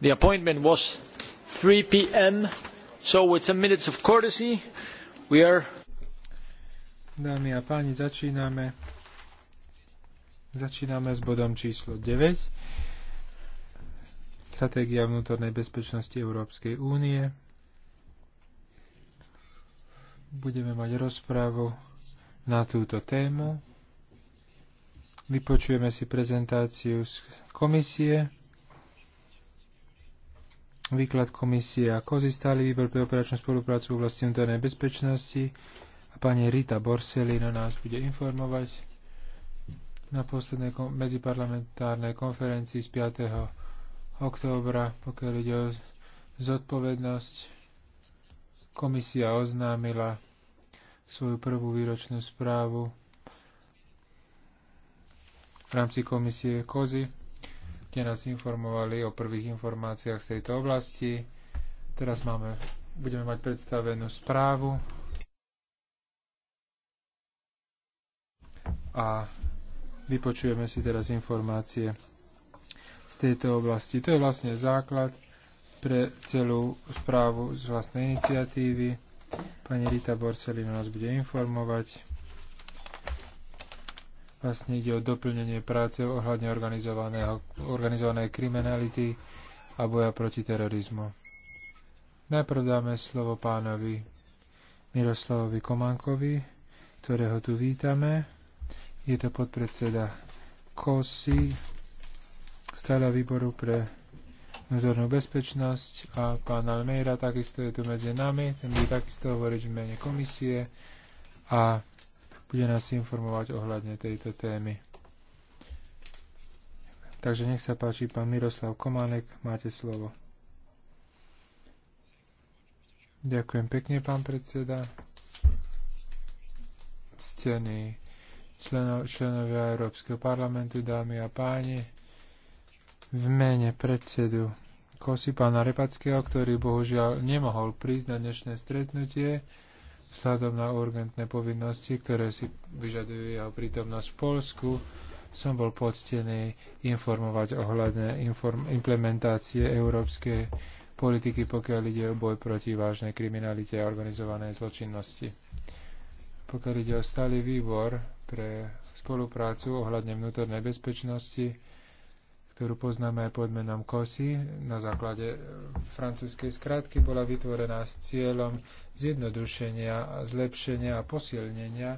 the appointment was 3 p.m., so with some minutes of courtesy, we are... Dámy a páni, začíname. Začíname s bodom číslo 9. Stratégia vnútornej bezpečnosti Európskej únie. Budeme mať rozprávu na túto tému. Vypočujeme si prezentáciu z komisie výklad komisie a kozy stály výbor pre operačnú spoluprácu v oblasti vnútornej bezpečnosti a pani Rita Borsellino nás bude informovať na poslednej kom- medziparlamentárnej konferencii z 5. októbra, pokiaľ ide o zodpovednosť. Komisia oznámila svoju prvú výročnú správu v rámci komisie COZY kde nás informovali o prvých informáciách z tejto oblasti. Teraz máme, budeme mať predstavenú správu. A vypočujeme si teraz informácie z tejto oblasti. To je vlastne základ pre celú správu z vlastnej iniciatívy. Pani Rita Borcelino nás bude informovať. Vlastne ide o doplnenie práce ohľadne organizovanej kriminality a boja proti terorizmu. Najprv dáme slovo pánovi Miroslavovi Komankovi, ktorého tu vítame. Je to podpredseda KOSI, stále výboru pre vnútornú bezpečnosť a pán Almeira takisto je tu medzi nami, ten bude takisto hovoriť v mene komisie a bude nás informovať ohľadne tejto témy. Takže nech sa páči, pán Miroslav Komanek, máte slovo. Ďakujem pekne, pán predseda. Ctení členovia Európskeho parlamentu, dámy a páni, v mene predsedu Kosy pána Repackého, ktorý bohužiaľ nemohol prísť na dnešné stretnutie, vzhľadom na urgentné povinnosti, ktoré si vyžadujú jeho prítomnosť v Polsku, som bol poctený informovať ohľadne inform- implementácie európskej politiky, pokiaľ ide o boj proti vážnej kriminalite a organizovanej zločinnosti. Pokiaľ ide o stály výbor pre spoluprácu ohľadne vnútornej bezpečnosti, ktorú poznáme aj pod menom COSI, na základe e, francúzskej skratky bola vytvorená s cieľom zjednodušenia, zlepšenia a posilnenia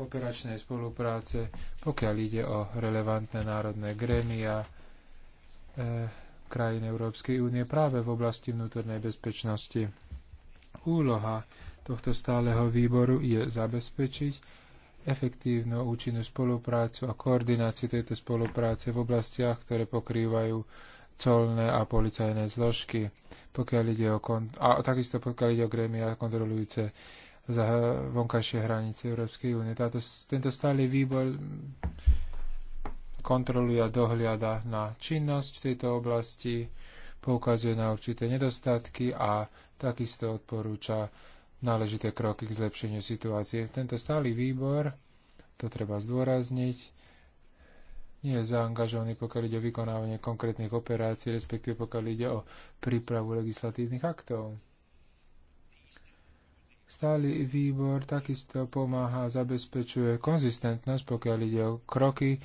operačnej spolupráce, pokiaľ ide o relevantné národné grémia e, krajín Európskej únie práve v oblasti vnútornej bezpečnosti. Úloha tohto stáleho výboru je zabezpečiť, efektívnu účinnú spoluprácu a koordináciu tejto spolupráce v oblastiach, ktoré pokrývajú colné a policajné zložky, pokiaľ ide o kont- a takisto pokiaľ ide o grémia kontrolujúce za vonkajšie hranice Európskej únie. Táto, tento stály výbor kontroluje a dohliada na činnosť v tejto oblasti, poukazuje na určité nedostatky a takisto odporúča náležité kroky k zlepšeniu situácie. Tento stály výbor, to treba zdôrazniť, nie je zaangažovaný, pokiaľ ide o vykonávanie konkrétnych operácií, respektíve pokiaľ ide o prípravu legislatívnych aktov. Stály výbor takisto pomáha a zabezpečuje konzistentnosť, pokiaľ ide o kroky e,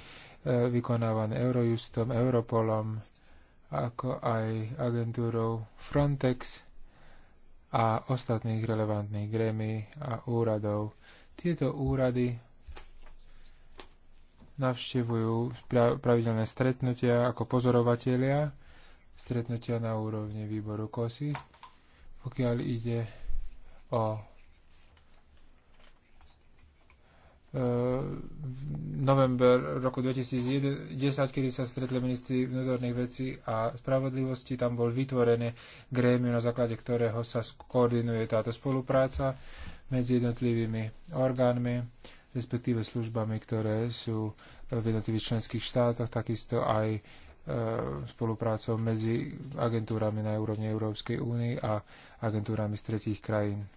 vykonávané Eurojustom, Europolom, ako aj agentúrou Frontex a ostatných relevantných grémy a úradov. Tieto úrady navštevujú pravidelné stretnutia ako pozorovatelia, stretnutia na úrovni výboru KOSY, pokiaľ ide o november roku 2010, kedy sa stretli ministri vnútorných vecí a spravodlivosti. Tam bol vytvorené grémium, na základe ktorého sa koordinuje táto spolupráca medzi jednotlivými orgánmi, respektíve službami, ktoré sú v jednotlivých členských štátoch, takisto aj e, spoluprácou medzi agentúrami na úrovni Európskej únie a agentúrami z tretích krajín.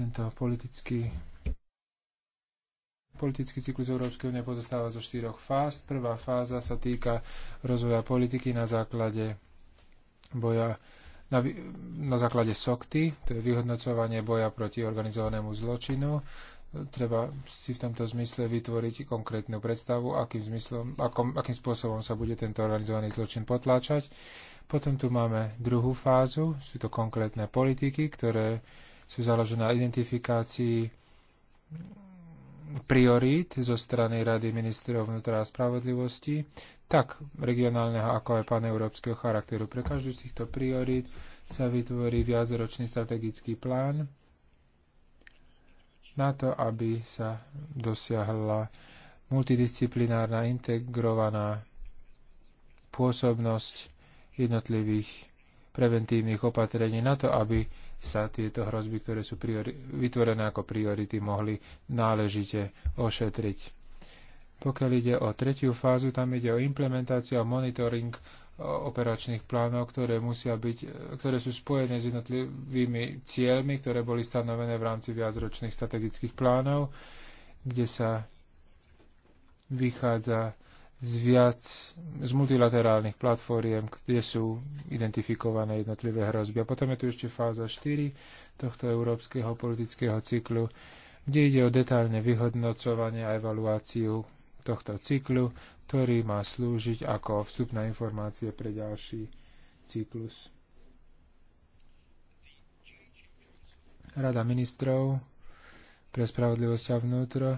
Tento politický Politický cyklus Európskej únie pozostáva zo štyroch fáz. Prvá fáza sa týka rozvoja politiky na základe boja na, na základe SOKTY, to je vyhodnocovanie boja proti organizovanému zločinu. Treba si v tomto zmysle vytvoriť konkrétnu predstavu, akým, zmyslom, akom, akým spôsobom sa bude tento organizovaný zločin potláčať. Potom tu máme druhú fázu, sú to konkrétne politiky, ktoré sú založené na identifikácii priorít zo strany Rady ministrov vnútra a spravodlivosti, tak regionálneho ako aj paneurópskeho charakteru. Pre každú z týchto priorít sa vytvorí viacročný strategický plán na to, aby sa dosiahla multidisciplinárna integrovaná pôsobnosť jednotlivých preventívnych opatrení na to, aby sa tieto hrozby, ktoré sú priori- vytvorené ako priority, mohli náležite ošetriť. Pokiaľ ide o tretiu fázu, tam ide o implementáciu a monitoring operačných plánov, ktoré, musia byť, e, ktoré sú spojené s jednotlivými cieľmi, ktoré boli stanovené v rámci viacročných strategických plánov, kde sa vychádza z viac z multilaterálnych platformiem, kde sú identifikované jednotlivé hrozby. A potom je tu ešte fáza 4 tohto európskeho politického cyklu, kde ide o detálne vyhodnocovanie a evaluáciu tohto cyklu, ktorý má slúžiť ako vstupná informácia pre ďalší cyklus. Rada ministrov pre spravodlivosť a vnútro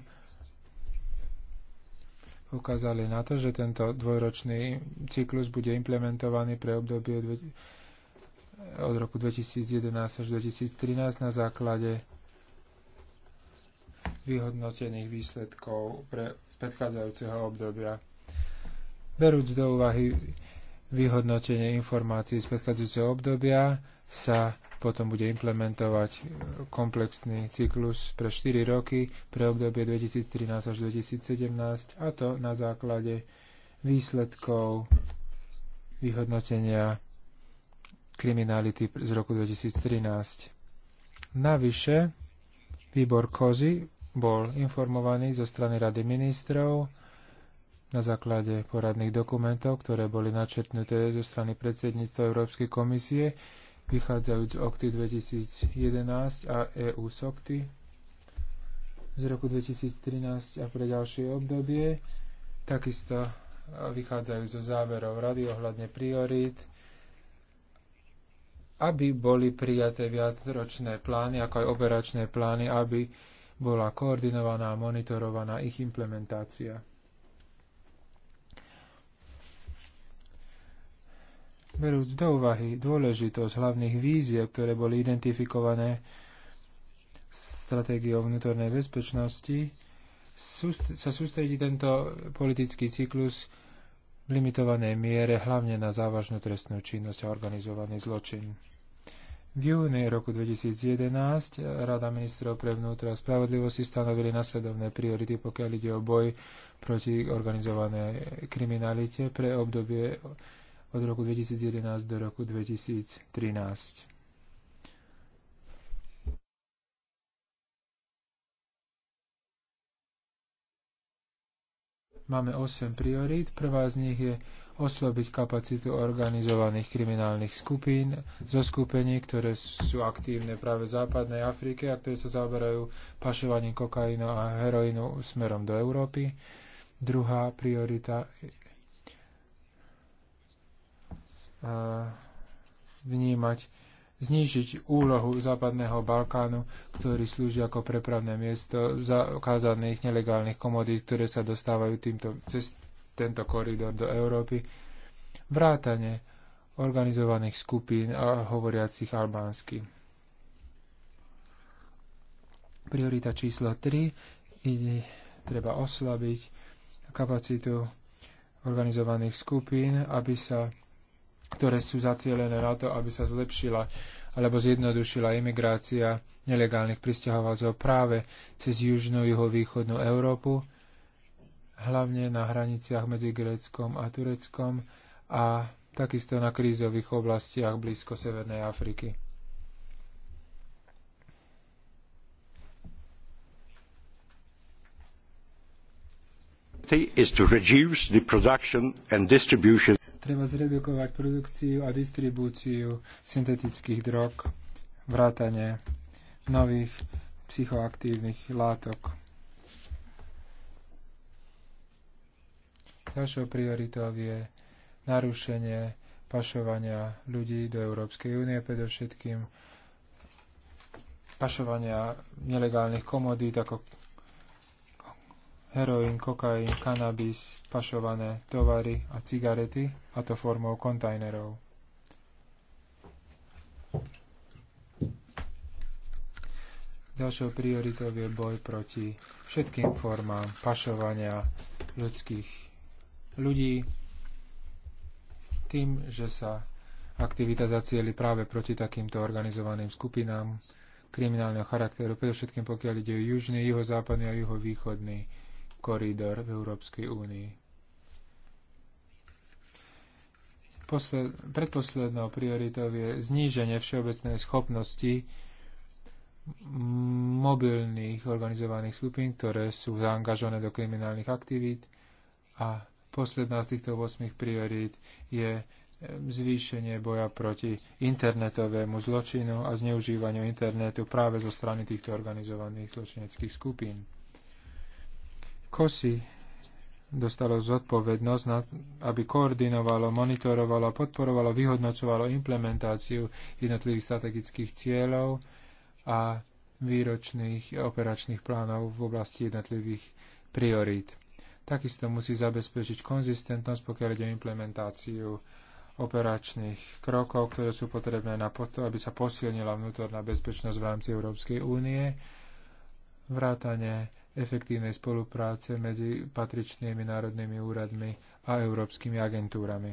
ukázali na to, že tento dvojročný cyklus bude implementovaný pre obdobie od roku 2011 až 2013 na základe vyhodnotených výsledkov pre, z predchádzajúceho obdobia. Berúc do úvahy vyhodnotenie informácií z predchádzajúceho obdobia, sa potom bude implementovať komplexný cyklus pre 4 roky pre obdobie 2013 až 2017 a to na základe výsledkov vyhodnotenia kriminality z roku 2013. Navyše, výbor Kozy bol informovaný zo strany Rady ministrov na základe poradných dokumentov, ktoré boli načetnuté zo strany predsedníctva Európskej komisie, vychádzajúc z OKTY 2011 a EU SOKTY z roku 2013 a pre ďalšie obdobie. Takisto e, vychádzajú zo záverov rady ohľadne priorít, aby boli prijaté viacročné plány, ako aj operačné plány, aby bola koordinovaná a monitorovaná ich implementácia. Berúc do úvahy dôležitosť hlavných víziev, ktoré boli identifikované stratégiou vnútornej bezpečnosti, sa sústredí tento politický cyklus v limitovanej miere hlavne na závažnú trestnú činnosť a organizovaný zločin. V júni roku 2011 Rada ministrov pre vnútra a spravodlivosti stanovili nasledovné priority, pokiaľ ide o boj proti organizovanej kriminalite pre obdobie od roku 2011 do roku 2013. Máme 8 priorít. Prvá z nich je oslobiť kapacitu organizovaných kriminálnych skupín, zo skupení, ktoré sú aktívne práve v západnej Afrike a ktoré sa zaoberajú pašovaním kokainu a heroínu smerom do Európy. Druhá priorita vnímať, znižiť úlohu Západného Balkánu, ktorý slúži ako prepravné miesto zakázaných nelegálnych komodít, ktoré sa dostávajú týmto, cez tento koridor do Európy, vrátane organizovaných skupín a hovoriacich albánsky. Priorita číslo 3 ide, treba oslabiť kapacitu organizovaných skupín, aby sa ktoré sú zacielené na to, aby sa zlepšila alebo zjednodušila imigrácia nelegálnych pristahovalcov práve cez južnú juhovýchodnú Európu, hlavne na hraniciach medzi Gréckom a Tureckom a takisto na krízových oblastiach blízko Severnej Afriky. is to reduce the production and distribution Treba zredukovať produkciu a distribúciu syntetických drog, vrátane nových psychoaktívnych látok. Ďalšou prioritou je narušenie pašovania ľudí do Európskej únie, predovšetkým pašovania nelegálnych komodít ako heroín, kokain, kanabis, pašované tovary a cigarety, a to formou kontajnerov. Ďalšou prioritou je boj proti všetkým formám pašovania ľudských ľudí tým, že sa aktivita zacieli práve proti takýmto organizovaným skupinám kriminálneho charakteru, predovšetkým pokiaľ ide o južný, juhozápadný a juhovýchodný koridor v Európskej únii. Posled, predposlednou prioritou je zníženie všeobecnej schopnosti mobilných organizovaných skupín, ktoré sú zaangažované do kriminálnych aktivít a posledná z týchto 8 priorít je eh, zvýšenie boja proti internetovému zločinu a zneužívaniu internetu práve zo strany týchto organizovaných zločineckých skupín. Kosi dostalo zodpovednosť, na, aby koordinovalo, monitorovalo, podporovalo, vyhodnocovalo implementáciu jednotlivých strategických cieľov a výročných operačných plánov v oblasti jednotlivých priorít. Takisto musí zabezpečiť konzistentnosť, pokiaľ ide o implementáciu operačných krokov, ktoré sú potrebné na to, aby sa posilnila vnútorná bezpečnosť v rámci Európskej únie, vrátane efektívnej spolupráce medzi patričnými národnými úradmi a európskymi agentúrami.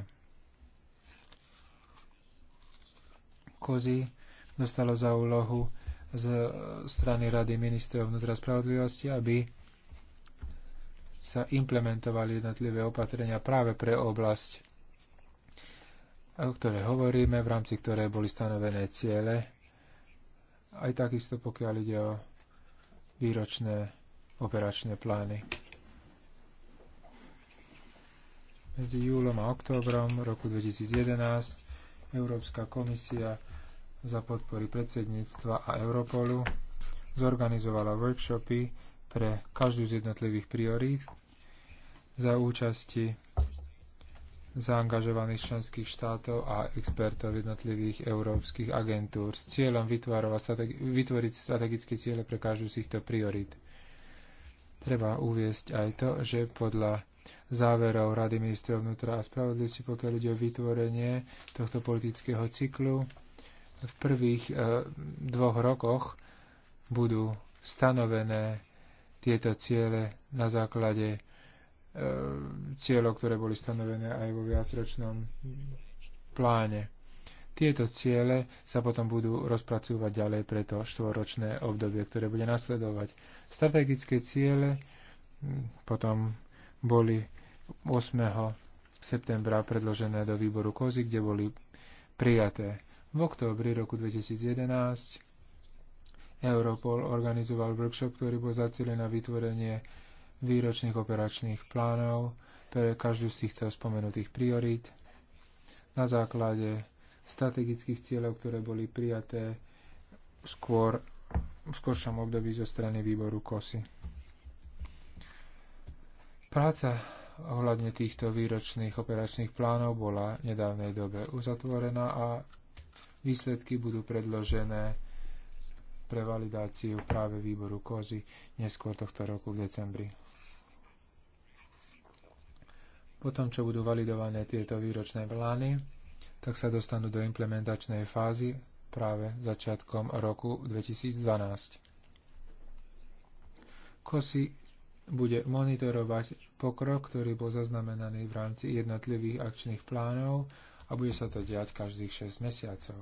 Kozy dostalo za úlohu z strany Rady ministrov vnútra spravodlivosti, aby sa implementovali jednotlivé opatrenia práve pre oblasť, o ktorej hovoríme, v rámci ktorej boli stanovené ciele. Aj takisto, pokiaľ ide o výročné operačné plány. Medzi júlom a októbrom roku 2011 Európska komisia za podpory predsedníctva a Europolu zorganizovala workshopy pre každú z jednotlivých priorít za účasti zaangažovaných členských štátov a expertov jednotlivých európskych agentúr s cieľom vytvoriť strategické ciele pre každú z týchto priorít. Treba uviesť aj to, že podľa záverov Rady ministrov vnútra a spravodlivosti, pokiaľ ide o vytvorenie tohto politického cyklu, v prvých e, dvoch rokoch budú stanovené tieto ciele na základe e, cieľov, ktoré boli stanovené aj vo viacročnom pláne. Tieto ciele sa potom budú rozpracúvať ďalej pre to štvoročné obdobie, ktoré bude nasledovať. Strategické ciele mm, potom boli 8. septembra predložené do výboru kozy, kde boli prijaté. V októbri roku 2011 Europol organizoval workshop, ktorý bol zacielený na vytvorenie výročných operačných plánov pre každú z týchto spomenutých priorít na základe strategických cieľov, ktoré boli prijaté skôr v skôršom období zo strany výboru KOSY. Práca ohľadne týchto výročných operačných plánov bola v nedávnej dobe uzatvorená a výsledky budú predložené pre validáciu práve výboru KOZY neskôr tohto roku v decembri. Potom, čo budú validované tieto výročné plány, tak sa dostanú do implementačnej fázy práve začiatkom roku 2012. COSI bude monitorovať pokrok, ktorý bol zaznamenaný v rámci jednotlivých akčných plánov a bude sa to diať každých 6 mesiacov.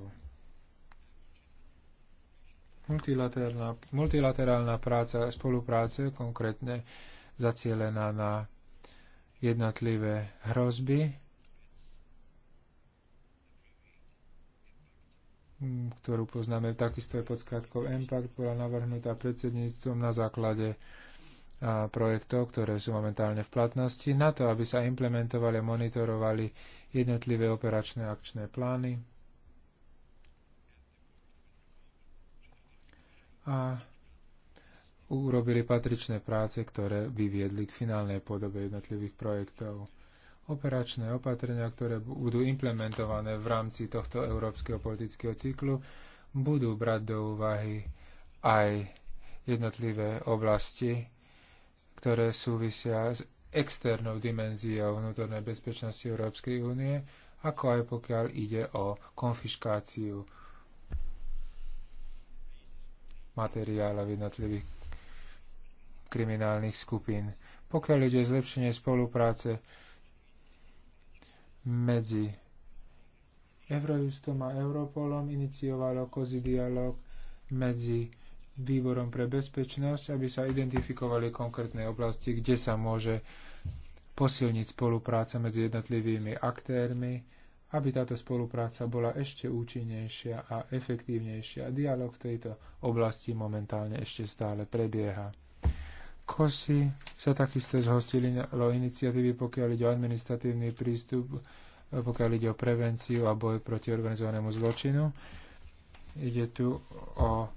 Multilaterálna, multilaterálna práca spolupráce konkrétne zacielená na jednotlivé hrozby ktorú poznáme takisto je pod skratkou Impact, bola navrhnutá predsedníctvom na základe projektov, ktoré sú momentálne v platnosti, na to, aby sa implementovali a monitorovali jednotlivé operačné akčné plány. A urobili patričné práce, ktoré vyviedli k finálnej podobe jednotlivých projektov operačné opatrenia, ktoré budú implementované v rámci tohto európskeho politického cyklu, budú brať do úvahy aj jednotlivé oblasti, ktoré súvisia s externou dimenziou vnútornej bezpečnosti Európskej únie, ako aj pokiaľ ide o konfiškáciu materiálov jednotlivých kriminálnych skupín. Pokiaľ ide o zlepšenie spolupráce medzi Eurojustom a Europolom iniciovalo kozy dialog medzi výborom pre bezpečnosť, aby sa identifikovali konkrétne oblasti, kde sa môže posilniť spolupráca medzi jednotlivými aktérmi, aby táto spolupráca bola ešte účinnejšia a efektívnejšia. Dialóg v tejto oblasti momentálne ešte stále prebieha. Kosy sa takisto zhostilo iniciatívy, pokiaľ ide o administratívny prístup, pokiaľ ide o prevenciu a boj proti organizovanému zločinu. Ide tu o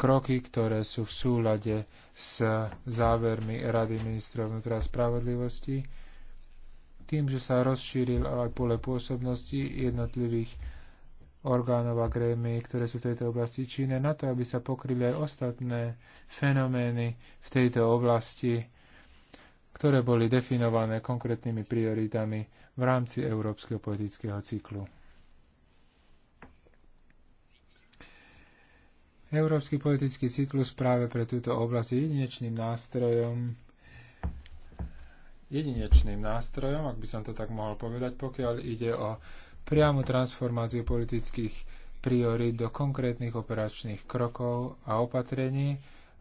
kroky, ktoré sú v súlade s závermi Rady ministrov vnútra spravodlivosti. Tým, že sa rozšíril aj pole pôsobnosti jednotlivých orgánov a grémy, ktoré sú v tejto oblasti činné, na to, aby sa pokryli aj ostatné fenomény v tejto oblasti, ktoré boli definované konkrétnymi prioritami v rámci európskeho politického cyklu. Európsky politický cyklus práve pre túto oblasť je jedinečným nástrojom, jedinečným nástrojom, ak by som to tak mohol povedať, pokiaľ ide o priamu transformáciu politických priorít do konkrétnych operačných krokov a opatrení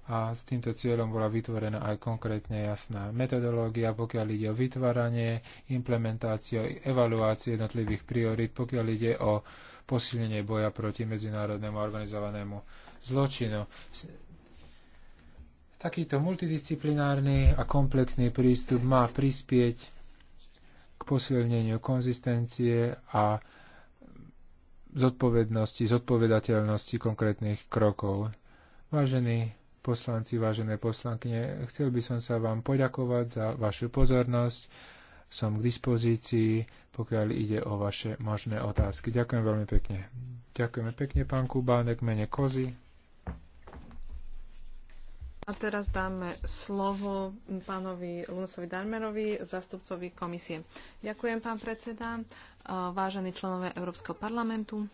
a s týmto cieľom bola vytvorená aj konkrétne jasná metodológia, pokiaľ ide o vytváranie, implementáciu, evaluáciu jednotlivých priorít, pokiaľ ide o posilnenie boja proti medzinárodnému organizovanému zločinu. Takýto multidisciplinárny a komplexný prístup má prispieť k posilneniu konzistencie a zodpovednosti, zodpovedateľnosti konkrétnych krokov. Vážení poslanci, vážené poslankyne, chcel by som sa vám poďakovať za vašu pozornosť. Som k dispozícii, pokiaľ ide o vaše možné otázky. Ďakujem veľmi pekne. Ďakujeme pekne, pán Kubánek, mene Kozy. A teraz dáme slovo pánovi Lunosovi Darmerovi, zastupcovi komisie. Ďakujem, pán predseda, vážení členové Európskeho parlamentu.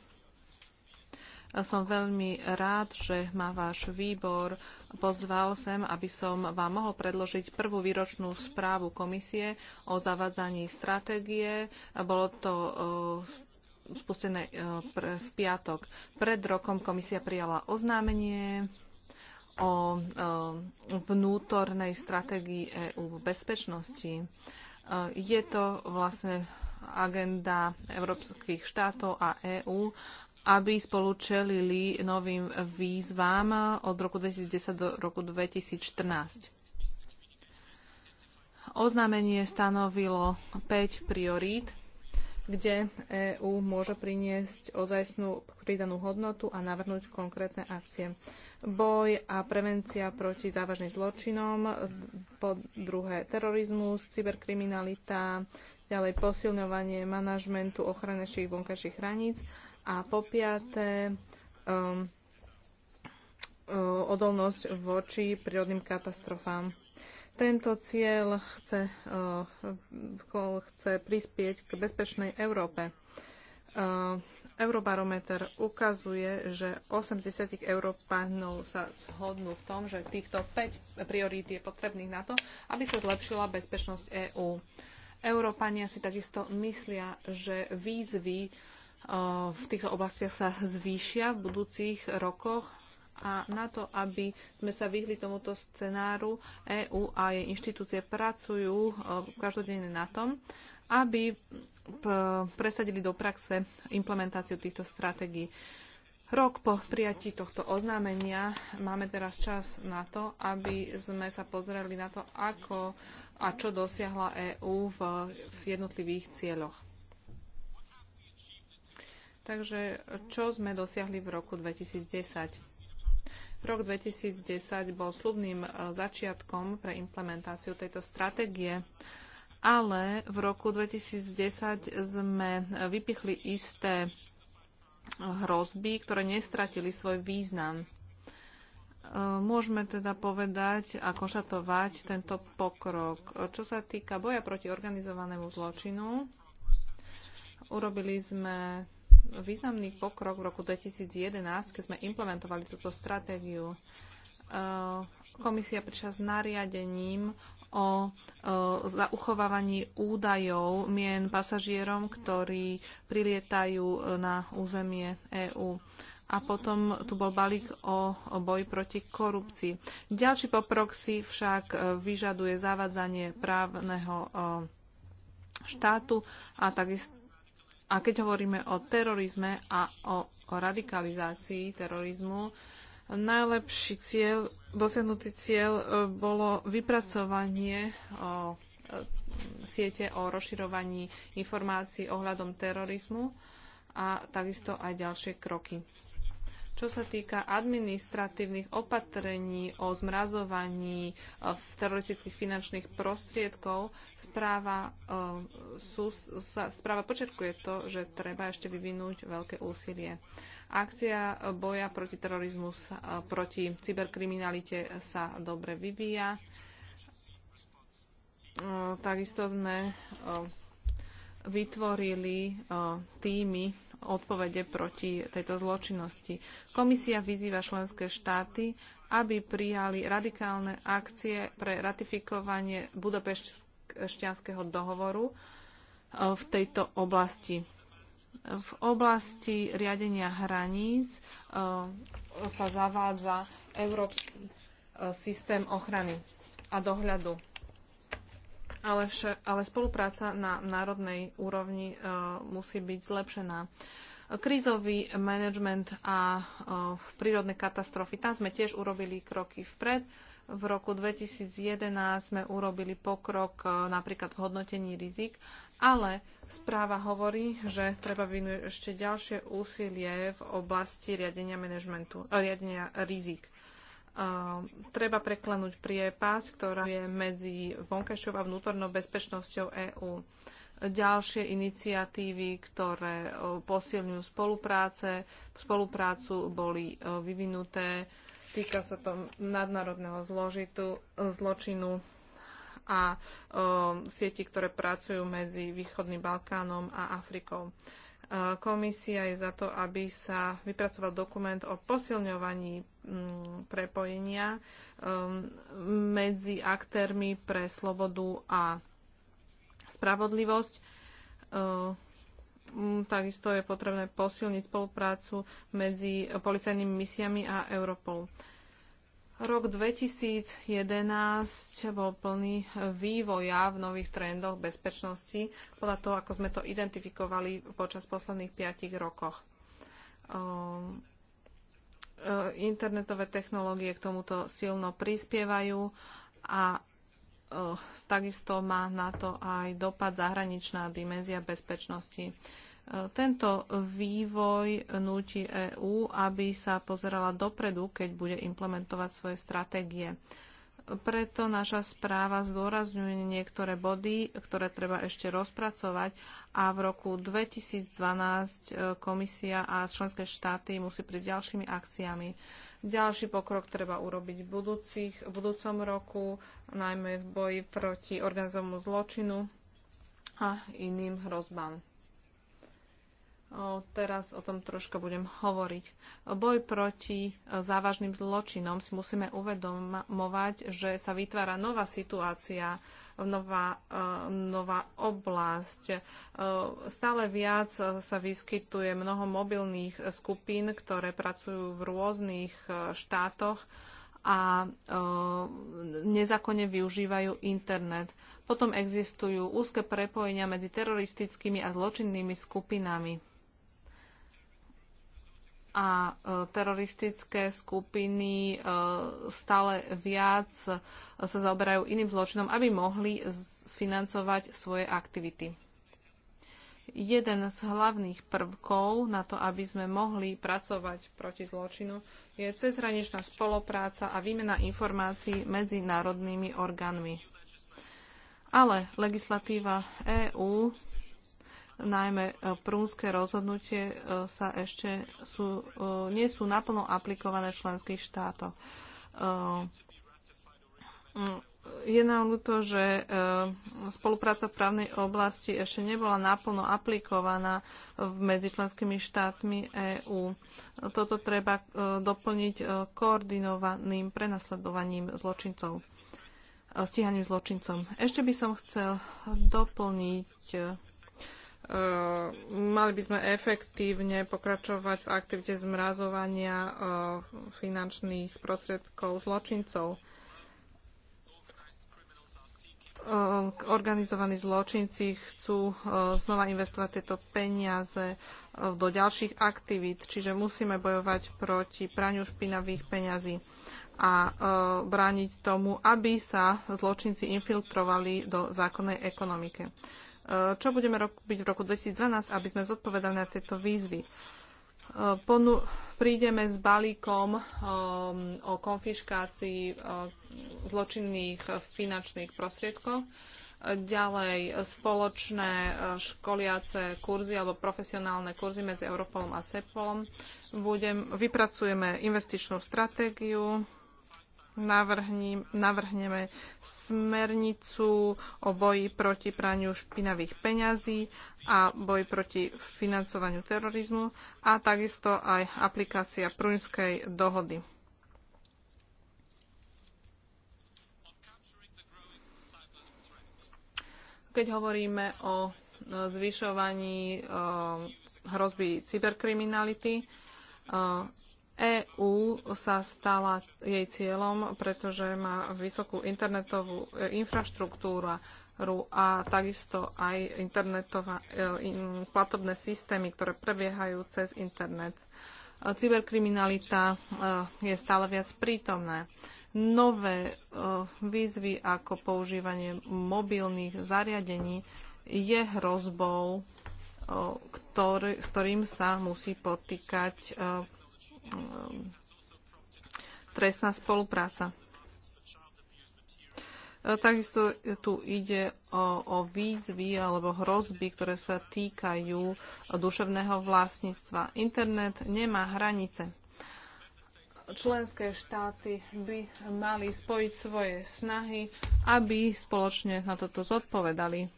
Som veľmi rád, že ma váš výbor pozval sem, aby som vám mohol predložiť prvú výročnú správu komisie o zavádzaní stratégie. Bolo to spustené e, v piatok. Pred rokom komisia prijala oznámenie o vnútornej stratégii EÚ v bezpečnosti. E, je to vlastne agenda európskych štátov a EÚ, aby spolu čelili novým výzvám od roku 2010 do roku 2014. Oznámenie stanovilo 5 priorít kde EÚ môže priniesť ozajstnú pridanú hodnotu a navrhnúť konkrétne akcie. Boj a prevencia proti závažným zločinom, po druhé terorizmus, cyberkriminalita, ďalej posilňovanie manažmentu ochrany našich vonkajších hraníc a po piaté um, odolnosť voči prírodným katastrofám. Tento cieľ chce, eh, chce prispieť k bezpečnej Európe. Eh, Eurobarometer ukazuje, že 80 Európanov sa shodnú v tom, že týchto 5 priorít je potrebných na to, aby sa zlepšila bezpečnosť EÚ. Európania si takisto myslia, že výzvy eh, v týchto oblastiach sa zvýšia v budúcich rokoch a na to, aby sme sa vyhli tomuto scenáru, EÚ a jej inštitúcie pracujú e, každodenne na tom, aby e, presadili do praxe implementáciu týchto stratégií. Rok po prijatí tohto oznámenia máme teraz čas na to, aby sme sa pozreli na to, ako a čo dosiahla EÚ v, v jednotlivých cieľoch. Takže čo sme dosiahli v roku 2010? Rok 2010 bol slubným e, začiatkom pre implementáciu tejto stratégie, ale v roku 2010 sme vypichli isté hrozby, ktoré nestratili svoj význam. E, môžeme teda povedať a konštatovať tento pokrok. Čo sa týka boja proti organizovanému zločinu, urobili sme významný pokrok v roku 2011, keď sme implementovali túto stratégiu. E, komisia prišla s nariadením o, e, zauchovávaní údajov mien pasažierom, ktorí prilietajú e, na územie EÚ. A potom tu bol balík o, boji proti korupcii. Ďalší pokrok si však vyžaduje zavadzanie právneho štátu a takisto a keď hovoríme o terorizme a o, o radikalizácii terorizmu, najlepší cieľ, dosiahnutý cieľ e, bolo vypracovanie o, e, siete o rozširovaní informácií ohľadom terorizmu a takisto aj ďalšie kroky. Čo sa týka administratívnych opatrení o zmrazovaní e, teroristických finančných prostriedkov, správa, uh, sú, sa, správa počerkuje to, že treba ešte vyvinúť veľké úsilie. Akcia boja proti terorizmu, e, proti cyberkriminalite sa dobre vyvíja. Takisto sme vytvorili týmy odpovede proti tejto zločinnosti. Komisia vyzýva členské štáty, aby prijali radikálne akcie pre ratifikovanie Budapešťanského dohovoru e, v tejto oblasti. V oblasti riadenia hraníc e, sa zavádza Európsky e, systém ochrany a dohľadu ale, vše, ale spolupráca na národnej úrovni e, musí byť zlepšená. Krízový manažment a e, prírodné katastrofy, tam sme tiež urobili kroky vpred. V roku 2011 sme urobili pokrok e, napríklad v hodnotení rizik, ale správa hovorí, že treba vynúť ešte ďalšie úsilie v oblasti riadenia, manažmentu, riadenia rizik treba preklenúť priepas, ktorá je medzi vonkajšou a vnútornou bezpečnosťou EÚ. Ďalšie iniciatívy, ktoré e, posilňujú spolupráce, spoluprácu boli e, vyvinuté. Týka sa to nadnárodného zložitu, zločinu a e, sieti, ktoré pracujú medzi Východným Balkánom a Afrikou komisia je za to, aby sa vypracoval dokument o posilňovaní Mm, prepojenia um, medzi aktérmi pre slobodu a spravodlivosť. Um, takisto je potrebné posilniť spoluprácu medzi policajnými misiami a Europol. Rok 2011 bol plný vývoja v nových trendoch bezpečnosti, podľa toho, ako sme to identifikovali počas posledných piatich rokoch. Um, E, internetové technológie k tomuto silno prispievajú a e, takisto má na to aj dopad zahraničná dimenzia bezpečnosti. E, tento vývoj núti EÚ, aby sa pozerala dopredu, keď bude implementovať svoje stratégie. Preto naša správa zdôrazňuje niektoré body, ktoré treba ešte rozpracovať a v roku 2012 e, komisia a členské štáty musí prísť ďalšími akciami. Ďalší pokrok treba urobiť v, budúcich, v budúcom roku, najmä v boji proti organizovanému zločinu a iným hrozbám teraz o tom troška budem hovoriť. Boj proti e, závažným zločinom si musíme uvedomovať, že sa vytvára nová situácia, nová, e, nová oblasť. E, stále viac sa vyskytuje mnoho mobilných skupín, ktoré pracujú v rôznych štátoch a e, nezákonne využívajú internet. Potom existujú úzke prepojenia medzi teroristickými a zločinnými skupinami a e, teroristické skupiny e, stále viac e, sa zaoberajú iným zločinom, aby mohli sfinancovať svoje aktivity. Jeden z hlavných prvkov na to, aby sme mohli pracovať proti zločinu, je cezhraničná spolupráca a výmena informácií medzi národnými orgánmi. Ale legislatíva EÚ najmä e, prúnske rozhodnutie e, sa ešte sú, e, nie sú naplno aplikované v členských štátoch. Je nám to, že spolupráca v právnej oblasti ešte nebola naplno aplikovaná medzi členskými štátmi EÚ. Toto treba doplniť koordinovaným prenasledovaním zločincov, stíhaním zločincov. Ešte by som chcel doplniť E, mali by sme efektívne pokračovať v aktivite zmrazovania e, finančných prostriedkov zločincov. E, organizovaní zločinci chcú znova investovať tieto peniaze do ďalších aktivít, čiže musíme bojovať proti praniu špinavých peňazí a brániť tomu, aby sa zločinci infiltrovali do zákonnej ekonomike. Eh, čo budeme robiť v roku 2012, aby sme zodpovedali na tieto výzvy. Eh, ponu- prídeme s balíkom um, o konfiškácii um, zločinných finančných prostriedkov, ďalej spoločné školiace kurzy alebo profesionálne kurzy medzi Europolom a CEPOLom. Budem, vypracujeme investičnú stratégiu, navrhneme smernicu o boji proti praniu špinavých peňazí a boji proti financovaniu terorizmu a takisto aj aplikácia prúnskej dohody. Keď hovoríme o zvyšovaní hrozby cyberkriminality, EÚ sa stala jej cieľom, pretože má vysokú internetovú e, infraštruktúru a takisto aj internetová, e, in, platobné systémy, ktoré prebiehajú cez internet. E, cyberkriminalita je stále viac prítomná. Nové výzvy ako používanie mobilných zariadení je hrozbou, ktorý, s ktorým sa musí potýkať trestná spolupráca. E, takisto tu ide o, o výzvy alebo hrozby, ktoré sa týkajú duševného vlastníctva. Internet nemá hranice. Členské štáty by mali spojiť svoje snahy, aby spoločne na toto zodpovedali.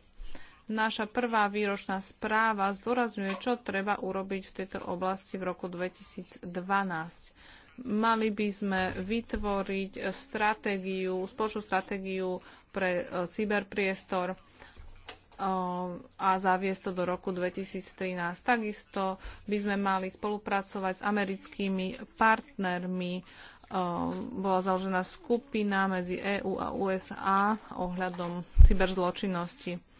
Naša prvá výročná správa zdôrazňuje, čo treba urobiť v tejto oblasti v roku 2012. Mali by sme vytvoriť stratégiu, spoločnú stratégiu pre e, cyberpriestor e, a zaviesť to do roku 2013. Takisto by sme mali spolupracovať s americkými partnermi. E, bola založená skupina medzi EÚ a USA ohľadom cyberzločinnosti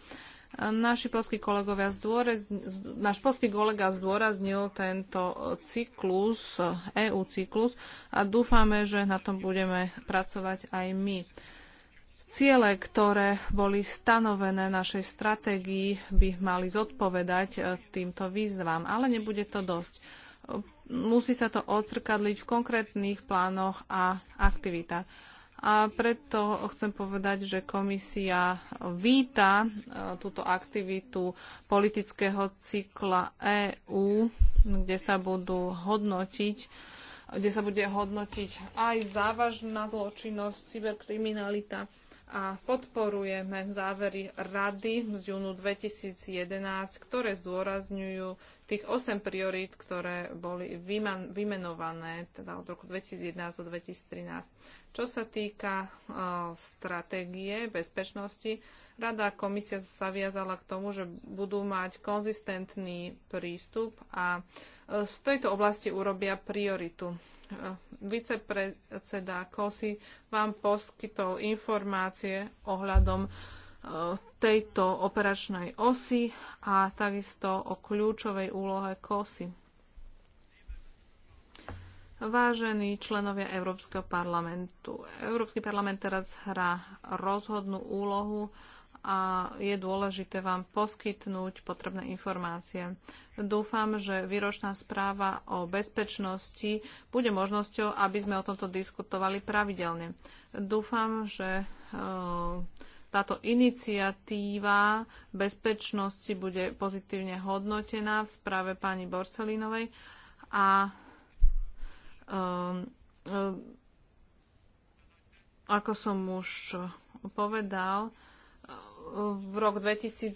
Naši polskí kolegovia náš polský kolega zdôraznil tento cyklus, EU cyklus a dúfame, že na tom budeme pracovať aj my. Ciele, ktoré boli stanovené našej stratégii, by mali zodpovedať e, týmto výzvam, ale nebude to dosť. Musí sa to odzrkadliť v konkrétnych plánoch a aktivitách a preto chcem povedať, že komisia víta e, túto aktivitu politického cykla EÚ, kde sa budú hodnotiť kde sa bude hodnotiť aj závažná zločinnosť, cyberkriminalita a podporujeme závery Rady z júnu 2011, ktoré zdôrazňujú tých 8 priorít, ktoré boli vyman, vymenované teda od roku 2011 do 2013. Čo sa týka uh, stratégie bezpečnosti, Rada a komisia sa viazala k tomu, že budú mať konzistentný prístup a e, z tejto oblasti urobia prioritu. Uh, Vicepredseda Kosi vám poskytol informácie ohľadom uh, tejto operačnej osy a takisto o kľúčovej úlohe KOSY. Vážení členovia Európskeho parlamentu, Európsky parlament teraz hrá rozhodnú úlohu a je dôležité vám poskytnúť potrebné informácie. Dúfam, že výročná správa o bezpečnosti bude možnosťou, aby sme o tomto diskutovali pravidelne. Dúfam, že táto iniciatíva bezpečnosti bude pozitívne hodnotená v správe pani Borcelinovej a um, um, ako som už povedal, v rok 2011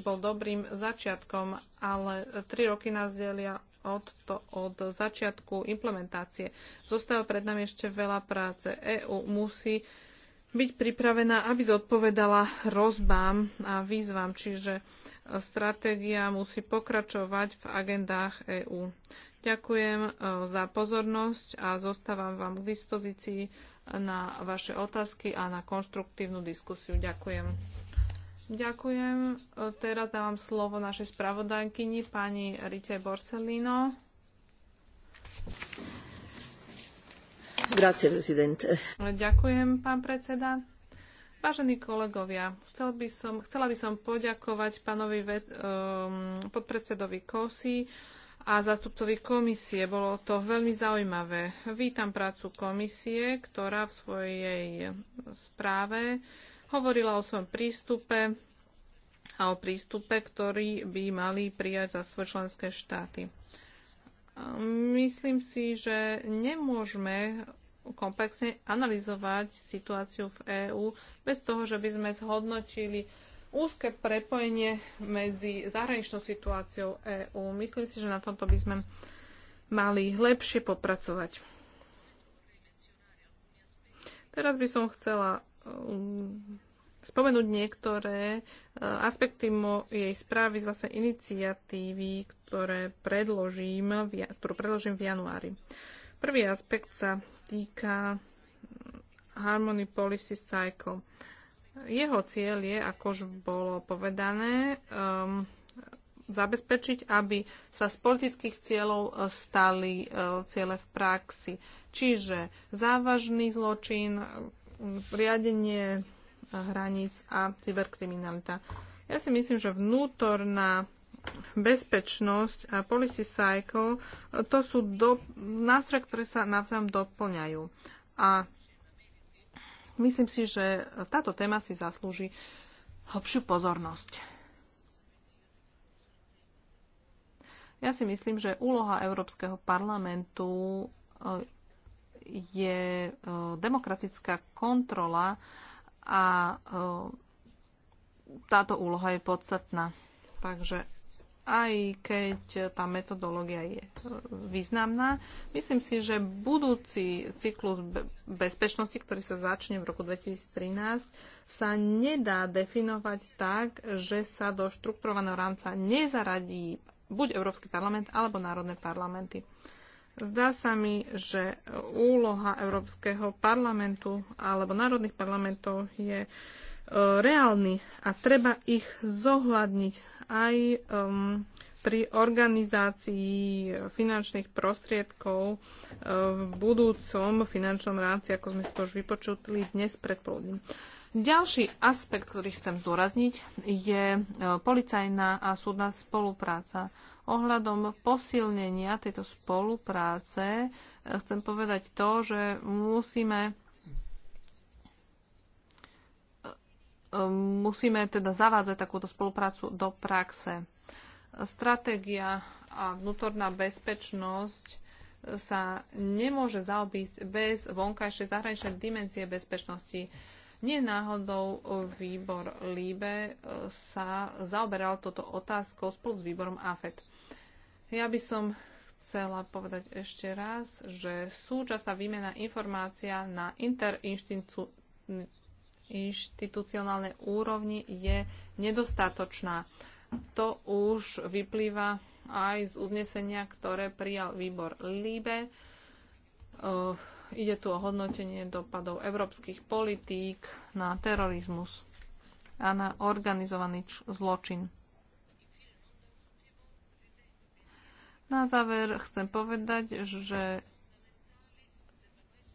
bol dobrým začiatkom, ale tri roky nás delia od, to, od začiatku implementácie. Zostáva pred nami ešte veľa práce. EÚ musí uh, byť pripravená, aby zodpovedala hrozbám a výzvam, čiže e, stratégia musí pokračovať v agendách EÚ. Ďakujem e, za pozornosť a zostávam vám k dispozícii na vaše otázky a na konštruktívnu diskusiu. Ďakujem. Ďakujem. E, teraz dávam slovo našej spravodajkyni, pani Rite Borsellino. Grazie, Ďakujem, pán predseda. Vážení kolegovia, chcel by som, chcela by som poďakovať pánovi um, podpredsedovi Kosi a zástupcovi komisie. Bolo to veľmi zaujímavé. Vítam prácu komisie, ktorá v svojej správe hovorila o svojom prístupe a o prístupe, ktorý by mali prijať za svoje členské štáty. Myslím si, že nemôžeme komplexne analyzovať situáciu v EÚ bez toho, že by sme zhodnotili úzke prepojenie medzi zahraničnou situáciou EÚ. Myslím si, že na tomto by sme mali lepšie popracovať. Teraz by som chcela um, spomenúť niektoré uh, aspekty mojej správy z vlastnej iniciatívy, ktoré predložím, ktorú predložím v januári. Prvý aspekt sa týka mm, Harmony Policy Cycle. Jeho cieľ je, ako už bolo povedané, um, zabezpečiť, aby sa z politických cieľov e, stali uh, ciele v praxi. Čiže závažný zločin, riadenie hraníc a cyberkriminalita. Ja si myslím, že vnútorná bezpečnosť a policy cycle, to sú do, nástroje, ktoré sa navzájom doplňajú. A myslím si, že táto téma si zaslúži hlbšiu pozornosť. Ja si myslím, že úloha Európskeho parlamentu eh, je eh, demokratická kontrola a eh, táto úloha je podstatná. Takže aj keď tá metodológia je významná. Myslím si, že budúci cyklus bezpečnosti, ktorý sa začne v roku 2013, sa nedá definovať tak, že sa do štrukturovaného rámca nezaradí buď Európsky parlament alebo národné parlamenty. Zdá sa mi, že úloha Európskeho parlamentu alebo národných parlamentov je e, reálny a treba ich zohľadniť aj um, pri organizácii finančných prostriedkov uh, v budúcom finančnom rámci, ako sme si to už vypočutli dnes predpoludním. Ďalší aspekt, ktorý chcem zdôrazniť, je uh, policajná a súdna spolupráca. Ohľadom posilnenia tejto spolupráce uh, chcem povedať to, že musíme musíme teda zavádzať takúto spoluprácu do praxe. Stratégia a vnútorná bezpečnosť sa nemôže zaobísť bez vonkajšej zahraničnej dimenzie bezpečnosti. Nie náhodou výbor Líbe e, sa zaoberal toto otázkou spolu s výborom AFET. Ja by som chcela povedať ešte raz, že súčasná výmena informácia na interinštitúciu inštitucionálnej úrovni je nedostatočná. To už vyplýva aj z uznesenia, ktoré prijal výbor LIBE. Uh, ide tu o hodnotenie dopadov európskych politík na terorizmus a na organizovaný zločin. Na záver chcem povedať, že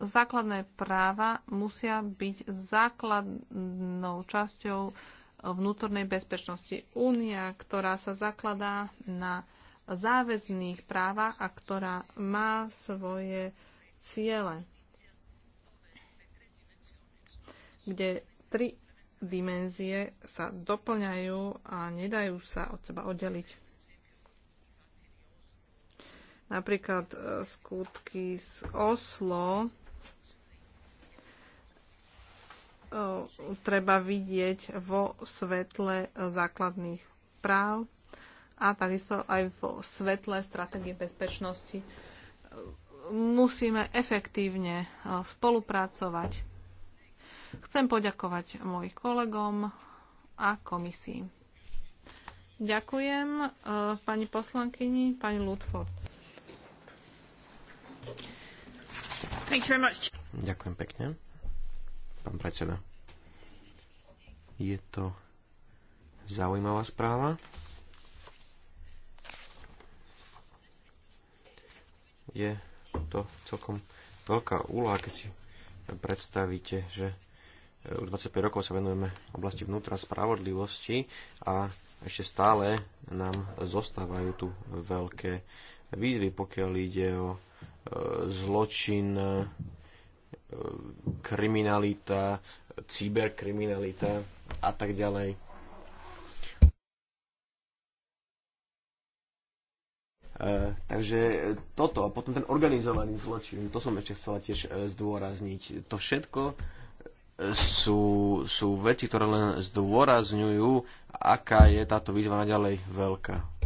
základné práva musia byť základnou časťou vnútornej bezpečnosti. Únia, ktorá sa zakladá na záväzných právach a ktorá má svoje ciele, kde tri dimenzie sa doplňajú a nedajú sa od seba oddeliť napríklad e, skutky z Oslo E, treba vidieť vo svetle základných práv a takisto aj vo svetle stratégie bezpečnosti. E, musíme efektívne e, spolupracovať. Chcem poďakovať mojich kolegom a komisii. Ďakujem pani poslankyni, pani Ludford. Ďakujem pekne pán predseda. Je to zaujímavá správa. Je to celkom veľká úloha, keď si predstavíte, že e, už 25 rokov sa venujeme oblasti vnútra spravodlivosti a ešte stále nám zostávajú tu veľké výzvy, pokiaľ ide o e, zločin kriminalita, cyberkriminalita a tak ďalej. E, takže toto a potom ten organizovaný zločin, to som ešte chcela tiež e, zdôrazniť. To všetko e, sú, sú veci, ktoré len zdôrazňujú, aká je táto výzva naďalej veľká.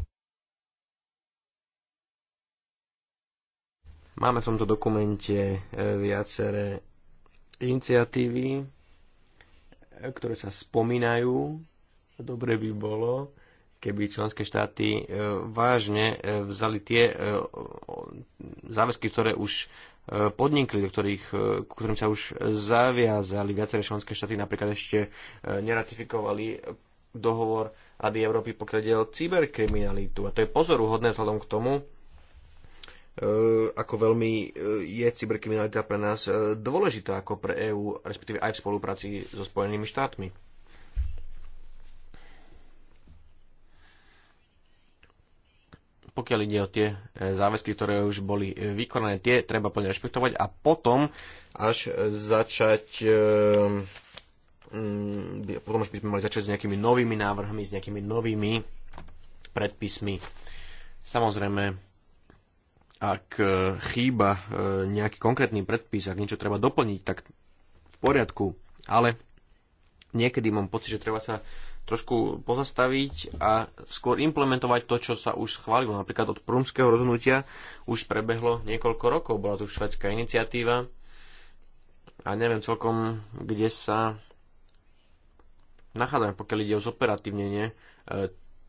Máme v tomto dokumente e, viaceré iniciatívy, e, ktoré sa spomínajú. Dobre by bolo, keby členské štáty e, vážne vzali tie záväzky, ktoré už podnikli, do ktorých, k ktorým sa už zaviazali. Viaceré členské štáty napríklad ešte neratifikovali dohovor Rady Európy, pokiaľ ide o cyberkriminalitu. A to je pozoruhodné vzhľadom k tomu, E, ako veľmi e, je cyberkriminalita pre nás e, dôležitá ako pre EÚ, respektíve aj v spolupráci so Spojenými štátmi. Pokiaľ ide o tie záväzky, ktoré už boli vykonané, tie treba plne rešpektovať a potom až začať potom by sme mali začať s nejakými novými návrhmi, s nejakými novými predpismi. Samozrejme, ak e, chýba e, nejaký konkrétny predpis, ak niečo treba doplniť, tak v poriadku, ale niekedy mám pocit, že treba sa trošku pozastaviť a skôr implementovať to, čo sa už schválilo. Napríklad od prúmského rozhodnutia už prebehlo niekoľko rokov, bola tu švedská iniciatíva a neviem celkom, kde sa nachádzame, pokiaľ ide o zoperatívnenie e,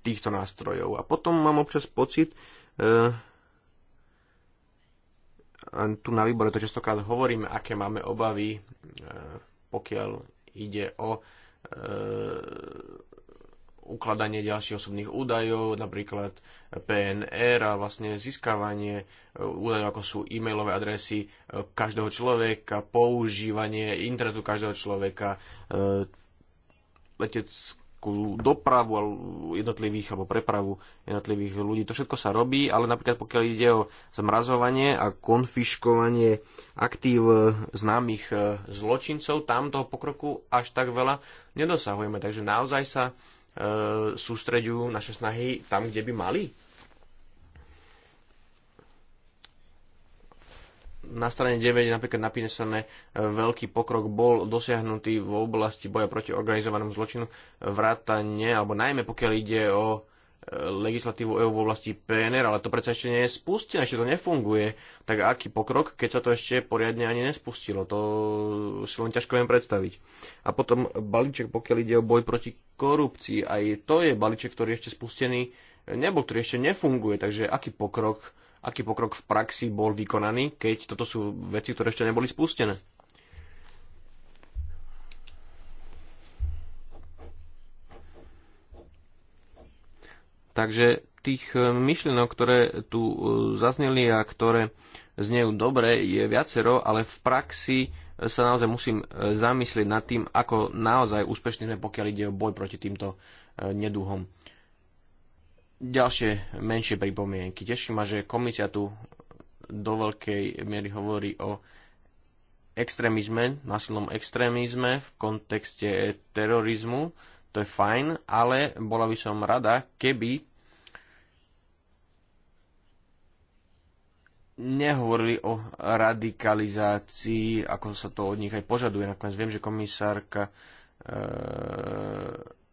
týchto nástrojov. A potom mám občas pocit, tu na výbore to častokrát hovoríme, aké máme obavy, e, pokiaľ ide o e, ukladanie ďalších osobných údajov, napríklad PNR a vlastne získavanie e, údajov, ako sú e-mailové adresy každého človeka, používanie internetu každého človeka, letecké nejakú dopravu jednotlivých alebo prepravu jednotlivých ľudí. To všetko sa robí, ale napríklad pokiaľ ide o zmrazovanie a konfiškovanie aktív e, známych e, zločincov, tam toho pokroku až tak veľa nedosahujeme. Takže naozaj sa e, sústreďujú naše snahy tam, kde by mali. na strane 9 je napríklad napísané, e, veľký pokrok bol dosiahnutý v oblasti boja proti organizovanému zločinu, vrátane, alebo najmä pokiaľ ide o e, legislatívu EU v oblasti PNR, ale to predsa ešte nie je spustené, ešte to nefunguje. Tak aký pokrok, keď sa to ešte poriadne ani nespustilo? To si len ťažko viem predstaviť. A potom balíček, pokiaľ ide o boj proti korupcii, aj to je balíček, ktorý ešte spustený e, nebol, ktorý ešte nefunguje. Takže aký pokrok aký pokrok v praxi bol vykonaný, keď toto sú veci, ktoré ešte neboli spustené. Takže tých e, myšlienok, ktoré tu e, zazneli a ktoré znejú dobre, je viacero, ale v praxi e, sa naozaj musím zamyslieť nad tým, ako naozaj úspešný, sme, pokiaľ ide o boj proti týmto neduhom. Ďalšie menšie pripomienky. Teší ma, že komisia tu do veľkej miery hovorí o extrémizme, násilnom extrémizme v kontexte terorizmu. To je fajn, ale bola by som rada, keby nehovorili o radikalizácii, ako sa to od nich aj požaduje. Nakoniec viem, že komisárka e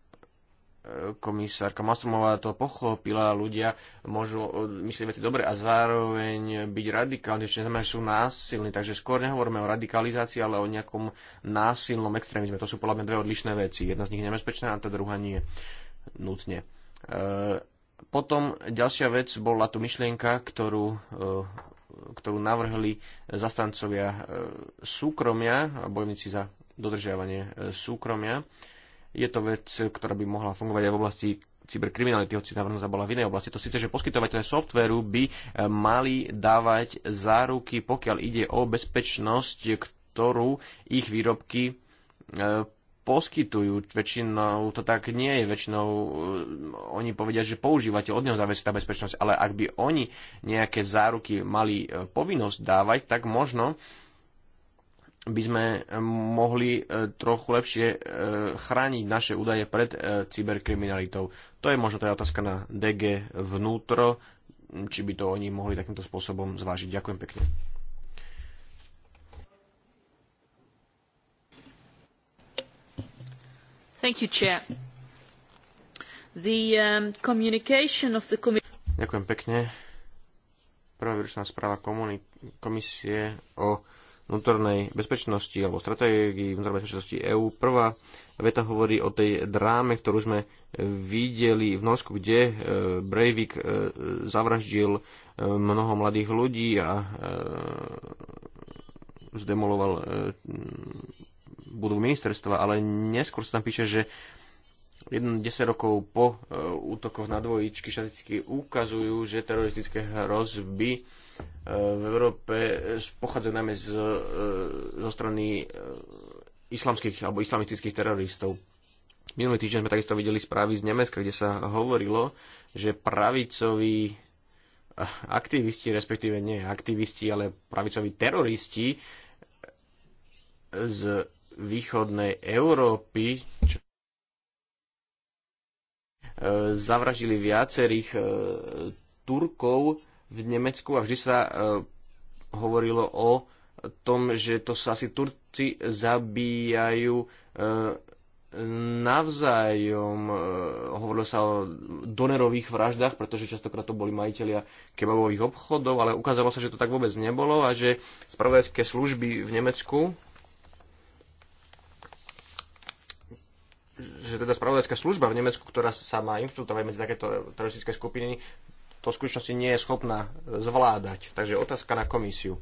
komisárka Mastromová to pochopila, ľudia môžu e, myslieť veci dobre a zároveň byť radikálni, čo neznamená, že sú násilní, takže skôr nehovoríme o radikalizácii, ale o nejakom násilnom extrémizme. To sú podľa mňa dve odlišné veci. Jedna z nich je nebezpečná a tá druhá nie. Nutne. E, potom ďalšia vec bola tu myšlienka, ktorú e, ktorú navrhli zastancovia e, súkromia a bojovníci za dodržiavanie e, súkromia. E, je to vec, ktorá by mohla fungovať aj v oblasti cyberkriminality, hoci návrh bola v inej oblasti. To síce, že poskytovateľe softvéru by e, mali dávať záruky, pokiaľ ide o bezpečnosť, ktorú ich výrobky e, poskytujú. Väčšinou to tak nie je. Väčšinou e, oni povedia, že používateľ od neho závisí tá bezpečnosť, ale ak by oni nejaké záruky mali povinnosť dávať, tak možno uh, by sme eh, mohli eh, trochu lepšie eh, chrániť naše údaje pred cyberkriminalitou. To je možno teda otázka na DG vnútro, hm, či by to oni mohli takýmto spôsobom zvážiť. Ďakujem pekne. Thank you, Chair. The um, communication of the Ďakujem pekne. Prvá výročná správa komisie o vnútornej bezpečnosti alebo stratégii vnútornej bezpečnosti EÚ. Prvá veta hovorí o tej dráme, ktorú sme videli v Norsku, kde e, Breivik e, zavraždil e, mnoho mladých ľudí a zdemoloval budovu ministerstva, ale neskôr sa tam píše, že 1, 10 rokov po e, útokoch na dvojičky štatistiky ukazujú, že teroristické hrozby e, v Európe e, pochádzajú najmä z, zo strany islamských alebo islamistických teroristov. Minulý týždeň sme takisto videli správy z Nemecka, kde sa hovorilo, že pravicoví aktivisti, respektíve nie aktivisti, ale pravicoví teroristi z východnej Európy, čo zavraždili viacerých e, Turkov v Nemecku a vždy sa e, hovorilo o tom, že to sa asi Turci zabíjajú e, navzájom. Hovorilo sa o donerových vraždách, pretože častokrát to boli majiteľia kebabových obchodov, ale ukázalo sa, že to tak vôbec nebolo a že spravodajské služby v Nemecku že teda spravodajská služba v Nemecku, ktorá sa má infiltrovať medzi takéto teroristické skupiny, to v skutočnosti nie je schopná zvládať. Takže otázka na komisiu.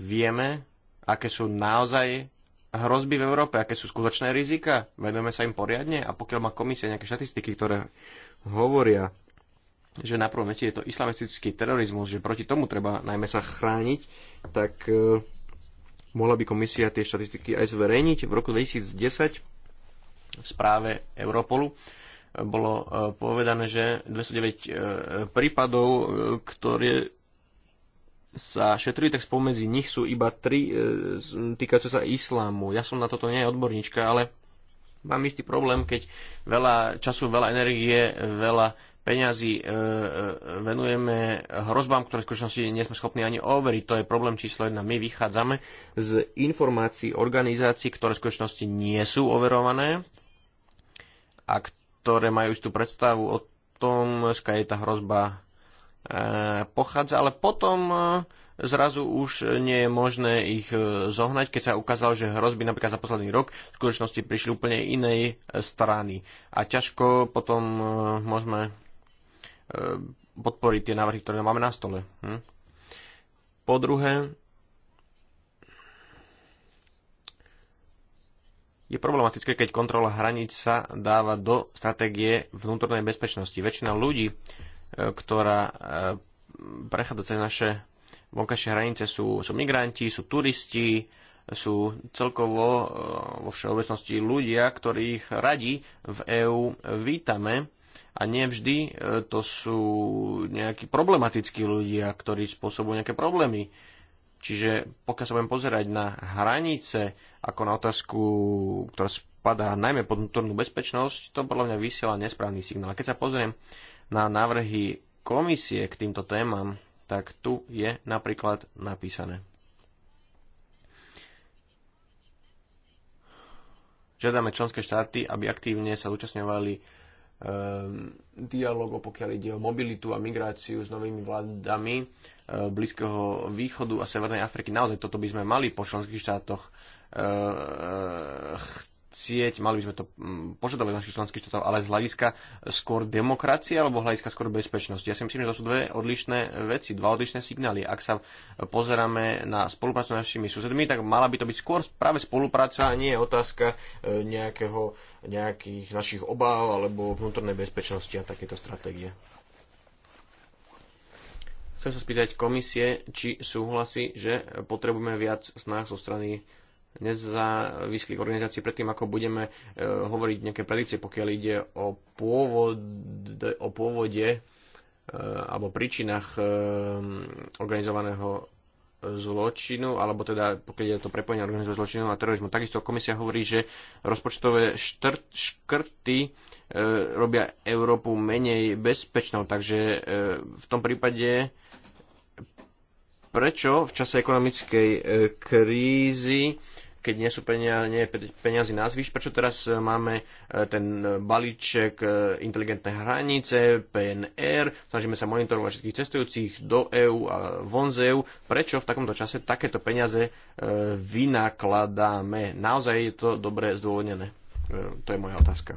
Vieme, aké sú naozaj hrozby v Európe, aké sú skutočné rizika, venujeme sa im poriadne a pokiaľ má komisia nejaké štatistiky, ktoré hovoria, že na prvom je to islamistický terorizmus, že proti tomu treba najmä sa chrániť, tak eh, Mohla by komisia tie štatistiky aj zverejniť. V roku 2010 v správe Europolu eh, bolo eh, povedané, že 209 eh, prípadov, ktoré sa šetrili, tak spomedzi nich sú iba tri týkajúce sa islámu. Ja som na toto nie odborníčka, ale mám istý problém, keď veľa času, veľa energie, veľa peňazí e, e, venujeme hrozbám, ktoré v skutočnosti nie sme schopní ani overiť. To je problém číslo jedna. My vychádzame z informácií organizácií, ktoré v skutočnosti nie sú overované a ktoré majú istú predstavu o tom, skáde tá hrozba e, pochádza, ale potom zrazu už nie je možné ich zohnať, keď sa ukázalo, že hrozby napríklad za posledný rok v skutočnosti prišli úplne inej strany. A ťažko potom môžeme Eh, podporiť tie návrhy, ktoré máme na stole. Hm? Po druhé, je problematické, keď kontrola hraníc sa dáva do stratégie vnútornej bezpečnosti. Väčšina ľudí, eh, ktorá eh, prechádza cez naše vonkajšie hranice, sú, sú migranti, sú turisti, sú celkovo vo všeobecnosti ľudia, ktorých radi v EÚ vítame a nie vždy e, to sú nejakí problematickí ľudia, ktorí spôsobujú nejaké problémy. Čiže pokiaľ sa budem pozerať na hranice ako na otázku, ktorá spadá najmä pod vnútornú bezpečnosť, to podľa mňa vysiela nesprávny signál. A keď sa pozriem na návrhy komisie k týmto témam, tak tu je napríklad napísané. Žiadame členské štáty, aby aktívne sa zúčastňovali Ehm, dialogov, pokiaľ ide o mobilitu a migráciu s novými vládami eh, Blízkeho východu a Severnej Afriky. Naozaj toto by sme mali po členských štátoch eh, chcieť, mali by sme to mm, požadovať našich členských štátov, ale z hľadiska skôr demokracie alebo hľadiska skôr bezpečnosti. Ja si myslím, že to sú dve odlišné veci, dva odlišné signály. Ak sa pozeráme na spoluprácu s našimi susedmi, tak mala by to byť skôr práve spolupráca a nie otázka e, nejakého, nejakých našich obáv alebo vnútornej bezpečnosti a takéto stratégie. Chcem sa spýtať komisie, či súhlasí, že potrebujeme viac snah zo strany nezávislých organizácií predtým, ako budeme e, hovoriť nejaké predikcie, pokiaľ ide o, pôvod, o pôvode e, alebo príčinách e, organizovaného zločinu, alebo teda pokiaľ je to prepojenie organizovaného zločinu a terorizmu. Takisto komisia hovorí, že rozpočtové štrt, škrty e, robia Európu menej bezpečnou, takže e, v tom prípade prečo v čase ekonomickej e, krízy keď nie sú peniaze, nie je peniazy na zvyš, prečo teraz e, máme e, ten e, balíček inteligentné hranice, PNR, snažíme sa monitorovať všetkých cestujúcich do EÚ a von z EÚ, prečo v takomto čase takéto peniaze vynakladáme? Naozaj je to dobre zdôvodnené? To je moja otázka.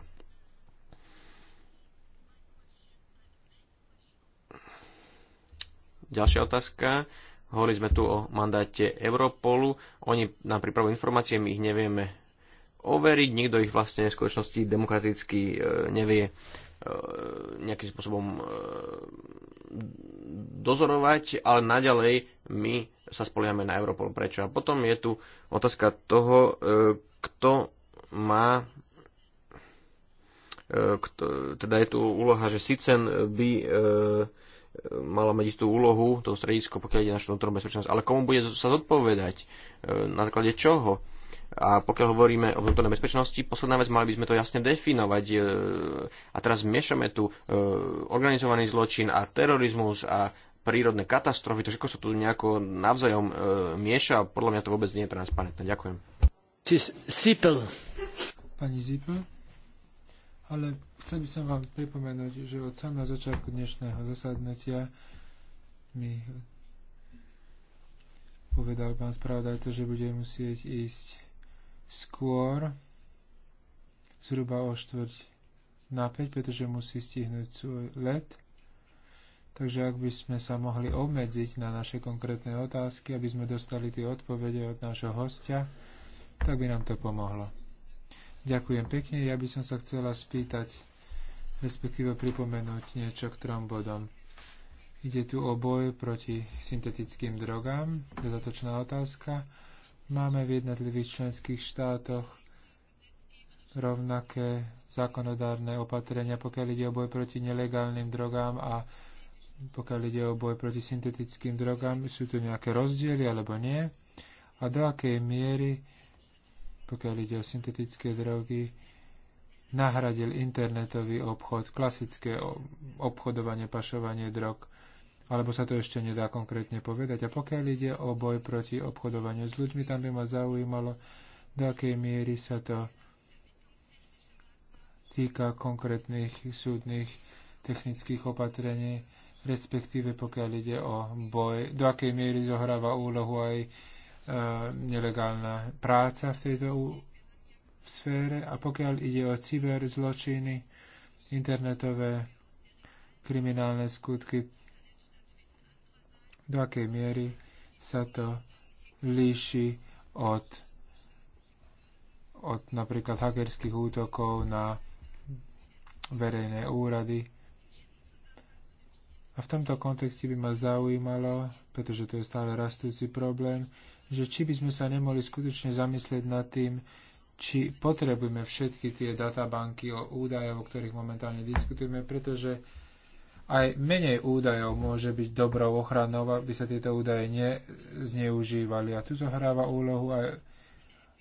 Ďalšia otázka Hovorili sme tu o mandáte Europolu. Oni nám pripravujú informácie, my ich nevieme overiť, nikto ich vlastne v skutočnosti demokraticky e, nevie e, nejakým spôsobom e, dozorovať, ale naďalej my sa spoliame na Europol. Prečo? A potom je tu otázka toho, kto má kto, teda je tu úloha, že Sicen by mala mať istú úlohu, to stredisko, pokiaľ ide na vnútornú bezpečnosť. Ale komu bude sa zodpovedať? E, na základe čoho? A pokiaľ hovoríme o vnútornej bezpečnosti, posledná vec, mali by sme to jasne definovať. E, a teraz miešame tu e, organizovaný zločin a terorizmus a prírodné katastrofy, to všetko sa tu nejako navzájom mieša a podľa mňa to vôbec nie je transparentné. Ďakujem. Pani Zipel ale chcem by som vám pripomenúť, že od samého začiatku dnešného zasadnutia mi povedal pán spravodajca, že bude musieť ísť skôr, zhruba o štvrť na 5, pretože musí stihnúť svoj let. Takže ak by sme sa mohli obmedziť na naše konkrétne otázky, aby sme dostali tie odpovede od nášho hostia, tak by nám to pomohlo. Ďakujem pekne. Ja by som sa chcela spýtať, respektíve pripomenúť niečo k trom bodom. Ide tu o boj proti syntetickým drogám. Dodatočná otázka. Máme v jednotlivých členských štátoch rovnaké zákonodárne opatrenia, pokiaľ ide o boj proti nelegálnym drogám a pokiaľ ide o boj proti syntetickým drogám, sú tu nejaké rozdiely alebo nie? A do akej miery pokiaľ ide o syntetické drogy, nahradil internetový obchod, klasické obchodovanie, pašovanie drog, alebo sa to ešte nedá konkrétne povedať. A pokiaľ ide o boj proti obchodovaniu s ľuďmi, tam by ma zaujímalo, do akej miery sa to týka konkrétnych súdnych technických opatrení, respektíve pokiaľ ide o boj, do akej miery zohráva úlohu aj Eh, nelegálna práca v tejto sfére a pokiaľ ide o cyberzločiny, internetové kriminálne skutky, do akej miery sa to líši od, od napríklad hackerských útokov na verejné úrady. A v tomto kontexte by ma zaujímalo, pretože to je stále rastúci problém, že či by sme sa nemohli skutočne zamyslieť nad tým, či potrebujeme všetky tie databanky o údajov, o ktorých momentálne diskutujeme, pretože aj menej údajov môže byť dobrou ochranou, aby sa tieto údaje nezneužívali. A tu zohráva úlohu aj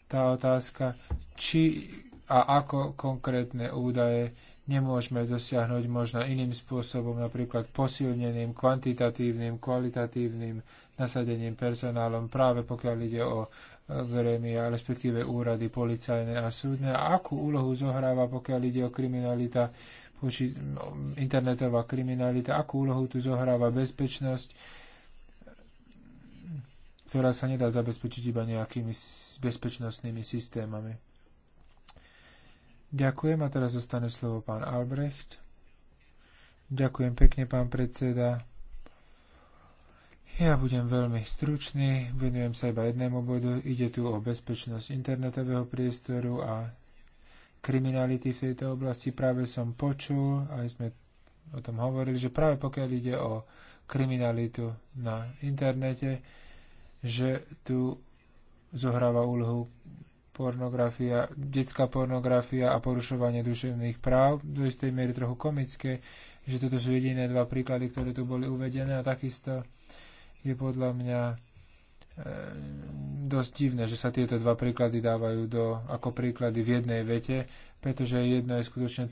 tá otázka, či a ako konkrétne údaje nemôžeme dosiahnuť možno iným spôsobom, napríklad posilneným kvantitatívnym, kvalitatívnym nasadením personálom práve pokiaľ ide o grémia, e, respektíve úrady policajné a súdne a akú úlohu zohráva, pokiaľ ide o kriminalita, poči, no, internetová kriminalita, akú úlohu tu zohráva bezpečnosť, ktorá sa nedá zabezpečiť iba nejakými bezpečnostnými systémami. Ďakujem a teraz zostane slovo pán Albrecht. Ďakujem pekne, pán predseda. Ja budem veľmi stručný, venujem sa iba jednému bodu. Ide tu o bezpečnosť internetového priestoru a kriminality v tejto oblasti. Práve som počul, aj sme o tom hovorili, že práve pokiaľ ide o kriminalitu na internete, že tu zohráva úlohu pornografia, detská pornografia a porušovanie duševných práv, do istej miery trochu komické, že toto sú jediné dva príklady, ktoré tu boli uvedené a takisto je podľa mňa e, dosť divné, že sa tieto dva príklady dávajú do, ako príklady v jednej vete, pretože jedno je skutočne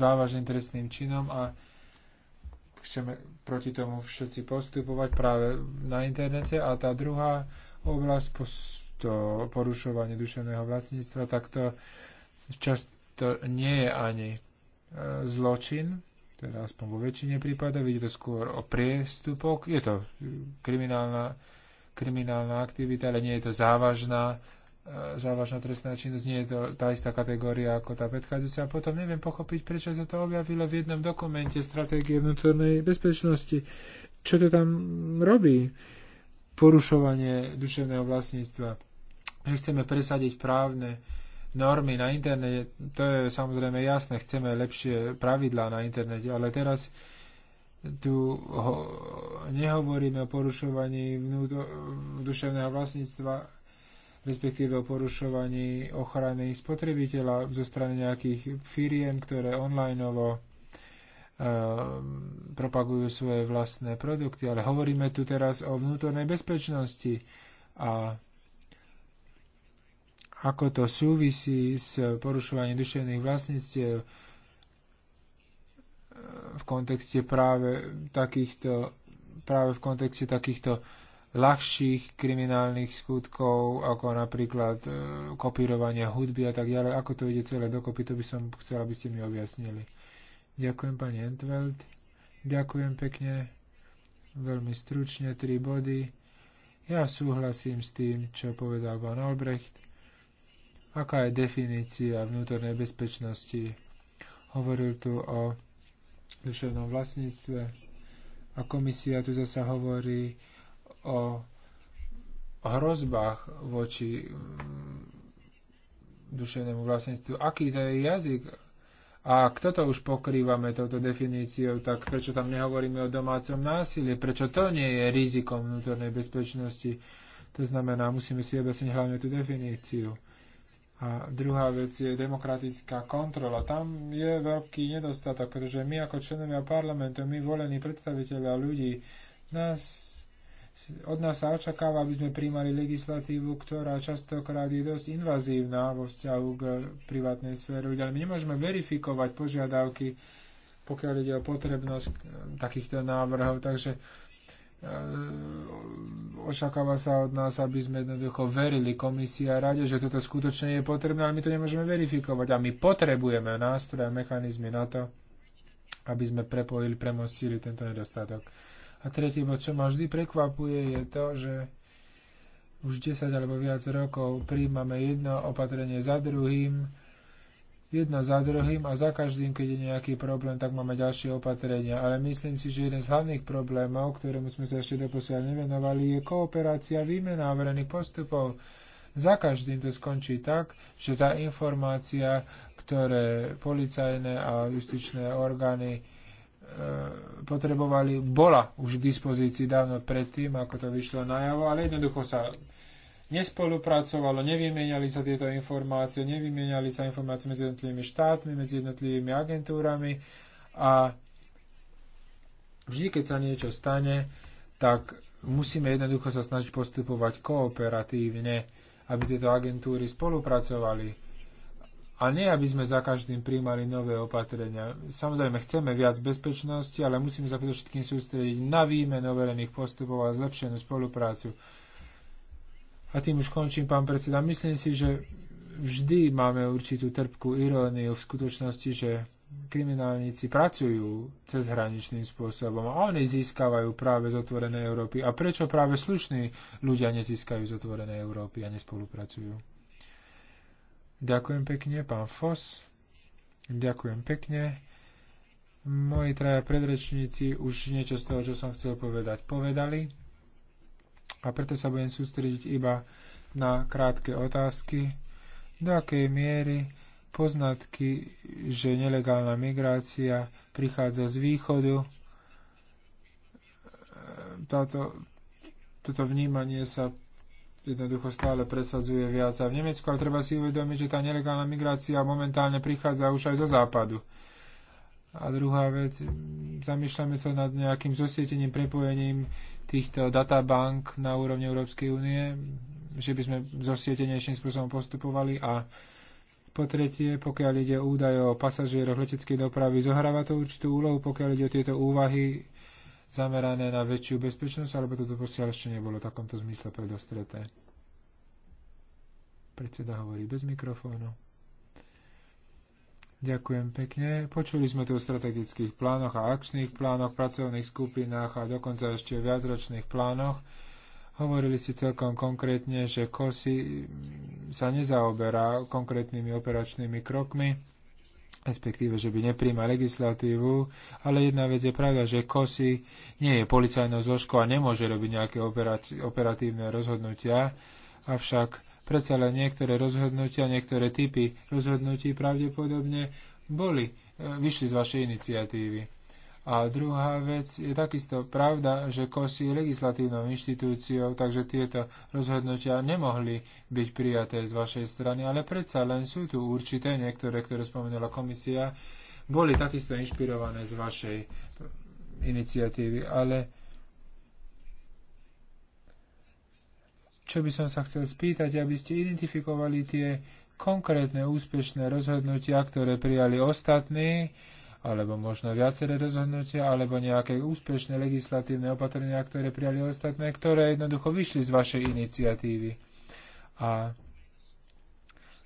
vávažným trestným činom a chceme proti tomu všetci postupovať práve na internete a tá druhá oblasť to porušovanie duševného vlastníctva, tak to často nie je ani e, zločin, teda aspoň vo väčšine prípadov, ide to skôr o priestupok, je to kriminálna, kriminálna aktivita, ale nie je to závažná, e, závažná trestná činnosť, nie je to tá istá kategória ako tá predchádzajúca. A potom neviem pochopiť, prečo sa to objavilo v jednom dokumente stratégie vnútornej bezpečnosti. Čo to tam robí? Porušovanie duševného vlastníctva. Že chceme presadiť právne normy na internete, to je samozrejme jasné, chceme lepšie pravidlá na internete, ale teraz tu ho, nehovoríme o porušovaní vnúto, duševného vlastníctva, respektíve o porušovaní ochrany spotrebiteľa zo strany nejakých firiem, ktoré online onlineovo e, propagujú svoje vlastné produkty, ale hovoríme tu teraz o vnútornej bezpečnosti a ako to súvisí s porušovaním duševných vlastníctiev e, v kontexte práve takýchto práve v kontexte takýchto ľahších kriminálnych skutkov, ako napríklad e, kopírovanie hudby a tak ďalej. Ako to ide celé dokopy, to by som chcel, aby ste mi objasnili. Ďakujem pani Entveld. Ďakujem pekne. Veľmi stručne, tri body. Ja súhlasím s tým, čo povedal pán Albrecht. Aká je definícia vnútornej bezpečnosti? Hovoril tu o duševnom vlastníctve a komisia tu zase hovorí o hrozbách voči mm, duševnému vlastníctvu. Aký to je jazyk? A kto toto už pokrývame touto definíciou, tak prečo tam nehovoríme o domácom násilie? Prečo to nie je rizikom vnútornej bezpečnosti? To znamená, musíme si objasniť hlavne tú definíciu. A druhá vec je demokratická kontrola. Tam je veľký nedostatok, pretože my ako členovia parlamentu, my volení predstaviteľa ľudí, nás, od nás sa očakáva, aby sme príjmali legislatívu, ktorá častokrát je dosť invazívna vo vzťahu k privátnej sfére ľudí, ale my nemôžeme verifikovať požiadavky, pokiaľ ide o potrebnosť takýchto návrhov. Takže E, očakáva sa od nás, aby sme jednoducho verili komisii a rade, že toto skutočne je potrebné, ale my to nemôžeme verifikovať. A my potrebujeme nástroje a mechanizmy na to, aby sme prepojili, premostili tento nedostatok. A tretie, čo ma vždy prekvapuje, je to, že už 10 alebo viac rokov príjmame jedno opatrenie za druhým, Jedna za druhým a za každým, keď je nejaký problém, tak máme ďalšie opatrenia. Ale myslím si, že jeden z hlavných problémov, ktorému sme sa ešte doposiaľ nevenovali, je kooperácia výmena overených postupov. Za každým to skončí tak, že tá informácia, ktoré policajné a justičné orgány e, potrebovali, bola už k dispozícii dávno predtým, ako to vyšlo najavo, ale jednoducho sa nespolupracovalo, nevymieniali sa tieto informácie, nevymieniali sa informácie medzi jednotlivými štátmi, medzi jednotlivými agentúrami a vždy, keď sa niečo stane, tak musíme jednoducho sa snažiť postupovať kooperatívne, aby tieto agentúry spolupracovali a nie, aby sme za každým príjmali nové opatrenia. Samozrejme, chceme viac bezpečnosti, ale musíme sa predovšetkým sústrediť na výmenu overených postupov a zlepšenú spoluprácu. A tým už končím, pán predseda. Myslím si, že vždy máme určitú trpkú iróniu v skutočnosti, že kriminálnici pracujú cezhraničným spôsobom a oni získavajú práve z otvorenej Európy. A prečo práve slušní ľudia nezískajú z otvorenej Európy a nespolupracujú? Ďakujem pekne, pán Fos. Ďakujem pekne. Moji traja predrečníci už niečo z toho, čo som chcel povedať, povedali a preto sa budem sústrediť iba na krátke otázky. Do akej miery poznatky, že nelegálna migrácia prichádza z východu, táto, toto vnímanie sa jednoducho stále presadzuje viac a v Nemecku, ale treba si uvedomiť, že tá nelegálna migrácia momentálne prichádza už aj zo západu. A druhá vec, zamýšľame sa nad nejakým zosietením, prepojením týchto databank na úrovni Európskej únie, že by sme zosietenejším spôsobom postupovali a po tretie, pokiaľ ide údaj o pasažieroch leteckej dopravy, zohráva to určitú úlohu, pokiaľ ide o tieto úvahy zamerané na väčšiu bezpečnosť, alebo toto posiaľ ešte nebolo v takomto zmysle predostreté. Predseda hovorí bez mikrofónu. Ďakujem pekne. Počuli sme tu o strategických plánoch a akčných plánoch, pracovných skupinách a dokonca ešte o viacročných plánoch. Hovorili ste celkom konkrétne, že KOSI sa nezaoberá konkrétnymi operačnými krokmi, respektíve, že by nepríjma legislatívu, ale jedna vec je pravda, že KOSI nie je policajnou zložkou a nemôže robiť nejaké operatívne rozhodnutia, avšak predsa len niektoré rozhodnutia, niektoré typy rozhodnutí pravdepodobne boli, e, vyšli z vašej iniciatívy. A druhá vec je takisto pravda, že KOS je legislatívnou inštitúciou, takže tieto rozhodnutia nemohli byť prijaté z vašej strany, ale predsa len sú tu určité, niektoré, ktoré spomenula komisia, boli takisto inšpirované z vašej iniciatívy, ale Čo by som sa chcel spýtať, aby ste identifikovali tie konkrétne úspešné rozhodnutia, ktoré prijali ostatní, alebo možno viaceré rozhodnutia, alebo nejaké úspešné legislatívne opatrenia, ktoré prijali ostatné, ktoré jednoducho vyšli z vašej iniciatívy. A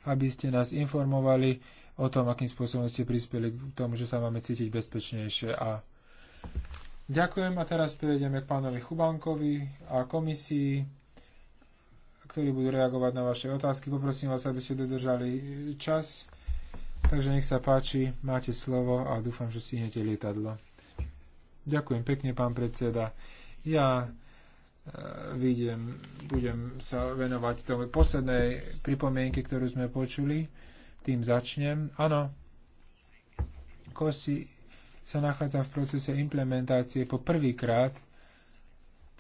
aby ste nás informovali o tom, akým spôsobom ste prispeli k tomu, že sa máme cítiť bezpečnejšie. A ďakujem a teraz prejdeme k pánovi Chubankovi a komisii ktorí budú reagovať na vaše otázky. Poprosím vás, aby ste dodržali čas. Takže nech sa páči, máte slovo a dúfam, že stihnete lietadlo. Ďakujem pekne, pán predseda. Ja e, vidiem, budem sa venovať tomu poslednej pripomienke, ktorú sme počuli. Tým začnem. Áno, Kosi sa nachádza v procese implementácie po prvýkrát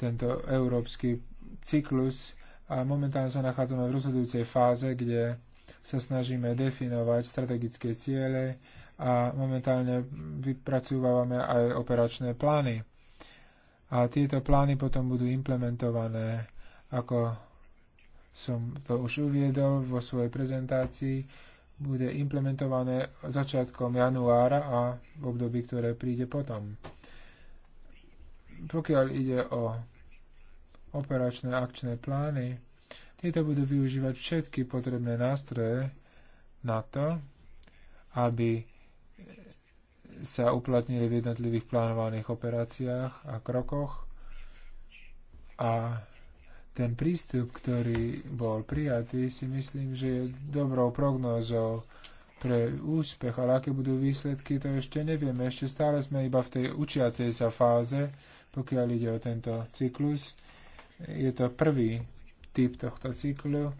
tento európsky cyklus a momentálne sa nachádzame v rozhodujúcej fáze, kde sa snažíme definovať strategické ciele a momentálne vypracúvame aj operačné plány. A tieto plány potom budú implementované, ako som to už uviedol vo svojej prezentácii, bude implementované začiatkom januára a v období, ktoré príde potom. Pokiaľ ide o operačné akčné plány. Tieto budú využívať všetky potrebné nástroje na to, aby sa uplatnili v jednotlivých plánovaných operáciách a krokoch. A ten prístup, ktorý bol prijatý, si myslím, že je dobrou prognózou pre úspech, ale aké budú výsledky, to ešte nevieme. Ešte stále sme iba v tej učiacej sa fáze, pokiaľ ide o tento cyklus. Je to prvý typ tohto cyklu,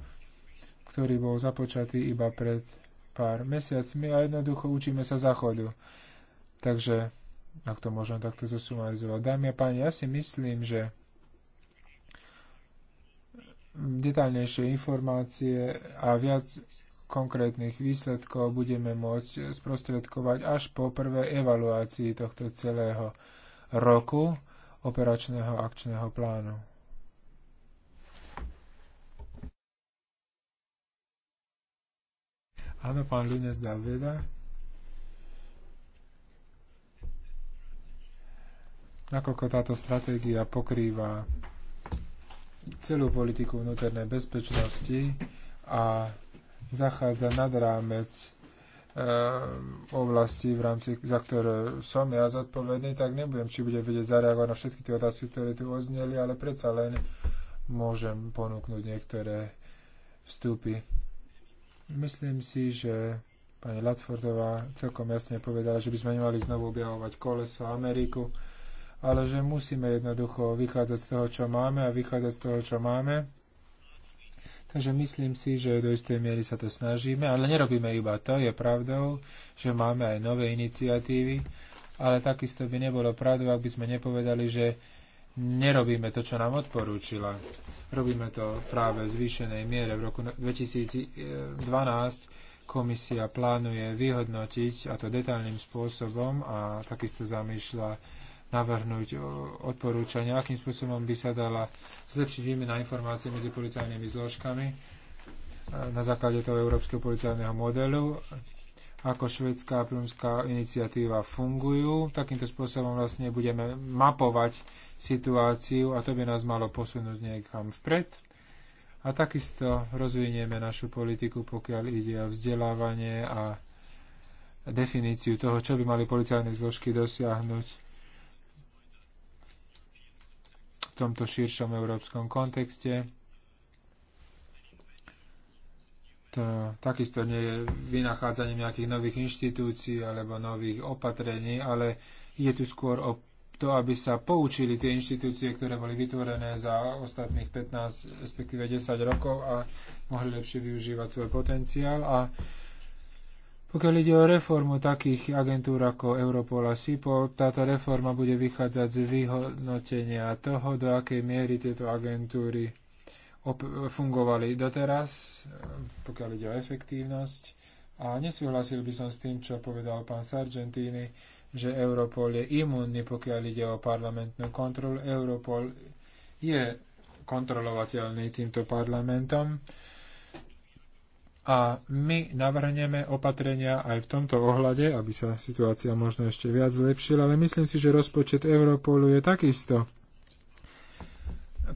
ktorý bol započatý iba pred pár mesiacmi a jednoducho učíme sa záchodu. Takže, ak to môžem takto zosumarizovať. Dámy a páni, ja si myslím, že detaľnejšie informácie a viac konkrétnych výsledkov budeme môcť sprostredkovať až po prvej evaluácii tohto celého roku operačného akčného plánu. Áno, pán Lunes dal veda. Nakoľko táto stratégia pokrýva celú politiku vnútornej bezpečnosti a zachádza nad rámec eh, oblasti, v rámci, za ktoré som ja zodpovedný, tak nebudem, či bude vedieť zareagovať na všetky tie otázky, ktoré tu ozneli, ale predsa len môžem ponúknuť niektoré vstupy. Myslím si, že pani Latfordová celkom jasne povedala, že by sme nemali znovu objavovať koleso Ameriku, ale že musíme jednoducho vychádzať z toho, čo máme a vychádzať z toho, čo máme. Takže myslím si, že do istej miery sa to snažíme, ale nerobíme iba to. Je pravdou, že máme aj nové iniciatívy, ale takisto by nebolo pravdou, ak by sme nepovedali, že nerobíme to, čo nám odporúčila. Robíme to práve v zvýšenej miere. V roku 2012 komisia plánuje vyhodnotiť, a to detailným spôsobom, a takisto zamýšľa navrhnúť e, odporúčania, akým spôsobom by sa dala zlepšiť výmena informácií medzi policajnými zložkami e, na základe toho európskeho policajného modelu, ako švedská prímská iniciatíva fungujú. Takýmto spôsobom vlastne budeme mapovať situáciu a to by nás malo posunúť niekam vpred. A takisto rozvinieme našu politiku, pokiaľ ide o vzdelávanie a definíciu toho, čo by mali policajné zložky dosiahnuť v tomto širšom európskom kontexte. to takisto nie je vynachádzanie nejakých nových inštitúcií alebo nových opatrení, ale je tu skôr o to, aby sa poučili tie inštitúcie, ktoré boli vytvorené za ostatných 15, respektíve 10 rokov a mohli lepšie využívať svoj potenciál. A pokiaľ ide o reformu takých agentúr ako Europol a SIPOL, táto reforma bude vychádzať z vyhodnotenia toho, do akej miery tieto agentúry fungovali doteraz, pokiaľ ide o efektívnosť. A nesúhlasil by som s tým, čo povedal pán Sargentini, že Europol je imunný, pokiaľ ide o parlamentnú kontrolu. Europol je kontrolovateľný týmto parlamentom. A my navrhneme opatrenia aj v tomto ohľade, aby sa situácia možno ešte viac zlepšila, ale myslím si, že rozpočet Europolu je takisto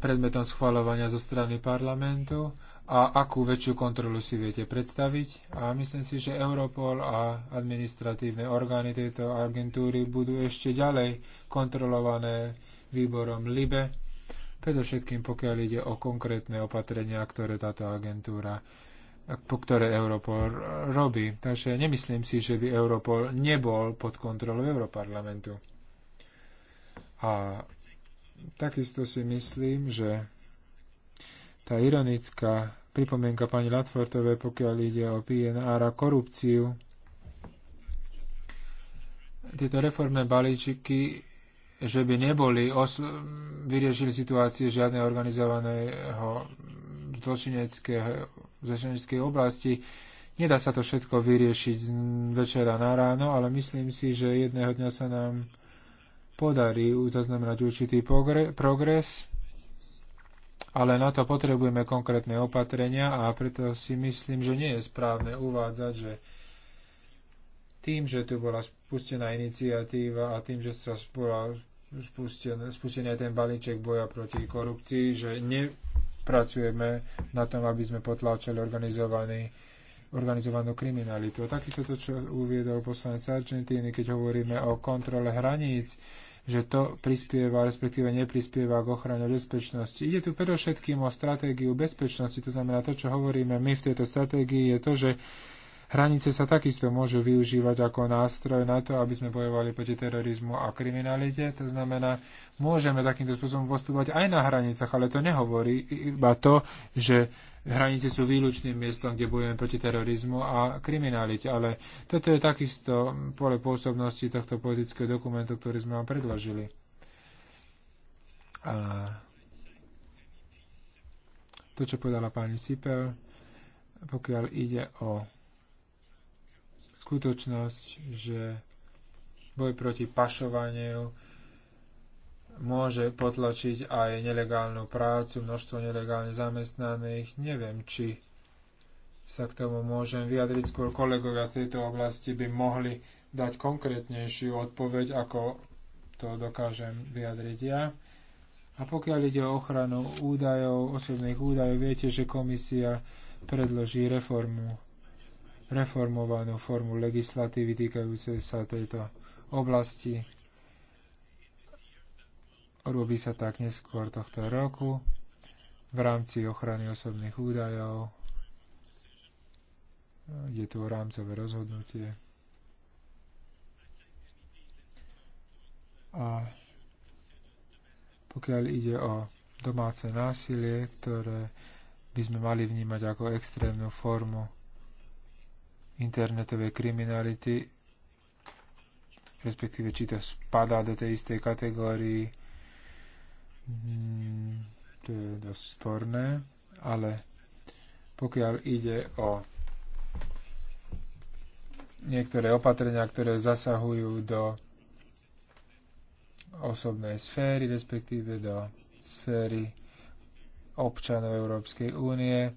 predmetom schvaľovania zo strany parlamentu a akú väčšiu kontrolu si viete predstaviť. A myslím si, že Europol a administratívne orgány tejto agentúry budú ešte ďalej kontrolované výborom LIBE, predovšetkým pokiaľ ide o konkrétne opatrenia, ktoré táto agentúra po ktoré Europol robí. Takže nemyslím si, že by Europol nebol pod kontrolou Europarlamentu. A takisto si myslím, že tá ironická pripomienka pani Latfortovej, pokiaľ ide o PNR a korupciu, tieto reformné balíčiky, že by neboli, osl- vyriešili situácie žiadnej organizovaného zločineckej oblasti. Nedá sa to všetko vyriešiť z večera na ráno, ale myslím si, že jedného dňa sa nám podarí zaznamenať určitý progres, ale na to potrebujeme konkrétne opatrenia a preto si myslím, že nie je správne uvádzať, že tým, že tu bola spustená iniciatíva a tým, že sa bola spustený, spustený ten balíček boja proti korupcii, že nepracujeme na tom, aby sme potláčali organizovaný organizovanú kriminalitu. A takisto to, čo uviedol poslanec Sargentini, keď hovoríme o kontrole hraníc, že to prispieva, respektíve neprispieva k ochrane bezpečnosti. Ide tu predovšetkým o stratégiu bezpečnosti, to znamená to, čo hovoríme my v tejto stratégii, je to, že Hranice sa takisto môžu využívať ako nástroj na to, aby sme bojovali proti terorizmu a kriminalite. To znamená, môžeme takýmto spôsobom postupovať aj na hranicách, ale to nehovorí iba to, že hranice sú výlučným miestom, kde bojujeme proti terorizmu a kriminalite. Ale toto je takisto pole pôsobnosti tohto politického dokumentu, ktorý sme vám predložili. A to, čo povedala pani Sipel, pokiaľ ide o skutočnosť, že boj proti pašovaniu môže potlačiť aj nelegálnu prácu, množstvo nelegálne zamestnaných. Neviem, či sa k tomu môžem vyjadriť. Skôr kolegovia z tejto oblasti by mohli dať konkrétnejšiu odpoveď, ako to dokážem vyjadriť ja. A pokiaľ ide o ochranu údajov, osobných údajov, viete, že komisia predloží reformu reformovanú formu legislatívy týkajúcej sa tejto oblasti. Robí sa tak neskôr tohto roku v rámci ochrany osobných údajov. Je tu o rámcové rozhodnutie. A pokiaľ ide o domáce násilie, ktoré by sme mali vnímať ako extrémnu formu internetovej kriminality, respektíve či to spadá do tej istej kategórii, mm, to je dosť sporné, ale pokiaľ ide o niektoré opatrenia, ktoré zasahujú do osobnej sféry, respektíve do sféry občanov Európskej únie,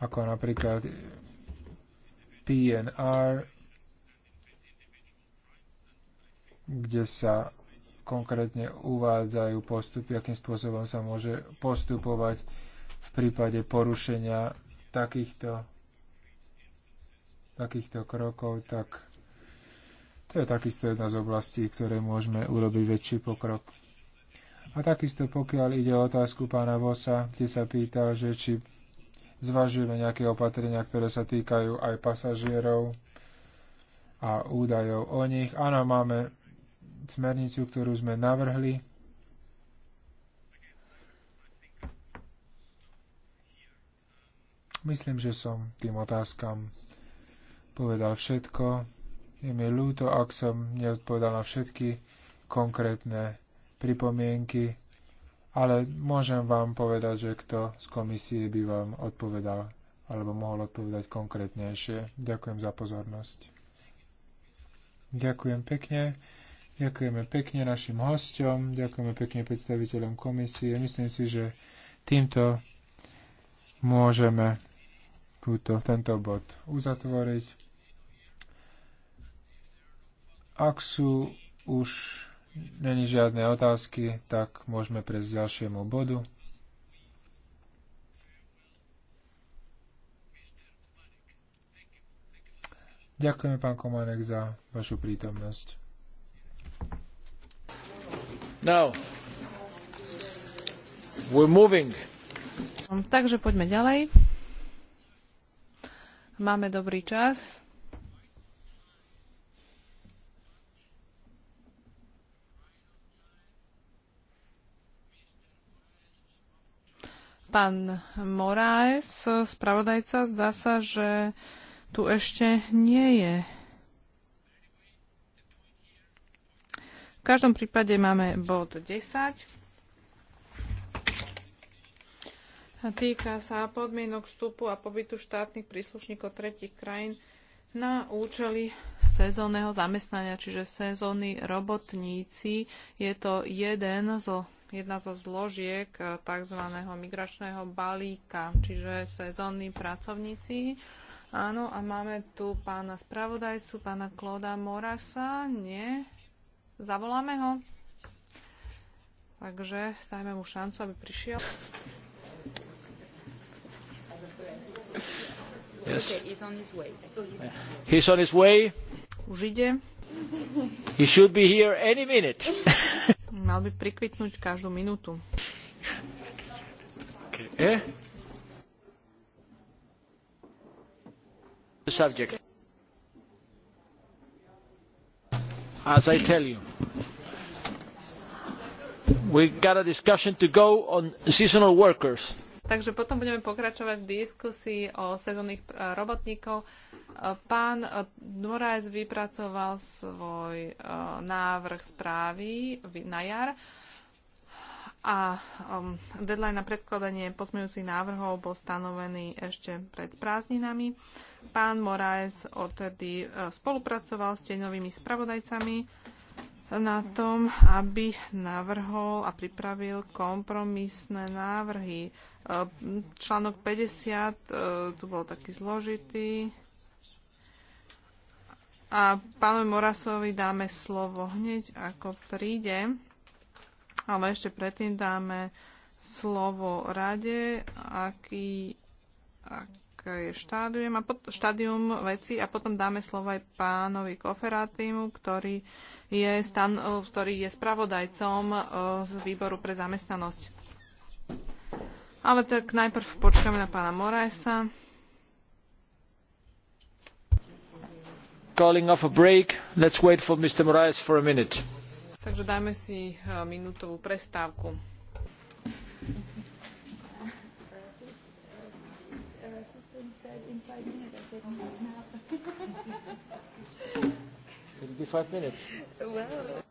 ako napríklad PNR, kde sa konkrétne uvádzajú postupy, akým spôsobom sa môže postupovať v prípade porušenia takýchto, takýchto krokov, tak to je takisto jedna z oblastí, ktoré môžeme urobiť väčší pokrok. A takisto pokiaľ ide o otázku pána Vosa, kde sa pýtal, že či zvažujeme nejaké opatrenia, ktoré sa týkajú aj pasažierov a údajov o nich. Áno, máme smernicu, ktorú sme navrhli. Myslím, že som tým otázkam povedal všetko. Je mi ľúto, ak som neodpovedal na všetky konkrétne pripomienky ale môžem vám povedať, že kto z komisie by vám odpovedal alebo mohol odpovedať konkrétnejšie. Ďakujem za pozornosť. Ďakujem pekne. Ďakujeme pekne našim hosťom. ďakujeme pekne predstaviteľom komisie. Myslím si, že týmto môžeme túto, tento bod uzatvoriť. Ak sú už není žiadne otázky, tak môžeme prejsť ďalšiemu bodu. Ďakujeme, pán Komanek, za vašu prítomnosť. Now, we're moving. Takže poďme ďalej. Máme dobrý čas. Pán Moraes, spravodajca, zdá sa, že tu ešte nie je. V každom prípade máme bod 10. Týka sa podmienok vstupu a pobytu štátnych príslušníkov tretich krajín na účely sezónneho zamestnania, čiže sezónni robotníci. Je to jeden zo jedna zo zložiek e, tzv. migračného balíka, čiže sezónni pracovníci. Áno, a máme tu pána spravodajcu, pána Kloda Morasa. Nie? Zavoláme ho? Takže dajme mu šancu, aby prišiel. Yes. Okay, he's on his way. Yeah. He's on his way. Už ide. He should be here any minute. mal by prikvitnúť každú minútu. Okay. Eh? Subject. As I tell you, we got a discussion to go on seasonal workers. Takže potom budeme pokračovať v diskusii o sezónnych eh, robotníkoch. Pán Moraes vypracoval svoj e, návrh správy na jar a um, deadline na predkladanie pozmejúcich návrhov bol stanovený ešte pred prázdninami. Pán Moraes odtedy e, spolupracoval s tieňovými spravodajcami na tom, aby navrhol a pripravil kompromisné návrhy. E, článok 50, tu bol taký zložitý, a pánovi Morasovi dáme slovo hneď, ako príde. Ale ešte predtým dáme slovo rade, aký, aké je štádium, a pot, štádium veci a potom dáme slovo aj pánovi Koferátimu, ktorý je, stan, ktorý je spravodajcom z výboru pre zamestnanosť. Ale tak najprv počkáme na pána Morasa. calling off a break. Let's wait for Mr. Moraes for a minute. Takže dajme si eh, minútovú prestávku. It'll be five minutes. Well.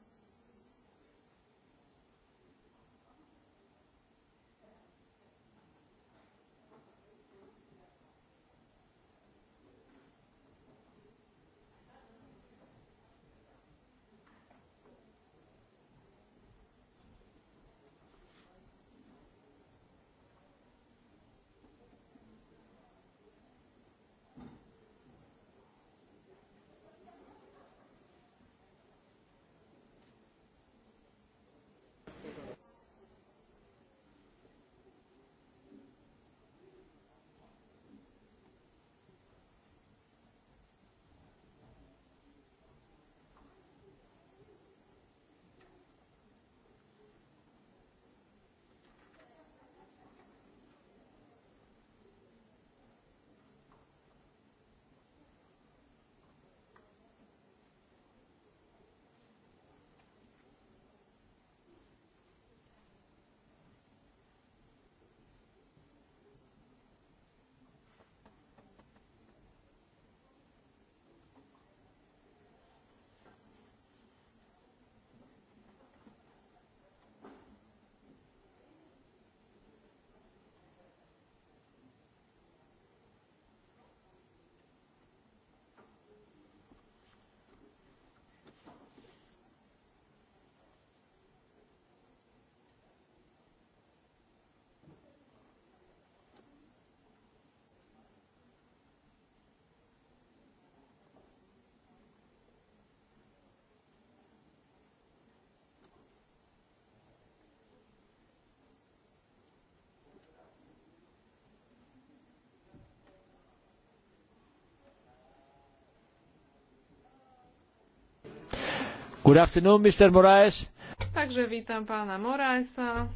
Good afternoon, Mr. Moraes. Takže vítam pána Moraesa.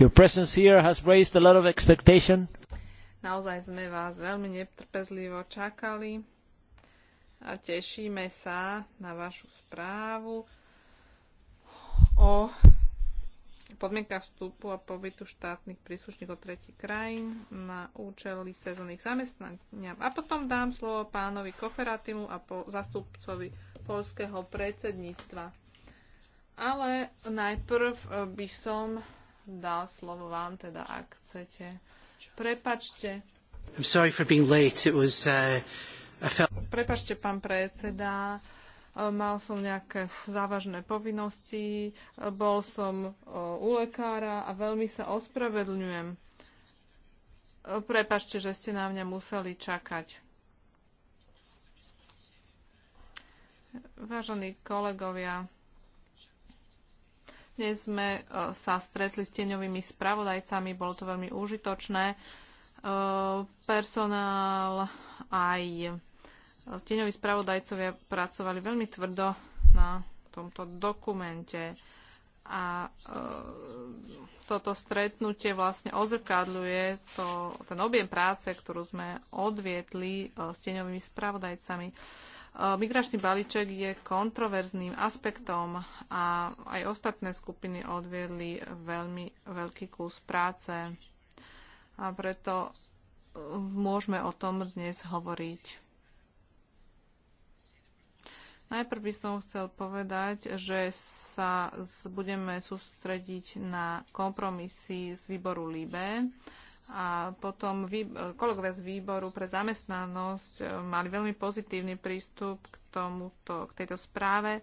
Your presence here has raised a lot of expectation. Naozaj sme vás veľmi netrpezlivo čakali a tešíme sa na vašu správu o podmienkach vstupu a pobytu štátnych príslušníkov tretich krajín na účely sezónnych zamestnania. A potom dám slovo pánovi Koferatimu a po zastupcovi polského predsedníctva. Ale najprv eh, by som dal slovo vám, teda ak chcete. Prepačte. I'm sorry for being late. It was, uh, felt... Prepačte, pán predseda. Uh, mal som nejaké závažné povinnosti, bol som e, u lekára a veľmi sa ospravedlňujem. E, Prepačte, že ste na mňa museli čakať. Vážení kolegovia, dnes sme e, sa stretli s tieňovými spravodajcami, bolo to veľmi užitočné. Personál aj Tieňoví spravodajcovia pracovali veľmi tvrdo na tomto dokumente a e, toto stretnutie vlastne odzrkadľuje to, ten objem práce, ktorú sme odvietli e, s tieňovými spravodajcami. E, migračný balíček je kontroverzným aspektom a aj ostatné skupiny odviedli veľmi veľký kus práce a preto e, môžeme o tom dnes hovoriť. Najprv by som chcel povedať, že sa budeme sústrediť na kompromisy z výboru LIBE a potom kolegovia z výboru pre zamestnanosť e, mali veľmi pozitívny prístup k, tomuto, k tejto správe.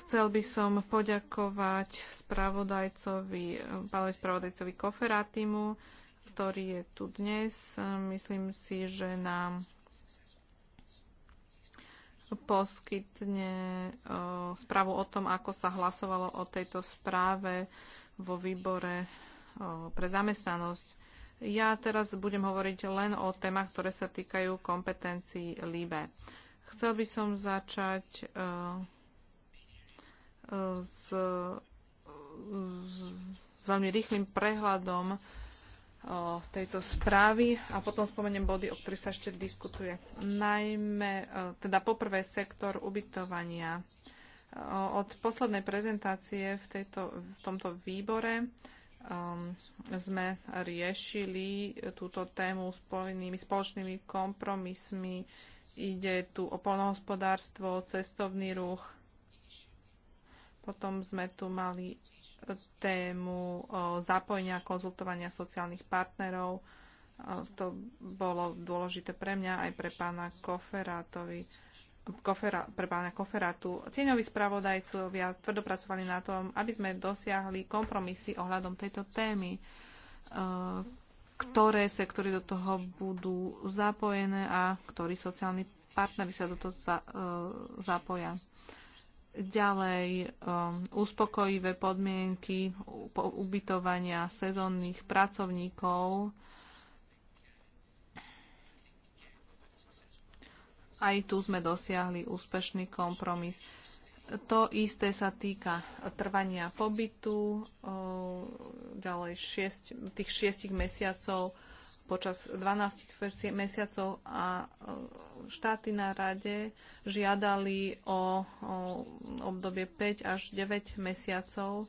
Chcel by som poďakovať spravodajcovi, e, pánovi spravodajcovi Koferatimu, ktorý je tu dnes. E, myslím si, že nám poskytne uh, správu o tom, ako sa hlasovalo o tejto správe vo výbore uh, pre zamestnanosť. Ja teraz budem hovoriť len o témach, ktoré sa týkajú kompetencií LIBE. Chcel by som začať uh, s, s, s veľmi rýchlým prehľadom tejto správy a potom spomeniem body, o ktorých sa ešte diskutuje. Najmä, e, teda poprvé sektor ubytovania. E, od poslednej prezentácie v, tejto, v tomto výbore um, sme riešili túto tému spojenými spoločnými kompromismi. Ide tu o polnohospodárstvo, cestovný ruch. Potom sme tu mali tému zapojenia, konzultovania sociálnych partnerov. To bolo dôležité pre mňa aj pre pána Koferátovi. Kofera, pre pána koferátu, cieňoví spravodajcovia tvrdopracovali na tom, aby sme dosiahli kompromisy ohľadom tejto témy, e, ktoré sektory do toho budú zapojené a ktorí sociálni partnery sa do toho za, e, zapoja. Ďalej um, uspokojivé podmienky ubytovania sezónnych pracovníkov. Aj tu sme dosiahli úspešný kompromis. To isté sa týka trvania pobytu, ďalej šiest, tých šiestich mesiacov počas 12 mesiacov a e, štáty na rade žiadali o, o obdobie 5 až 9 mesiacov,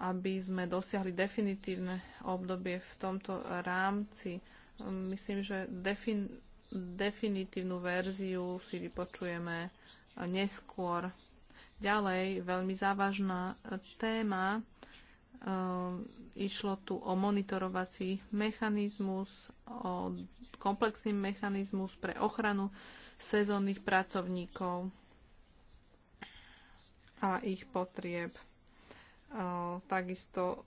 aby sme dosiahli definitívne obdobie v tomto rámci. Myslím, že defin, definitívnu verziu si vypočujeme neskôr. Ďalej, veľmi závažná téma Ehm, išlo tu o monitorovací mechanizmus, o komplexný mechanizmus pre ochranu sezónnych pracovníkov a ich potrieb. Ehm, takisto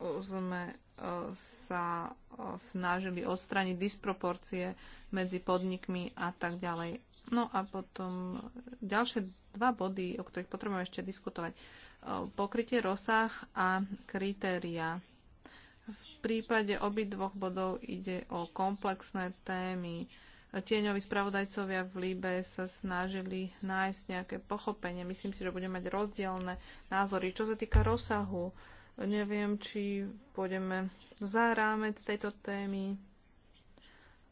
sme ehm, sa snažili odstraniť disproporcie medzi podnikmi a tak ďalej. No a potom ďalšie dva body, o ktorých potrebujeme ešte diskutovať pokrytie, rozsah a kritéria. V prípade obidvoch bodov ide o komplexné témy. Tieňoví spravodajcovia v Líbe sa snažili nájsť nejaké pochopenie. Myslím si, že budeme mať rozdielne názory. Čo sa týka rozsahu, neviem, či pôjdeme za rámec tejto témy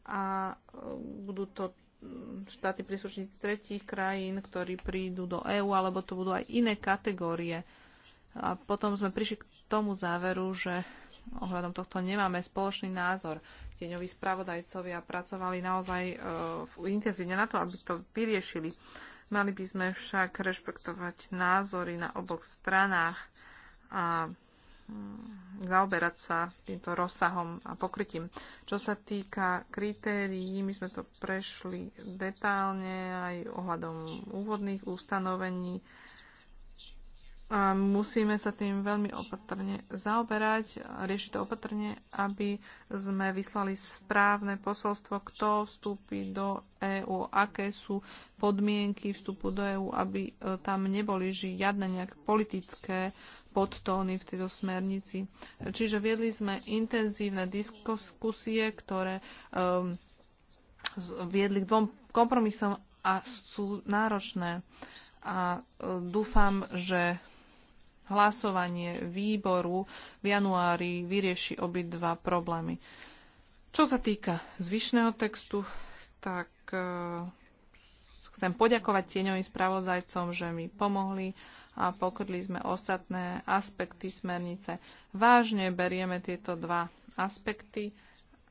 a budú to štáty príslušníci tretích krajín, ktorí prídu do EÚ, alebo to budú aj iné kategórie. A potom sme prišli k tomu záveru, že ohľadom tohto nemáme spoločný názor. Tieňoví spravodajcovia pracovali naozaj e, intenzívne na to, aby to vyriešili. Mali by sme však rešpektovať názory na oboch stranách a zaoberať sa týmto rozsahom a pokrytím. Čo sa týka kritérií, my sme to prešli detálne aj ohľadom úvodných ustanovení a musíme sa tým veľmi opatrne zaoberať, riešiť to opatrne, aby sme vyslali správne posolstvo, kto vstúpi do EÚ, aké sú podmienky vstupu do EÚ, aby e, tam neboli žiadne nejaké politické podtóny v tejto smernici. Čiže viedli sme intenzívne diskusie, ktoré um, viedli k dvom kompromisom a sú náročné. A e, dúfam, že hlasovanie výboru v januári vyrieši obidva problémy. Čo sa týka zvyšného textu, tak e, chcem poďakovať tieňovým spravodajcom, že mi pomohli a pokrli sme ostatné aspekty smernice. Vážne berieme tieto dva aspekty,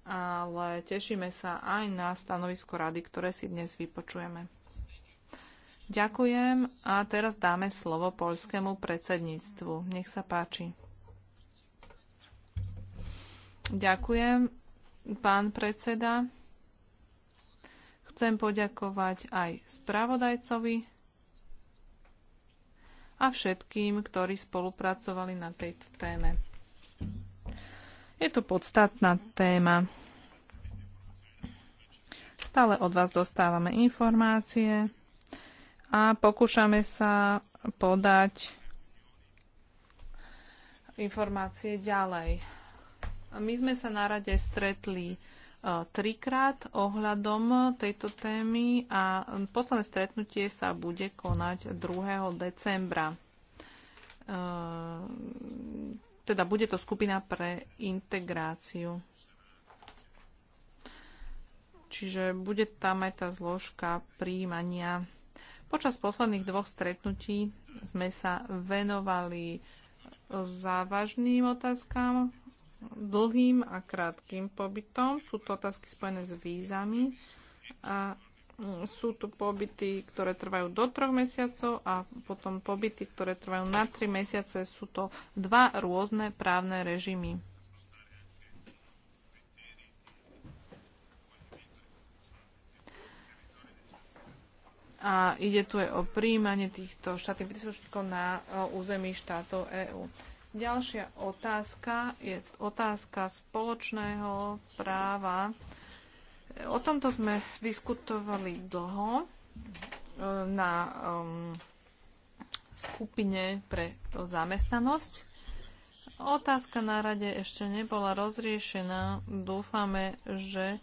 ale tešíme sa aj na stanovisko rady, ktoré si dnes vypočujeme. Ďakujem a teraz dáme slovo poľskému predsedníctvu. Nech sa páči. Ďakujem, pán predseda. Chcem poďakovať aj spravodajcovi a všetkým, ktorí spolupracovali na tejto téme. Je to podstatná téma. Stále od vás dostávame informácie a pokúšame sa podať informácie ďalej. My sme sa na rade stretli e, trikrát ohľadom tejto témy a posledné stretnutie sa bude konať 2. decembra. E, teda bude to skupina pre integráciu. Čiže bude tam aj tá zložka príjmania Počas posledných dvoch stretnutí sme sa venovali závažným otázkam, dlhým a krátkým pobytom. Sú to otázky spojené s vízami a sú tu pobyty, ktoré trvajú do troch mesiacov a potom pobyty, ktoré trvajú na tri mesiace. Sú to dva rôzne právne režimy. A ide tu aj o príjmanie týchto štátnych príslušníkov na e, území štátov EÚ. Ďalšia otázka je otázka spoločného práva. E, o tomto sme diskutovali dlho e, na um, skupine pre zamestnanosť. Otázka na rade ešte nebola rozriešená. Dúfame, že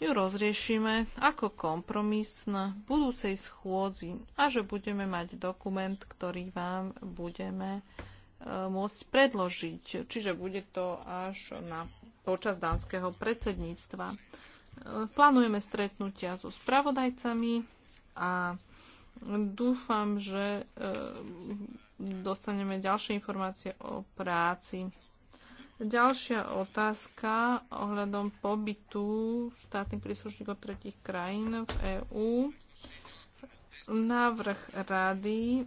ju rozriešime ako kompromis na budúcej schôdzi a že budeme mať dokument, ktorý vám budeme e, môcť predložiť. Čiže bude to až na, počas dánskeho predsedníctva. E, plánujeme stretnutia so spravodajcami a dúfam, že e, dostaneme ďalšie informácie o práci Ďalšia otázka ohľadom pobytu štátnych príslušníkov tretich krajín v EÚ. Návrh rady eh,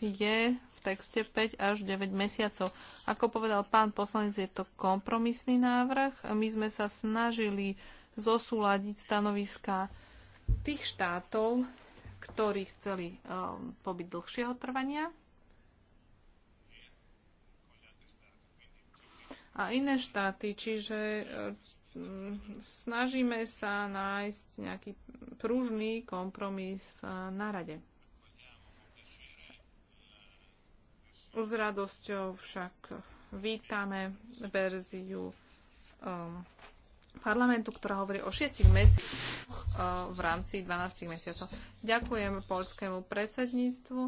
je v texte 5 až 9 mesiacov. Ako povedal pán poslanec, je to kompromisný návrh. My sme sa snažili zosúľadiť stanoviska tých štátov, ktorí chceli eh, pobyt dlhšieho trvania a iné štáty. Čiže e, snažíme sa nájsť nejaký pružný kompromis e, na rade. S radosťou však vítame verziu um, parlamentu, ktorá hovorí o 6 mesiacoch uh, v rámci 12 mesiacov. Ďakujem polskému predsedníctvu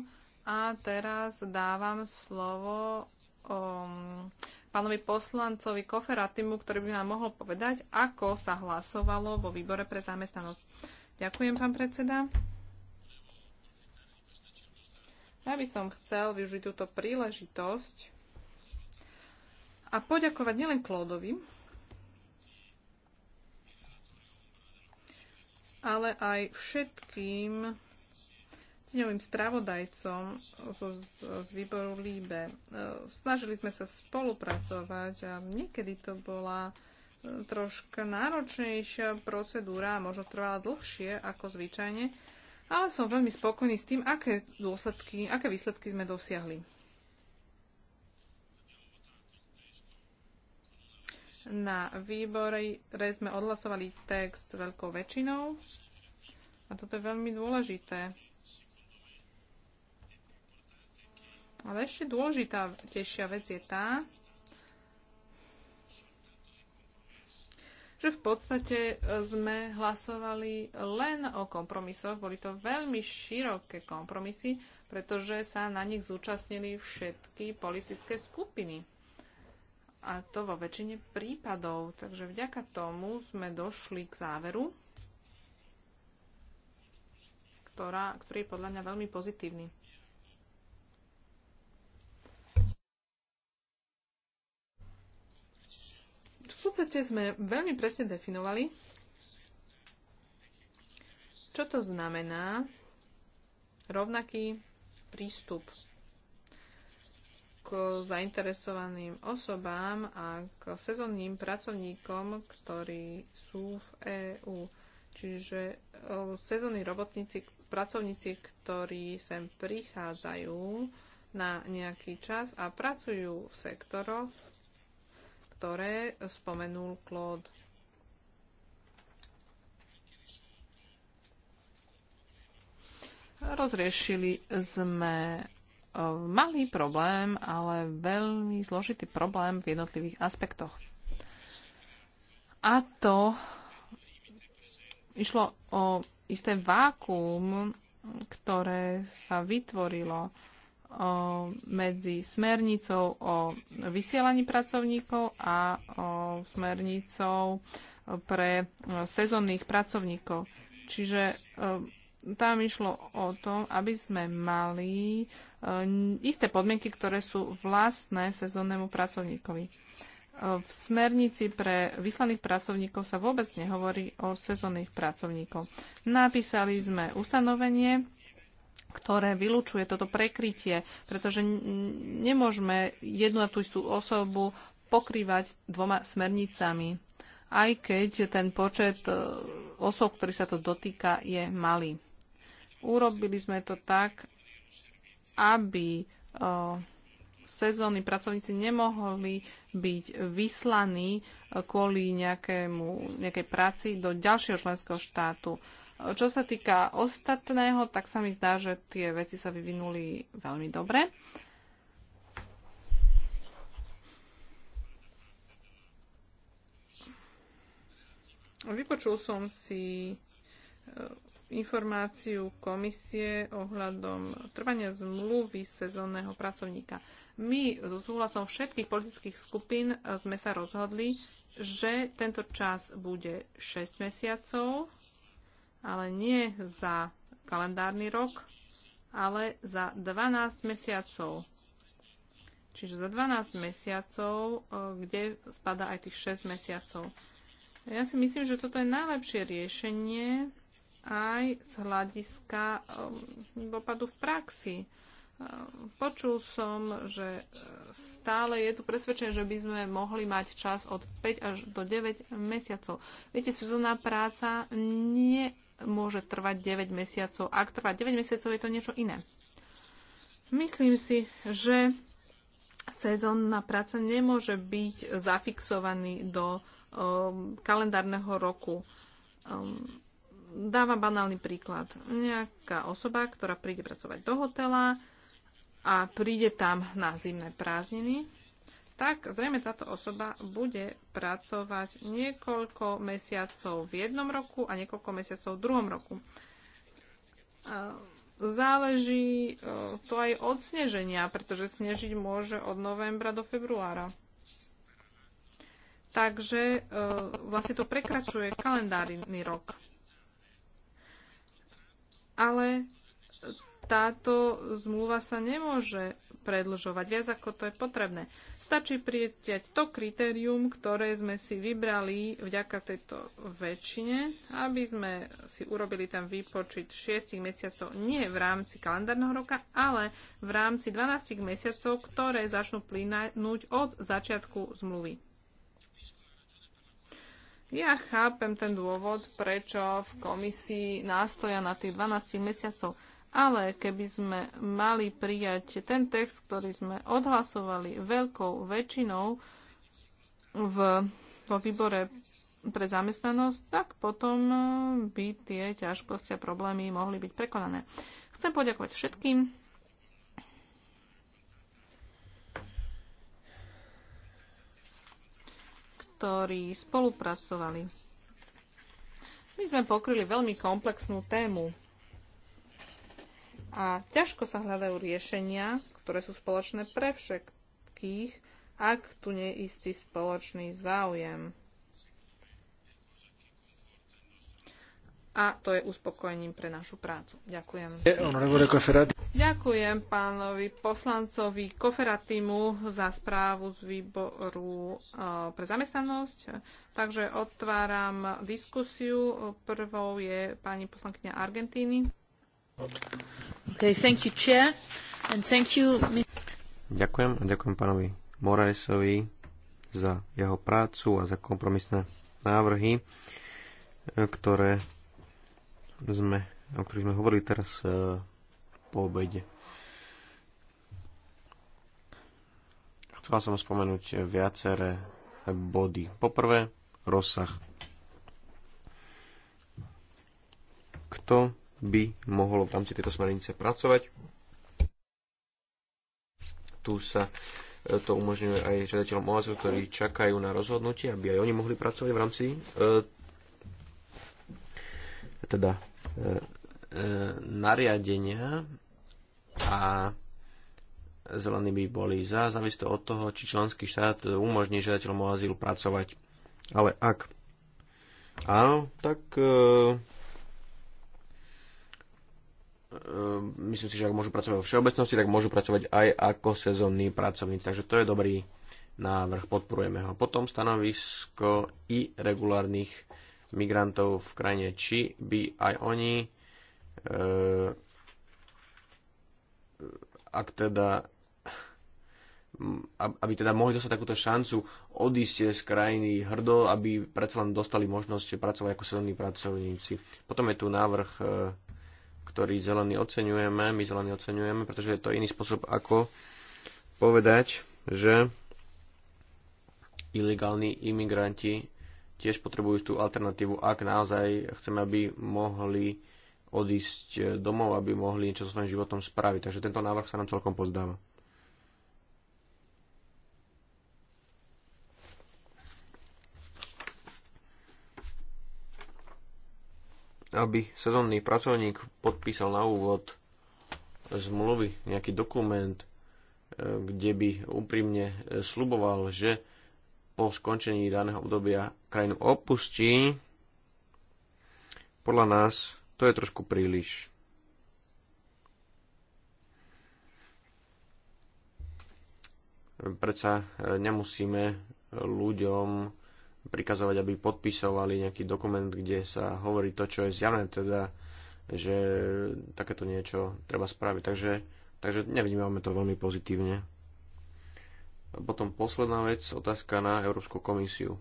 a teraz dávam slovo um, pánovi poslancovi Koferatimu, ktorý by nám mohol povedať, ako sa hlasovalo vo výbore pre zamestnanosť. Ďakujem, pán predseda. Ja by som chcel využiť túto príležitosť a poďakovať nielen Klódovi, ale aj všetkým tieňovým spravodajcom z, z výboru Líbe. E, snažili sme sa spolupracovať a niekedy to bola e, troška náročnejšia procedúra a možno trvala dlhšie ako zvyčajne, ale som veľmi spokojný s tým, aké, dôsledky, aké výsledky sme dosiahli. Na výbore sme odhlasovali text veľkou väčšinou a toto je veľmi dôležité Ale ešte tešia vec je tá, že v podstate e, sme hlasovali len o kompromisoch. Boli to veľmi široké kompromisy, pretože sa na nich zúčastnili všetky politické skupiny. A to vo väčšine prípadov. Takže vďaka tomu sme došli k záveru, ktorá, ktorý je podľa mňa veľmi pozitívny. v podstate sme veľmi presne definovali, čo to znamená rovnaký prístup k zainteresovaným osobám a k sezónnym pracovníkom, ktorí sú v EÚ. Čiže e, sezónni robotníci, pracovníci, ktorí sem prichádzajú na nejaký čas a pracujú v sektoroch, ktoré spomenul Claude. Rozriešili sme e, malý problém, ale veľmi zložitý problém v jednotlivých aspektoch. A to išlo o isté vákuum, ktoré sa vytvorilo medzi smernicou o vysielaní pracovníkov a smernicou pre e, sezónnych pracovníkov. Čiže e, tam išlo o to, aby sme mali e, isté podmienky, ktoré sú vlastné sezónnemu pracovníkovi. V smernici pre vyslaných pracovníkov sa vôbec nehovorí o sezónnych pracovníkov. Napísali sme ustanovenie, ktoré vylúčuje toto prekrytie, pretože nemôžeme jednu a tú istú osobu pokrývať dvoma smernicami, aj keď ten počet e, osob, ktorý sa to dotýka, je malý. Urobili sme to tak, aby e, sezónni pracovníci nemohli byť vyslaní e, kvôli nejakému, nejakej práci do ďalšieho členského štátu. Čo sa týka ostatného, tak sa mi zdá, že tie veci sa vyvinuli veľmi dobre. Vypočul som si eh, informáciu komisie ohľadom trvania zmluvy sezónneho pracovníka. My so súhlasom všetkých politických skupín eh, sme sa rozhodli, že tento čas bude 6 mesiacov ale nie za kalendárny rok, ale za 12 mesiacov. Čiže za 12 mesiacov, e, kde spada aj tých 6 mesiacov. Ja si myslím, že toto je najlepšie riešenie aj z hľadiska e, dopadu v praxi. E, počul som, že stále je tu presvedčenie, že by sme mohli mať čas od 5 až do 9 mesiacov. Viete, sezónna práca nie môže trvať 9 mesiacov. Ak trvá 9 mesiacov, je to niečo iné. Myslím si, že sezónna práca nemôže byť zafixovaný do um, kalendárneho roku. Um, dávam banálny príklad. Nejaká osoba, ktorá príde pracovať do hotela a príde tam na zimné prázdniny, tak zrejme táto osoba bude pracovať niekoľko mesiacov v jednom roku a niekoľko mesiacov v druhom roku. Záleží e, to aj od sneženia, pretože snežiť môže od novembra do februára. Takže e, vlastne to prekračuje kalendárny rok. Ale táto zmluva sa nemôže predlžovať viac, ako to je potrebné. Stačí prieťať to kritérium, ktoré sme si vybrali vďaka tejto väčšine, aby sme si urobili ten výpočet 6 mesiacov nie v rámci kalendárneho roka, ale v rámci 12 mesiacov, ktoré začnú plynúť od začiatku zmluvy. Ja chápem ten dôvod, prečo v komisii nástoja na tých 12 mesiacov. Ale keby sme mali prijať ten text, ktorý sme odhlasovali veľkou väčšinou v, vo výbore pre zamestnanosť, tak potom eh, by tie ťažkosti a problémy mohli byť prekonané. Chcem poďakovať všetkým. ktorí spolupracovali. My sme pokryli veľmi komplexnú tému a ťažko sa hľadajú riešenia, ktoré sú spoločné pre všetkých, ak tu nie je istý spoločný záujem. a to je uspokojením pre našu prácu. Ďakujem. Ďakujem pánovi poslancovi Koferatimu za správu z výboru e, pre zamestnanosť. Takže otváram diskusiu. Prvou je pani poslankyňa Argentíny. Okay, thank you, chair, and thank you... Ďakujem a ďakujem pánovi Moraesovi za jeho prácu a za kompromisné návrhy, e, ktoré sme, o ktorých sme hovorili teraz e, po obede. Chcela som spomenúť viaceré body. Poprvé, rozsah. Kto by mohlo v rámci tejto smernice pracovať. Tu sa e, to umožňuje aj žiadateľom OAS, ktorí čakajú na rozhodnutie, aby aj oni mohli pracovať v rámci e, teda e, e, nariadenia a zelení by boli za, závisto od toho, či členský štát umožní žiadateľom o azyl pracovať. Ale ak áno, tak e, Ehm, myslím si, že ak môžu pracovať vo všeobecnosti, tak môžu pracovať aj ako sezónni pracovníci. Takže to je dobrý návrh, podporujeme ho. Potom stanovisko i regulárnych migrantov v krajine, či by aj oni, ehm, ak teda aby teda mohli dostať takúto šancu odísť z krajiny hrdo, aby predsa len dostali možnosť pracovať ako sezónni pracovníci. Potom je tu návrh ehm, ktorý zelený oceňujeme, my zelený oceňujeme, pretože je to iný spôsob, ako povedať, že ilegálni imigranti tiež potrebujú tú alternatívu, ak naozaj chceme, aby mohli odísť domov, aby mohli niečo so svojím životom spraviť. Takže tento návrh sa nám celkom pozdáva. aby sezónny pracovník podpísal na úvod zmluvy, nejaký dokument, e, kde by úprimne e, sluboval, že po skončení daného obdobia krajinu opustí, podľa nás to je trošku príliš. Predsa e, nemusíme ľuďom prikazovať, aby podpisovali nejaký dokument, kde sa hovorí to, čo je zjavné, teda, že takéto niečo treba spraviť. Takže, takže nevnímame to veľmi pozitívne. A potom posledná vec, otázka na Európsku komisiu.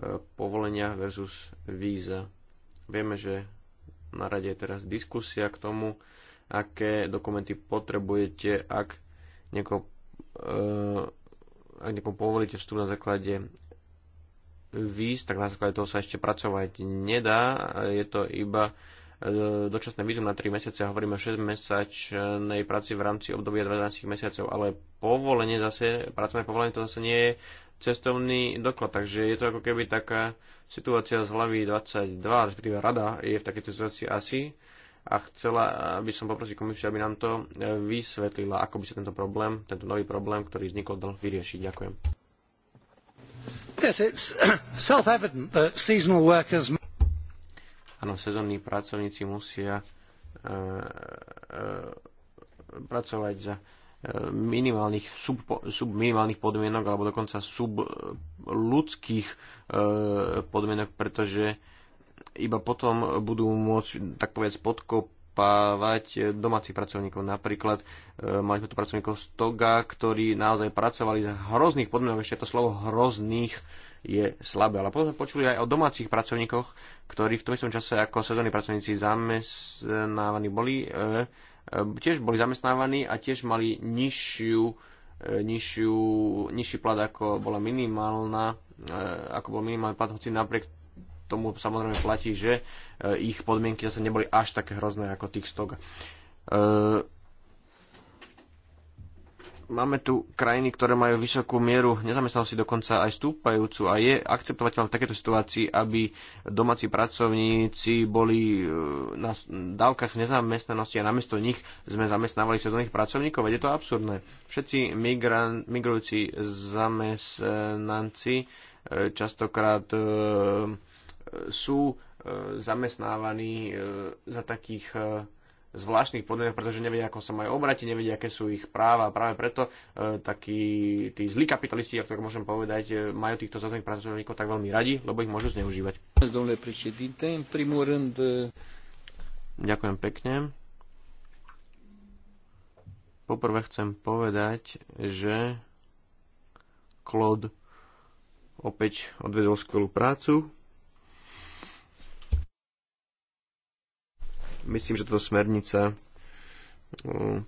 E, povolenia versus víza. Vieme, že na rade je teraz diskusia k tomu, aké dokumenty potrebujete, ak niekoho, e, ak niekomu povolíte vstup na základe víz, tak na základe toho sa ešte pracovať nedá. Je to iba e, dočasné vízum na 3 mesiace a hovoríme o 6-mesačnej práci v rámci obdobia 12 mesiacov, ale povolenie zase, pracovné povolenie to zase nie je cestovný doklad, takže je to ako keby taká situácia z hlavy 22, respektíve rada je v takej situácii asi a chcela by som poprosiť komisiu, aby nám to e, vysvetlila, ako by sa tento problém, tento nový problém, ktorý vznikol, dal vyriešiť. Ďakujem. Yes, it's Áno, sezónni pracovníci musia uh, pracovať za eh, minimálnych, sub, sub minimálnych podmienok alebo dokonca sub ľudských podmienok, pretože iba potom budú môcť tak povedať podkop, vyčerpávať domácich pracovníkov. Napríklad e, mali sme tu pracovníkov z Toga, ktorí naozaj pracovali za hrozných podmienok. Ešte to slovo hrozných je slabé. Ale potom sme počuli aj o domácich pracovníkoch, ktorí v tom istom čase ako sezónni pracovníci zamestnávaní boli, e, e, tiež boli zamestnávaní a tiež mali nižšiu e, nižšiu, nižší plat ako bola minimálna, e, ako bol minimálny plat, hoci napriek tomu samozrejme platí, že e, ich podmienky zase neboli až také hrozné ako tých stok. E, máme tu krajiny, ktoré majú vysokú mieru nezamestnanosti, dokonca aj stúpajúcu a je akceptovateľné v takéto situácii, aby domáci pracovníci boli e, na dávkach nezamestnanosti a namiesto nich sme zamestnávali sezónnych pracovníkov. Veď je to absurdné. Všetci migran, migrujúci zamestnanci častokrát e, sú e, zamestnávaní e, za takých e, zvláštnych podmienok, pretože nevedia, ako sa majú obrati, nevedia, aké sú ich práva. A práve preto e, takí tí zlí kapitalisti, ako môžem povedať, majú týchto zadných pracovníkov tak veľmi radi, lebo ich môžu zneužívať. Ďakujem pekne. Poprvé chcem povedať, že Claude opäť odvedol skvelú prácu Myslím, že toto smernica mm,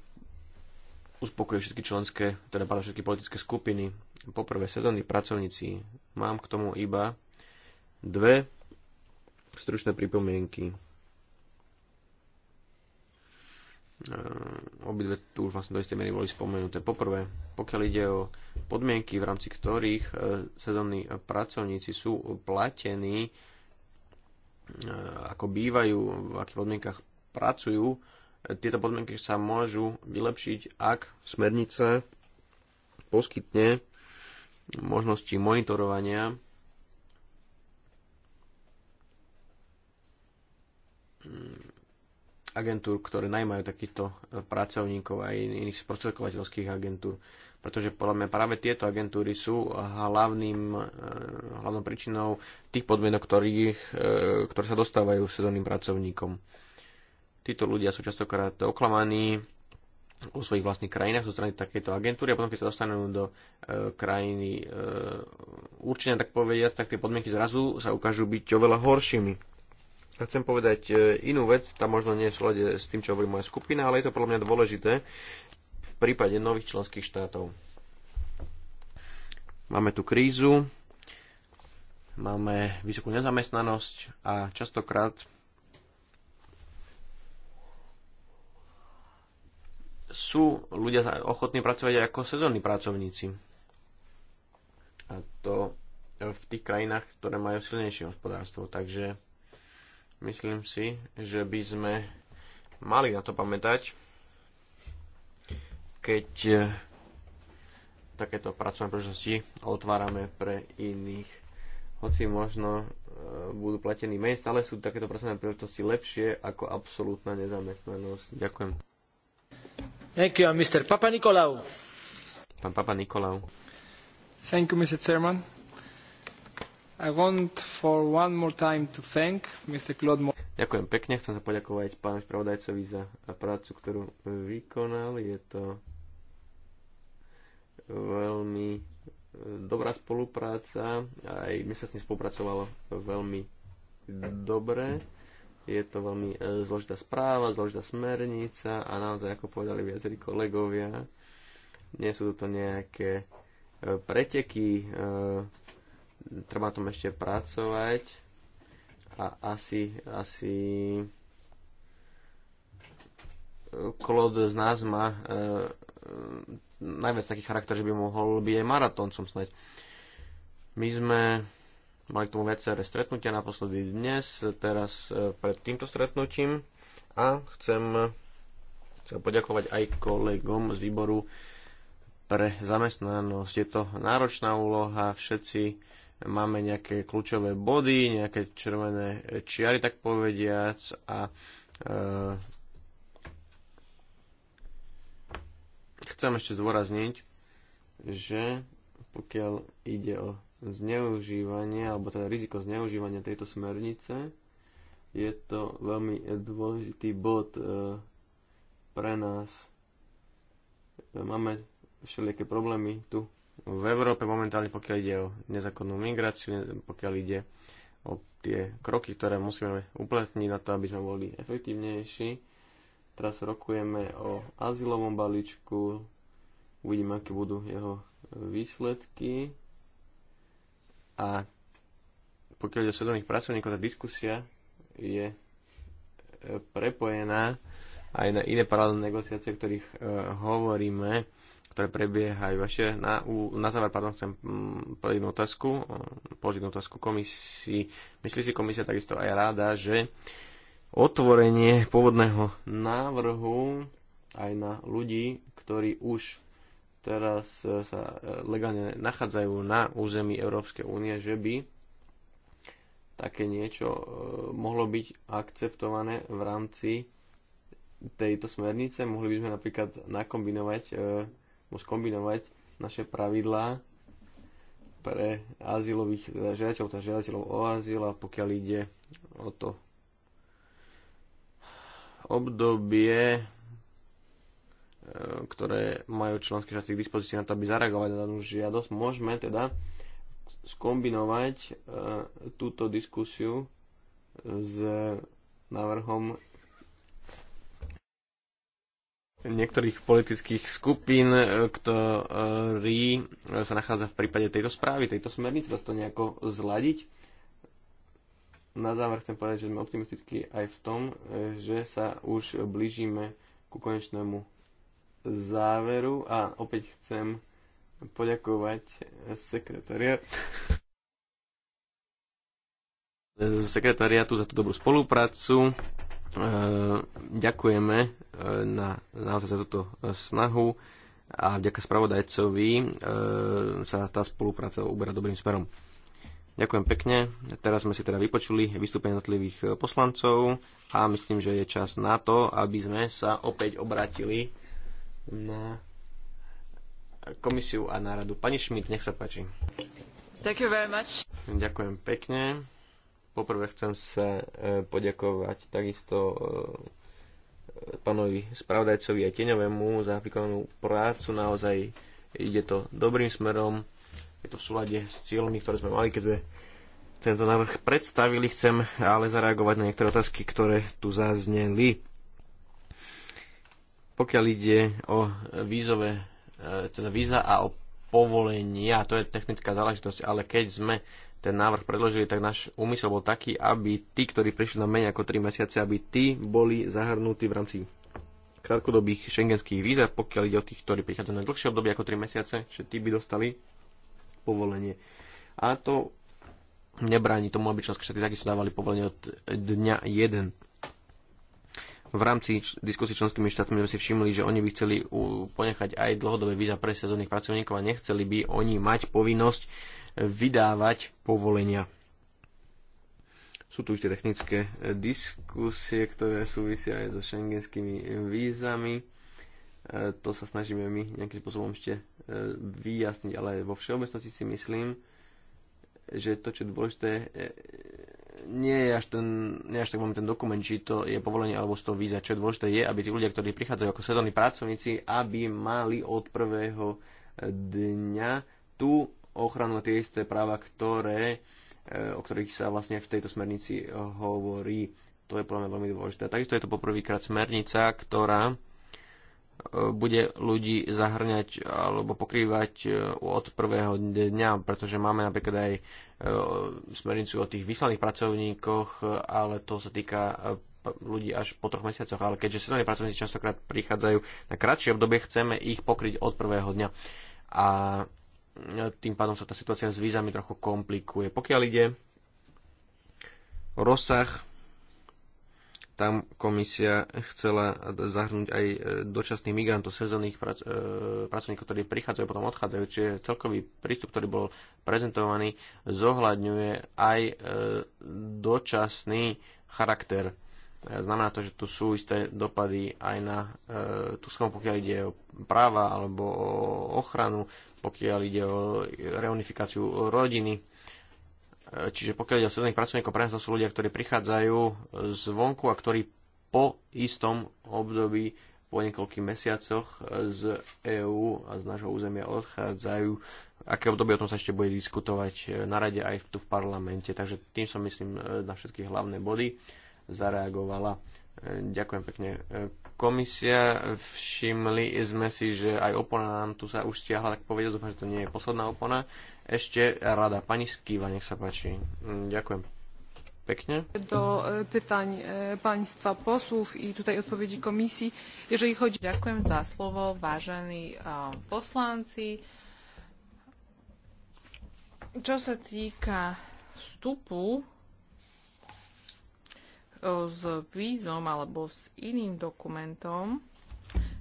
uspokojuje všetky členské, teda pána všetky politické skupiny. Poprvé, sezónni pracovníci. Mám k tomu iba dve stručné pripomienky. Ehm, obidve tu už vlastne do istej miery boli spomenuté. Poprvé, pokiaľ ide o podmienky, v rámci ktorých e, sezónni pracovníci sú platení, E, ako bývajú, v akých podmienkach pracujú, e, tieto podmienky sa môžu vylepšiť, ak smernica poskytne možnosti monitorovania agentúr, ktoré najmajú takýchto pracovníkov a iných sprostredkovateľských agentúr pretože podľa mňa práve tieto agentúry sú hlavným, e, hlavnou príčinou tých podmienok, ktorých, e, ktoré sa dostávajú sezónnym pracovníkom. Títo ľudia sú častokrát oklamaní o svojich vlastných krajinách zo strany takéto agentúry a potom, keď sa dostanú do e, krajiny e, určenia, tak povediať, tak tie podmienky zrazu sa ukážu byť oveľa horšími. A chcem povedať e, inú vec, tá možno nie je v s tým, čo hovorí moja skupina, ale je to podľa mňa dôležité, prípade nových členských štátov. Máme tu krízu, máme vysokú nezamestnanosť a častokrát sú ľudia ochotní pracovať aj ako sezónni pracovníci. A to v tých krajinách, ktoré majú silnejšie hospodárstvo. Takže myslím si, že by sme mali na to pamätať keď e, takéto pracovné príležitosti otvárame pre iných. Hoci možno e, budú platení menej, stále sú takéto pracovné príležitosti lepšie ako absolútna nezamestnanosť. Ďakujem. Thank you, Mr. Papa Nikolau. Pán Papa Nikolau. Thank you, Mr. Chairman. I want for one more time to thank Mr. Claude Mo- Ďakujem pekne, chcem sa poďakovať pánu spravodajcovi za prácu, ktorú vykonal. Je to veľmi eh, dobrá spolupráca. Aj my sa s ním spolupracovalo veľmi dobre. Je to veľmi eh, zložitá správa, zložitá smernica a naozaj, ako povedali viacerí kolegovia, nie sú to nejaké eh, preteky, treba tom ešte pracovať a asi, asi Klod z nás má najviac taký charakter, že by mohol byť aj maratóncom snáď. My sme mali k tomu viaceré stretnutia naposledy dnes, teraz e, pred týmto stretnutím a chcem, chcem poďakovať aj kolegom z výboru pre zamestnanosť. Je to náročná úloha, všetci máme nejaké kľúčové body, nejaké červené čiary, tak povediac, a e, chcem ešte zdôrazniť, že pokiaľ ide o zneužívanie, alebo teda riziko zneužívania tejto smernice, je to veľmi dôležitý bod e, pre nás. E, máme všelijaké problémy tu v Európe momentálne, pokiaľ ide o nezákonnú migráciu, pokiaľ ide o tie kroky, ktoré musíme uplatniť na to, aby sme boli efektívnejší Teraz rokujeme o azylovom balíčku, uvidíme, aké budú jeho výsledky. A pokiaľ ide o sezónnych pracovníkov, tá diskusia je e, prepojená aj na iné paralelné negociácie, o ktorých e, hovoríme, ktoré prebiehajú. Ešte na, u, na záver pardon, chcem mm, e, položiť otázku, položiť otázku komisii. Myslí si komisia takisto aj ráda. že e, otvorenie pôvodného návrhu aj na ľudí, ktorí už teraz e, sa e, legálne nachádzajú na území Európskej únie, že by také niečo e, mohlo byť akceptované v rámci tejto smernice. Mohli by sme napríklad nakombinovať, skombinovať naše pravidlá pre azylových teda žiadateľov, teda žiadateľov o azyl a pokiaľ ide o to obdobie, e, ktoré majú členské štáty k dispozícii na to, aby zareagovali na danú žiadosť, môžeme teda skombinovať e, túto diskusiu s návrhom niektorých politických skupín, e, ktorí sa nachádza v prípade tejto správy, tejto smernice, dá to nejako zladiť na záver chcem povedať, že sme optimistickí aj v tom, e, že sa už blížime ku konečnému záveru a opäť chcem poďakovať sekretariat sekretariatu za tú dobrú spoluprácu. E, ďakujeme e, na, naozaj za túto snahu a vďaka spravodajcovi sa tá spolupráca uberá dobrým smerom. Ďakujem pekne. Teraz sme si teda vypočuli vystúpenie jednotlivých e, poslancov a myslím, že je čas na to, aby sme sa opäť obratili na komisiu a náradu. Pani Šmit, nech sa páči. Thank you very much. Ďakujem pekne. Poprvé chcem sa e, poďakovať takisto e, pánovi spravodajcovi a tieňovému za vykonanú prácu. Naozaj ide to dobrým smerom je to v súlade s cieľmi, ktoré sme mali, keď sme tento návrh predstavili. Chcem ale zareagovať na niektoré otázky, ktoré tu zazneli. Pokiaľ ide o vízové, e, teda víza a o povolenia, to je technická záležitosť, ale keď sme ten návrh predložili, tak náš úmysel bol taký, aby tí, ktorí prišli na menej ako 3 mesiace, aby tí boli zahrnutí v rámci krátkodobých šengenských víz, pokiaľ ide o tých, ktorí prichádzajú na dlhšie obdobie ako 3 mesiace, že tí by dostali povolenie. A to nebráni tomu, aby členské štáty takisto dávali povolenie od dňa 1. V rámci diskusí s členskými štátmi sme si všimli, že oni by chceli ponechať aj dlhodobé víza pre sezónnych pracovníkov a nechceli by oni mať povinnosť vydávať povolenia. Sú tu ešte technické eh, diskusie, ktoré súvisia aj so šengenskými vízami E, to sa snažíme my nejakým spôsobom ešte e, vyjasniť, ale vo všeobecnosti si myslím, že to, čo je dôležité, e, nie je až, ten, nie až tak máme ten dokument, či to je povolenie alebo z toho víza. Čo je dôležité je, aby tí ľudia, ktorí prichádzajú ako sezónni pracovníci, aby mali od prvého dňa tú ochranu a tie isté práva, ktoré, o ktorých sa vlastne v tejto smernici hovorí. To je podľa mňa veľmi dôležité. takisto je to poprvýkrát smernica, ktorá bude ľudí zahrňať alebo pokrývať e, od prvého dňa, pretože máme napríklad aj e, smernicu o tých vyslaných pracovníkoch, e, ale to sa týka ľudí až po troch mesiacoch, ale keďže sezónni pracovníci častokrát prichádzajú na kratšie obdobie, chceme ich pokryť od prvého dňa. A tým pádom sa tá situácia s vízami trochu komplikuje. Pokiaľ ide rozsah tam komisia chcela zahrnúť aj e, dočasných migrantov, sezónnych prac, e, pracovníkov, ktorí prichádzajú potom odchádzajú. Čiže celkový prístup, ktorý bol prezentovaný, zohľadňuje aj e, dočasný charakter e, Znamená to, že tu sú isté dopady aj na e, tú schému, pokiaľ ide o práva alebo o ochranu, pokiaľ ide o reunifikáciu rodiny. Čiže pokiaľ ide o sezónnych pracovníkov, pre nás to sú ľudia, ktorí prichádzajú zvonku a ktorí po istom období, po niekoľkých mesiacoch z EÚ a z nášho územia odchádzajú. Aké obdobie o tom sa ešte bude diskutovať na rade aj tu v parlamente. Takže tým som myslím na všetky hlavné body zareagovala. Ďakujem pekne. Komisia, všimli sme si, že aj opona nám tu sa už stiahla, tak povedal, dúfam, že to nie je posledná opona ešte rada. Pani Skýva, nech sa páči. Mm, Ďakujem Pekne. do e, pytań e, państwa posłów i tutaj odpowiedzi komisji. Jeżeli chodzi... Ďakujem za slovo, vážení poslanci. Čo sa týka vstupu e, s vízom alebo z innym dokumentom,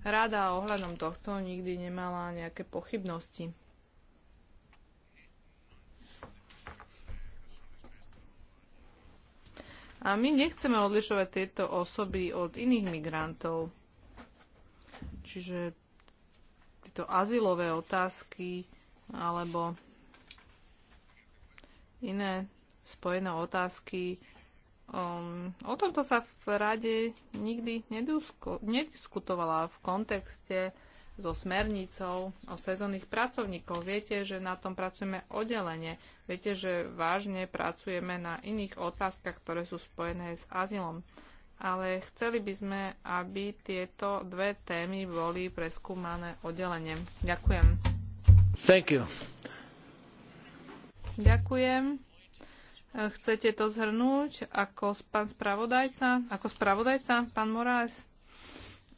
rada ohľadom tohto nikdy nemala nejaké pochybnosti. A my nechceme odlišovať tieto osoby od iných migrantov. Čiže tieto azylové otázky alebo iné spojené otázky. Um, o tomto sa v rade nikdy nediskutovala v kontexte so smernicou o sezónnych pracovníkov. Viete, že na tom pracujeme oddelenie. Viete, že vážne pracujeme na iných otázkach, ktoré sú spojené s azylom. Ale chceli by sme, aby tieto dve témy boli preskúmané oddelenie. Ďakujem. Thank you. Ďakujem. Chcete to zhrnúť ako pán spravodajca? Ako spravodajca, pán Morales?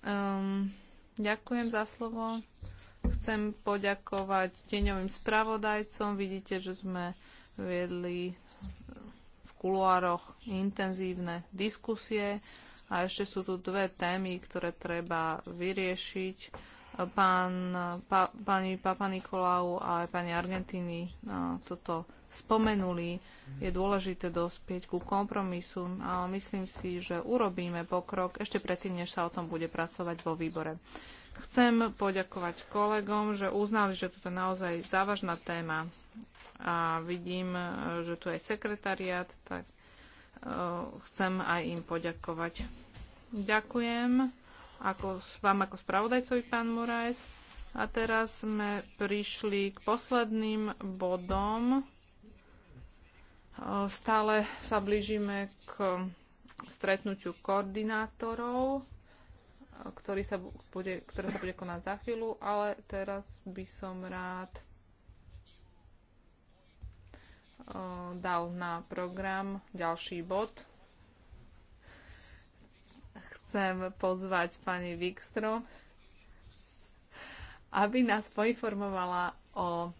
Um, ehm, Ďakujem za slovo. Chcem poďakovať tieňovým spravodajcom. Vidíte, že sme viedli v kuloároch intenzívne diskusie a ešte sú tu dve témy, ktoré treba vyriešiť pán, pa, pani Papa Nikolau a aj pani Argentíny toto spomenuli. Je dôležité dospieť ku kompromisu, ale myslím si, že urobíme pokrok ešte predtým, než sa o tom bude pracovať vo výbore. Chcem poďakovať kolegom, že uznali, že toto je naozaj závažná téma. A vidím, že tu je sekretariat, tak e, chcem aj im poďakovať. Ďakujem ako, vám ako spravodajcovi, pán Moraes. A teraz sme prišli k posledným bodom. Stále sa blížime k stretnutiu koordinátorov, ktorý sa bude, ktoré sa bude konať za chvíľu, ale teraz by som rád dal na program ďalší bod, chcem pozvať pani Wikstrom, aby nás poinformovala o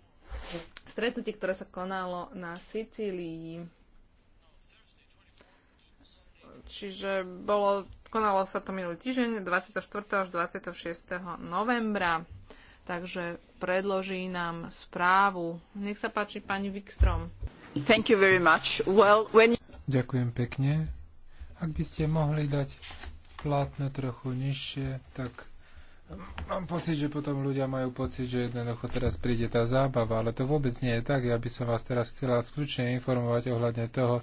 stretnutí, ktoré sa konalo na Sicílii. Čiže bolo, konalo sa to minulý týždeň 24. až 26. novembra. Takže predloží nám správu. Nech sa páči pani Wikstrom. Thank you very much. Well, when... Ďakujem pekne. Ak by ste mohli dať platné trochu nižšie, tak mám pocit, že potom ľudia majú pocit, že jednoducho teraz príde tá zábava, ale to vôbec nie je tak. Ja by som vás teraz chcela skutočne informovať ohľadne toho,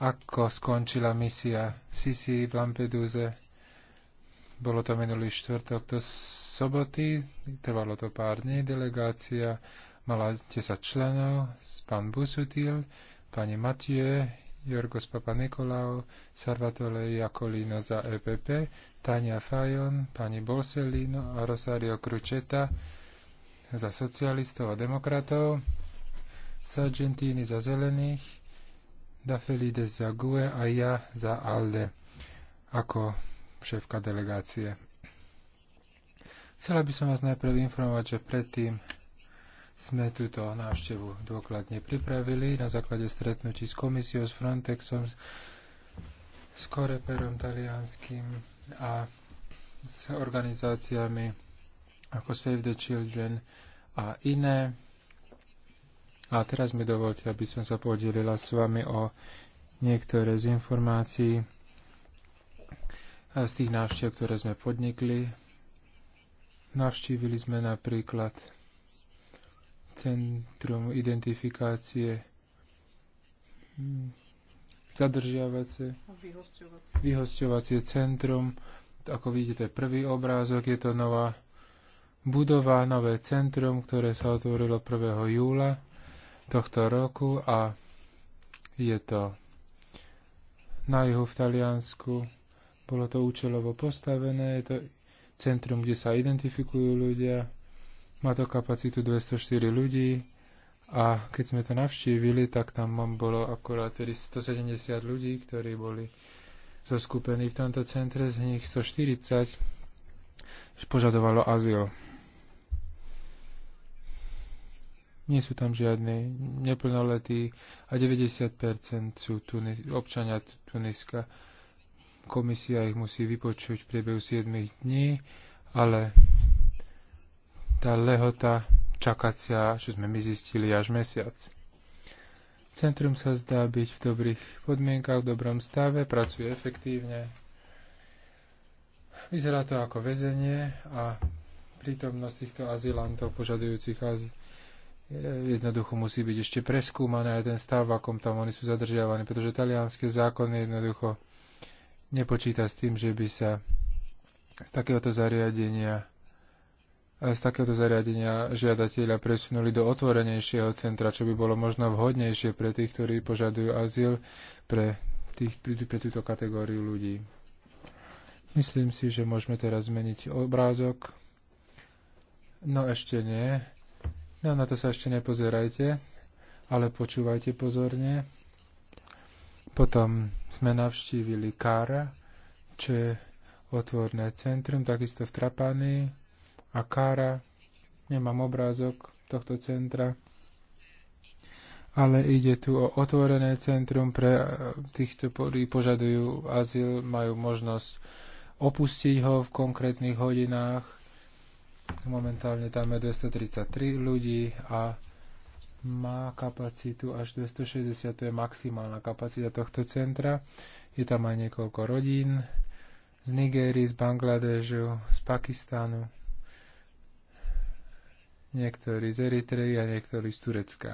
ako skončila misia Sisi v Lampeduze. Bolo to minulý štvrtok do soboty, trvalo to pár dní, delegácia mala 10 členov, pán Busutil, pani Matie, Jorgos Papanekolao, Salvatore Iacolino za EPP, Tania Fajon, pani Borsellino a Rosario Cruceta za socialistov a demokratov, Sargentini za zelených, Dafelides za GUE a ja za ALDE ako šéfka delegácie. Chcela by som vás najprv informovať, že predtým, sme túto návštevu dôkladne pripravili na základe stretnutí s komisiou, s Frontexom, s Koreperom talianským a s organizáciami ako Save the Children a iné. A teraz mi dovolte, aby som sa podelila s vami o niektoré z informácií a z tých návštev, ktoré sme podnikli. Navštívili sme napríklad centrum identifikácie hm, zadržiavacie, vyhosťovacie centrum. Ako vidíte, prvý obrázok je to nová budova, nové centrum, ktoré sa otvorilo 1. júla tohto roku a je to na juhu v Taliansku. Bolo to účelovo postavené, je to centrum, kde sa identifikujú ľudia, má to kapacitu 204 ľudí a keď sme to navštívili, tak tam bolo akurát 170 ľudí, ktorí boli zoskupení v tomto centre, z nich 140 požadovalo azyl. Nie sú tam žiadne neplnoletí a 90% sú tuni- občania Tuniska. Komisia ich musí vypočuť v priebehu 7 dní, ale tá lehota čakacia, čo sme my zistili až mesiac. Centrum sa zdá byť v dobrých podmienkach, v dobrom stave, pracuje efektívne. Vyzerá to ako väzenie a prítomnosť týchto azylantov požadujúcich azyl eh, jednoducho musí byť ešte preskúmané aj ten stav, v akom tam oni sú zadržiavaní, pretože talianské zákony jednoducho nepočíta s tým, že by sa z takéhoto zariadenia z takéhoto zariadenia žiadateľa presunuli do otvorenejšieho centra, čo by bolo možno vhodnejšie pre tých, ktorí požadujú azyl, pre, tých, pre túto kategóriu ľudí. Myslím si, že môžeme teraz zmeniť obrázok. No ešte nie. No na to sa ešte nepozerajte, ale počúvajte pozorne. Potom sme navštívili Kara, čo je otvorné centrum, takisto v Trapanii a Kára. Nemám obrázok tohto centra, ale ide tu o otvorené centrum pre e, tých, ktorí požadujú azyl, majú možnosť opustiť ho v konkrétnych hodinách. Momentálne tam je 233 ľudí a má kapacitu až 260, to je maximálna kapacita tohto centra. Je tam aj niekoľko rodín z Nigérie, z Bangladežu, z Pakistánu niektorí z Eritreji a niektorí z Turecka.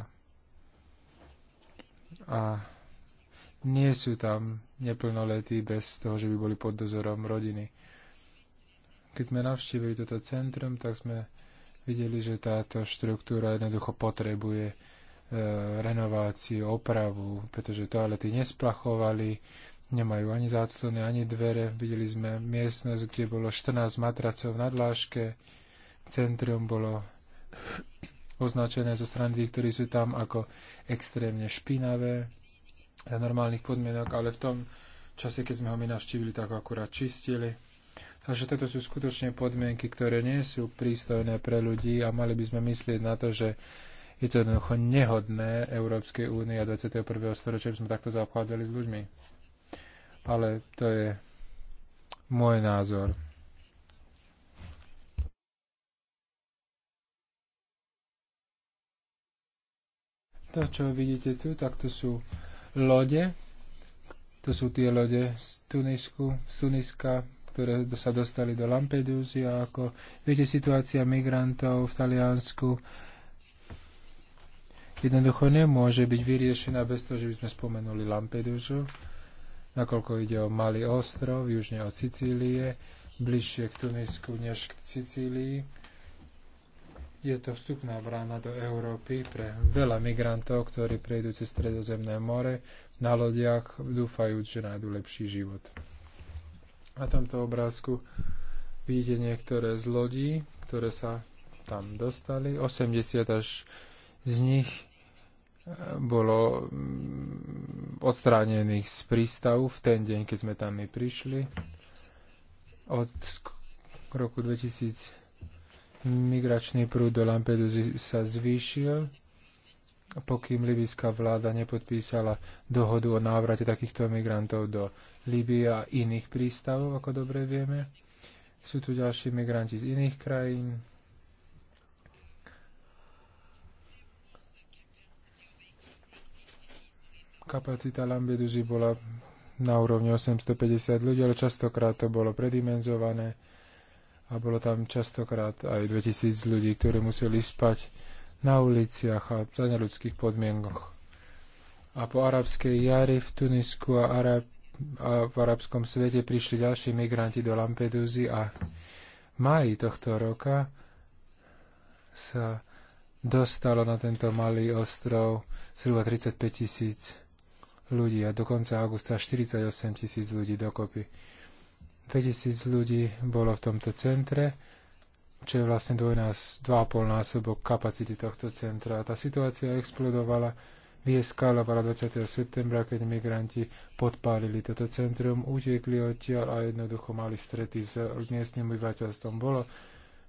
A nie sú tam neplnoletí bez toho, že by boli pod dozorom rodiny. Keď sme navštívili toto centrum, tak sme videli, že táto štruktúra jednoducho potrebuje e, renováciu, opravu, pretože toalety nesplachovali, nemajú ani záclony, ani dvere. Videli sme miestnosť, kde bolo 14 matracov na dlážke, centrum bolo označené zo strany tých, ktorí sú tam ako extrémne špinavé za normálnych podmienok, ale v tom čase, keď sme ho my navštívili, tak ho akurát čistili. Takže toto sú skutočne podmienky, ktoré nie sú prístojné pre ľudí a mali by sme myslieť na to, že je to jednoducho nehodné Európskej únie a 21. storočia, by sme takto zaobchádzali s ľuďmi. Ale to je môj názor. To, čo vidíte tu, tak to sú lode. To sú tie lode z Tunisku, z Tuniska, ktoré sa dostali do Lampedusy a ako viete situácia migrantov v Taliansku jednoducho nemôže byť vyriešená bez toho, že by sme spomenuli Lampedusu, nakoľko ide o malý ostrov južne od Sicílie, bližšie k Tunisku než k Sicílii je to vstupná brána do Európy pre veľa migrantov, ktorí prejdú cez Stredozemné more na lodiach, dúfajúc, že nájdu lepší život. Na tomto obrázku vidíte niektoré z lodí, ktoré sa tam dostali. 80 až z nich eh, bolo mm, odstránených z prístavu v ten deň, keď sme tam my prišli. Od roku 2000 migračný prúd do Lampedusy sa zvýšil, pokým libyská vláda nepodpísala dohodu o návrate takýchto migrantov do Libie a iných prístavov, ako dobre vieme. Sú tu ďalší migranti z iných krajín. Kapacita Lampedusy bola na úrovni 850 ľudí, ale častokrát to bolo predimenzované a bolo tam častokrát aj 2000 ľudí, ktorí museli spať na uliciach a za neľudských podmienkoch. A po arabskej jari v Tunisku a, Arab, a v arabskom svete prišli ďalší migranti do Lampedúzy a v máji tohto roka sa dostalo na tento malý ostrov zhruba 35 tisíc ľudí a do konca augusta 48 tisíc ľudí dokopy 2000 ľudí bolo v tomto centre, čo je vlastne 2,5 násobok kapacity tohto centra. tá situácia explodovala, vyeskalovala 20. septembra, keď migranti podpálili toto centrum, utekli odtiaľ a jednoducho mali strety s miestnym obyvateľstvom. Bolo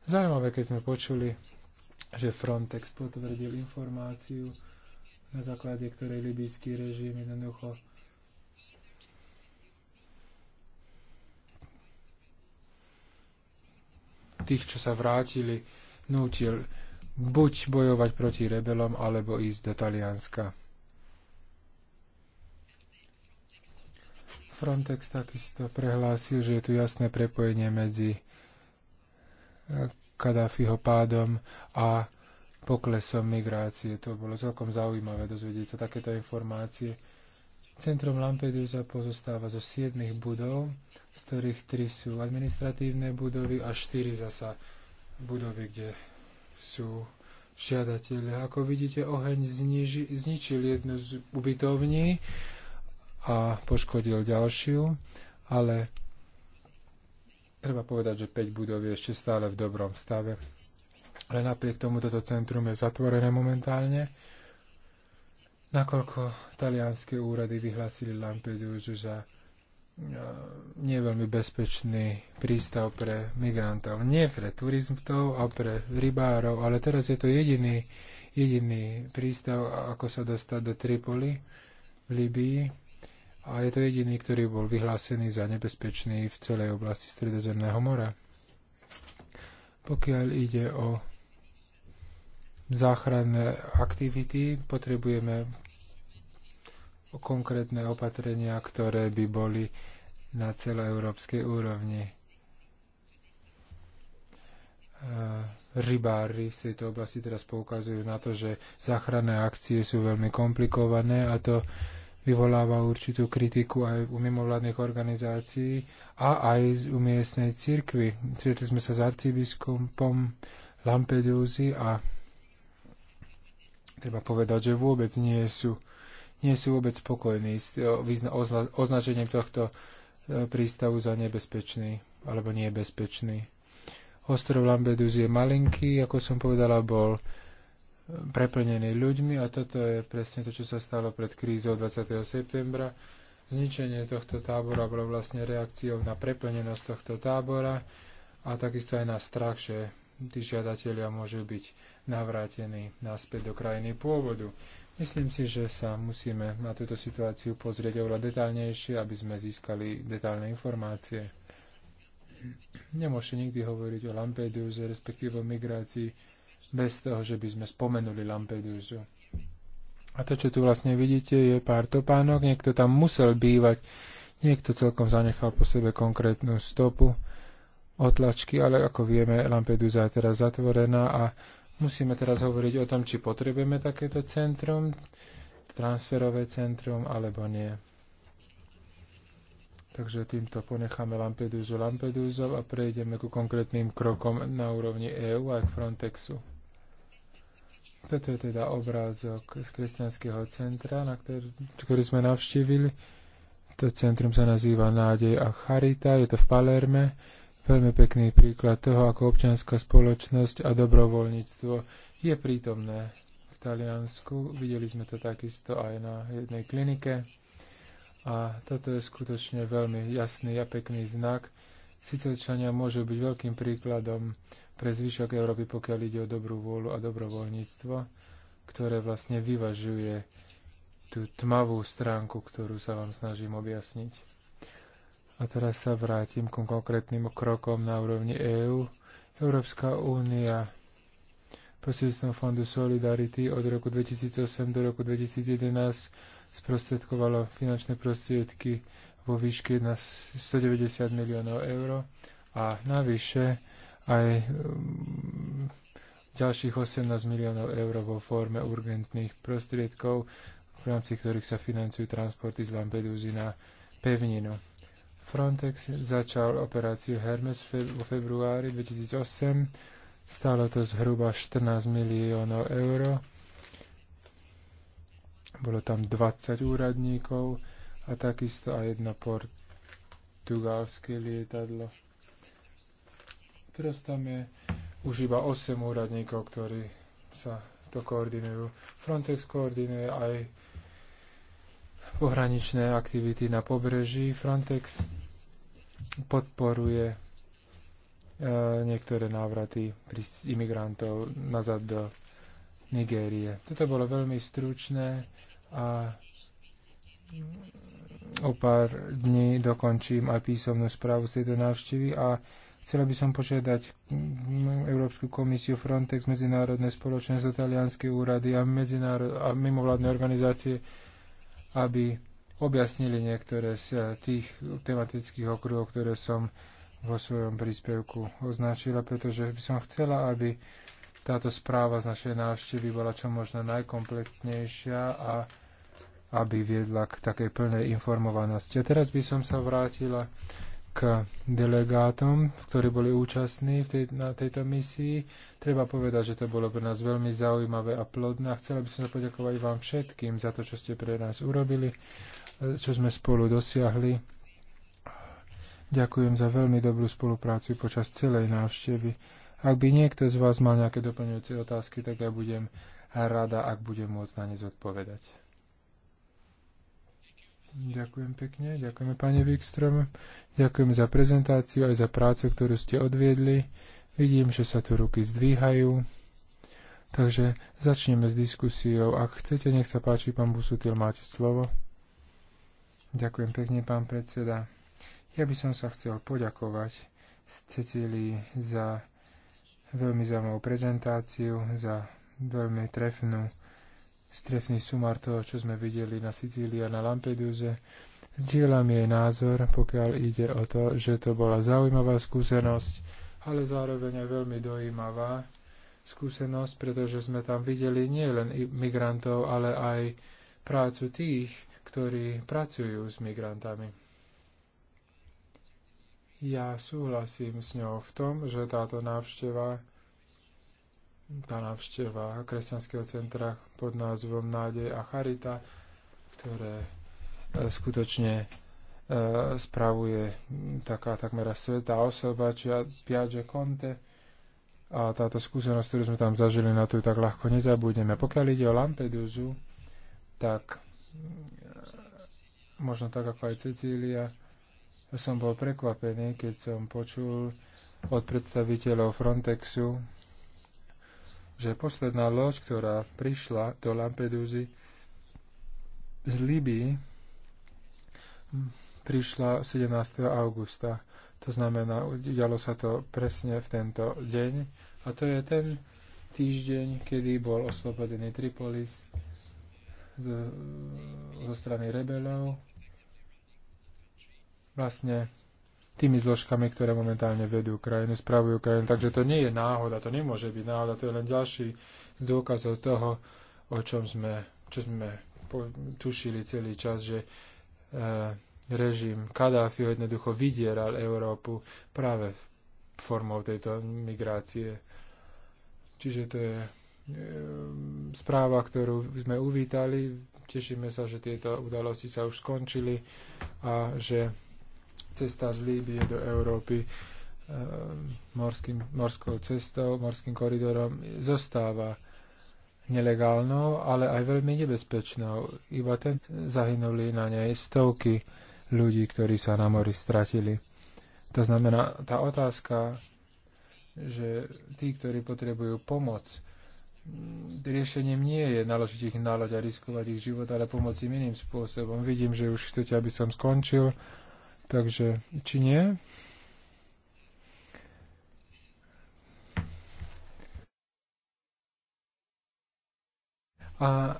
zaujímavé, keď sme počuli, že Frontex potvrdil informáciu, na základe ktorej libijský režim jednoducho tých, čo sa vrátili, nútil buď bojovať proti rebelom, alebo ísť do Talianska. Frontex takisto prehlásil, že je tu jasné prepojenie medzi eh, Kadáfiho pádom a poklesom migrácie. To bolo celkom zaujímavé dozvedieť sa takéto informácie. Centrum Lampedusa pozostáva zo siedmých budov, z ktorých tri sú administratívne budovy a štyri zasa budovy, kde sú žiadatelia. Ako vidíte, oheň zniži, zničil jednu z ubytovní a poškodil ďalšiu, ale treba povedať, že 5 budov je ešte stále v dobrom stave. Ale napriek tomu toto centrum je zatvorené momentálne nakoľko talianské úrady vyhlásili Lampedusu za e, nie veľmi bezpečný prístav pre migrantov. Nie pre turistov a pre rybárov, ale teraz je to jediný, jediný prístav, ako sa dostať do Tripoli v Libii. A je to jediný, ktorý bol vyhlásený za nebezpečný v celej oblasti Stredozemného mora. Pokiaľ ide o záchranné aktivity, potrebujeme konkrétne opatrenia, ktoré by boli na celoeurópskej úrovni. E, rybári z tejto oblasti teraz poukazujú na to, že záchranné akcie sú veľmi komplikované a to vyvoláva určitú kritiku aj u mimovládnych organizácií a aj u miestnej cirkvi. Stretli sme sa s arcibiskupom lampedusi a treba povedať, že vôbec nie sú, nie sú vôbec spokojní s označením tohto e, prístavu za nebezpečný alebo nebezpečný. Ostrov Lambedus je malinký, ako som povedala, bol e, preplnený ľuďmi a toto je presne to, čo sa stalo pred krízou 20. septembra. Zničenie tohto tábora bolo vlastne reakciou na preplnenosť tohto tábora a takisto aj na strach, že tí žiadatelia môžu byť navrátení naspäť do krajiny pôvodu. Myslím si, že sa musíme na túto situáciu pozrieť oveľa detálnejšie, aby sme získali detálne informácie. Nemôžete nikdy hovoriť o Lampeduze, respektíve o migrácii, bez toho, že by sme spomenuli Lampedusu. A to, čo tu vlastne vidíte, je pár topánok. Niekto tam musel bývať, niekto celkom zanechal po sebe konkrétnu stopu otlačky, ale ako vieme, Lampedusa je teraz zatvorená a musíme teraz hovoriť o tom, či potrebujeme takéto centrum, transferové centrum alebo nie. Takže týmto ponecháme Lampedusu Lampedusov a prejdeme ku konkrétnym krokom na úrovni EÚ aj k Frontexu. Toto je teda obrázok z kresťanského centra, na ktorý, ktorý sme navštívili. To centrum sa nazýva Nádej a Charita, je to v Palerme veľmi pekný príklad toho, ako občianská spoločnosť a dobrovoľníctvo je prítomné v Taliansku. Videli sme to takisto aj na jednej klinike. A toto je skutočne veľmi jasný a pekný znak. Sicilčania môžu byť veľkým príkladom pre zvyšok Európy, pokiaľ ide o dobrú vôľu a dobrovoľníctvo, ktoré vlastne vyvažuje tú tmavú stránku, ktorú sa vám snažím objasniť. A teraz sa vrátim ku konkrétnym krokom na úrovni EÚ. Európska únia prostredstvom Fondu Solidarity od roku 2008 do roku 2011 sprostredkovala finančné prostriedky vo výške na 190 miliónov eur a navyše aj um, ďalších 18 miliónov eur vo forme urgentných prostriedkov, v rámci ktorých sa financujú transporty z Lampedusy na pevninu. Frontex začal operáciu Hermes vo februári 2008. Stálo to zhruba 14 miliónov eur. Bolo tam 20 úradníkov a takisto aj jedno portugalské lietadlo. Teraz tam je už iba 8 úradníkov, ktorí sa to koordinujú. Frontex koordinuje aj pohraničné aktivity na pobreží. Frontex podporuje e, niektoré návraty imigrantov nazad do Nigérie. Toto bolo veľmi stručné a o pár dní dokončím aj písomnú správu z tejto návštevy a Chcela by som požiadať Európsku komisiu Frontex, medzinárodné spoločenstvo, talianské úrady a, medzinárod- a mimovládne organizácie, aby objasnili niektoré z eh, tých tematických okruhov, ktoré som vo svojom príspevku označila, pretože by som chcela, aby táto správa z našej návštevy bola čo možno najkompletnejšia a aby viedla k takej plnej informovanosti. A teraz by som sa vrátila k delegátom, ktorí boli účastní v tej, na tejto misii. Treba povedať, že to bolo pre nás veľmi zaujímavé a plodné a chcela by som sa poďakovať vám všetkým za to, čo ste pre nás urobili, čo sme spolu dosiahli. Ďakujem za veľmi dobrú spoluprácu počas celej návštevy. Ak by niekto z vás mal nejaké doplňujúce otázky, tak ja budem rada, ak budem môcť na ne zodpovedať. Ďakujem pekne, ďakujeme pani Wikström, ďakujem za prezentáciu aj za prácu, ktorú ste odviedli. Vidím, že sa tu ruky zdvíhajú. Takže začneme s diskusiou. Ak chcete, nech sa páči, pán Busutil, máte slovo. Ďakujem pekne, pán predseda. Ja by som sa chcel poďakovať Cecílii za veľmi zaujímavú prezentáciu, za veľmi trefnú stretný sumár toho, čo sme videli na Sicílii a na Lampeduse. Zdieľam jej názor, pokiaľ ide o to, že to bola zaujímavá skúsenosť, ale zároveň aj veľmi dojímavá skúsenosť, pretože sme tam videli nielen migrantov, ale aj prácu tých, ktorí pracujú s migrantami. Ja súhlasím s ňou v tom, že táto návšteva tá návšteva kresťanského centra pod názvom Nádej a Charita, ktoré e, skutočne e, spravuje taká takmer svetá osoba, či Piaže Conte. A táto skúsenosť, ktorú sme tam zažili, na to tak ľahko nezabudneme. Pokiaľ ide o Lampedusu, tak e, možno tak ako aj Cecília, som bol prekvapený, keď som počul od predstaviteľov Frontexu, že posledná loď, ktorá prišla do Lampedúzy z Libii, prišla 17. augusta. To znamená, udialo sa to presne v tento deň. A to je ten týždeň, kedy bol oslobodený Tripolis zo, zo strany rebelov. Vlastne tými zložkami, ktoré momentálne vedú krajinu, spravujú krajinu. Takže to nie je náhoda, to nemôže byť náhoda, to je len ďalší z dôkazov toho, o čom sme, čo sme tušili celý čas, že e, režim Kadáfiho jednoducho vydieral Európu práve formou tejto migrácie. Čiže to je e, správa, ktorú sme uvítali. Tešíme sa, že tieto udalosti sa už skončili a že cesta z Líbie do Európy e, morským, morskou cestou, morským koridorom zostáva nelegálnou, ale aj veľmi nebezpečnou. Iba ten zahynuli na nej stovky ľudí, ktorí sa na mori stratili. To znamená, tá otázka, že tí, ktorí potrebujú pomoc, riešením nie je naložiť ich na loď a riskovať ich život, ale pomôcť im iným spôsobom. Vidím, že už chcete, aby som skončil. Takže, či nie? A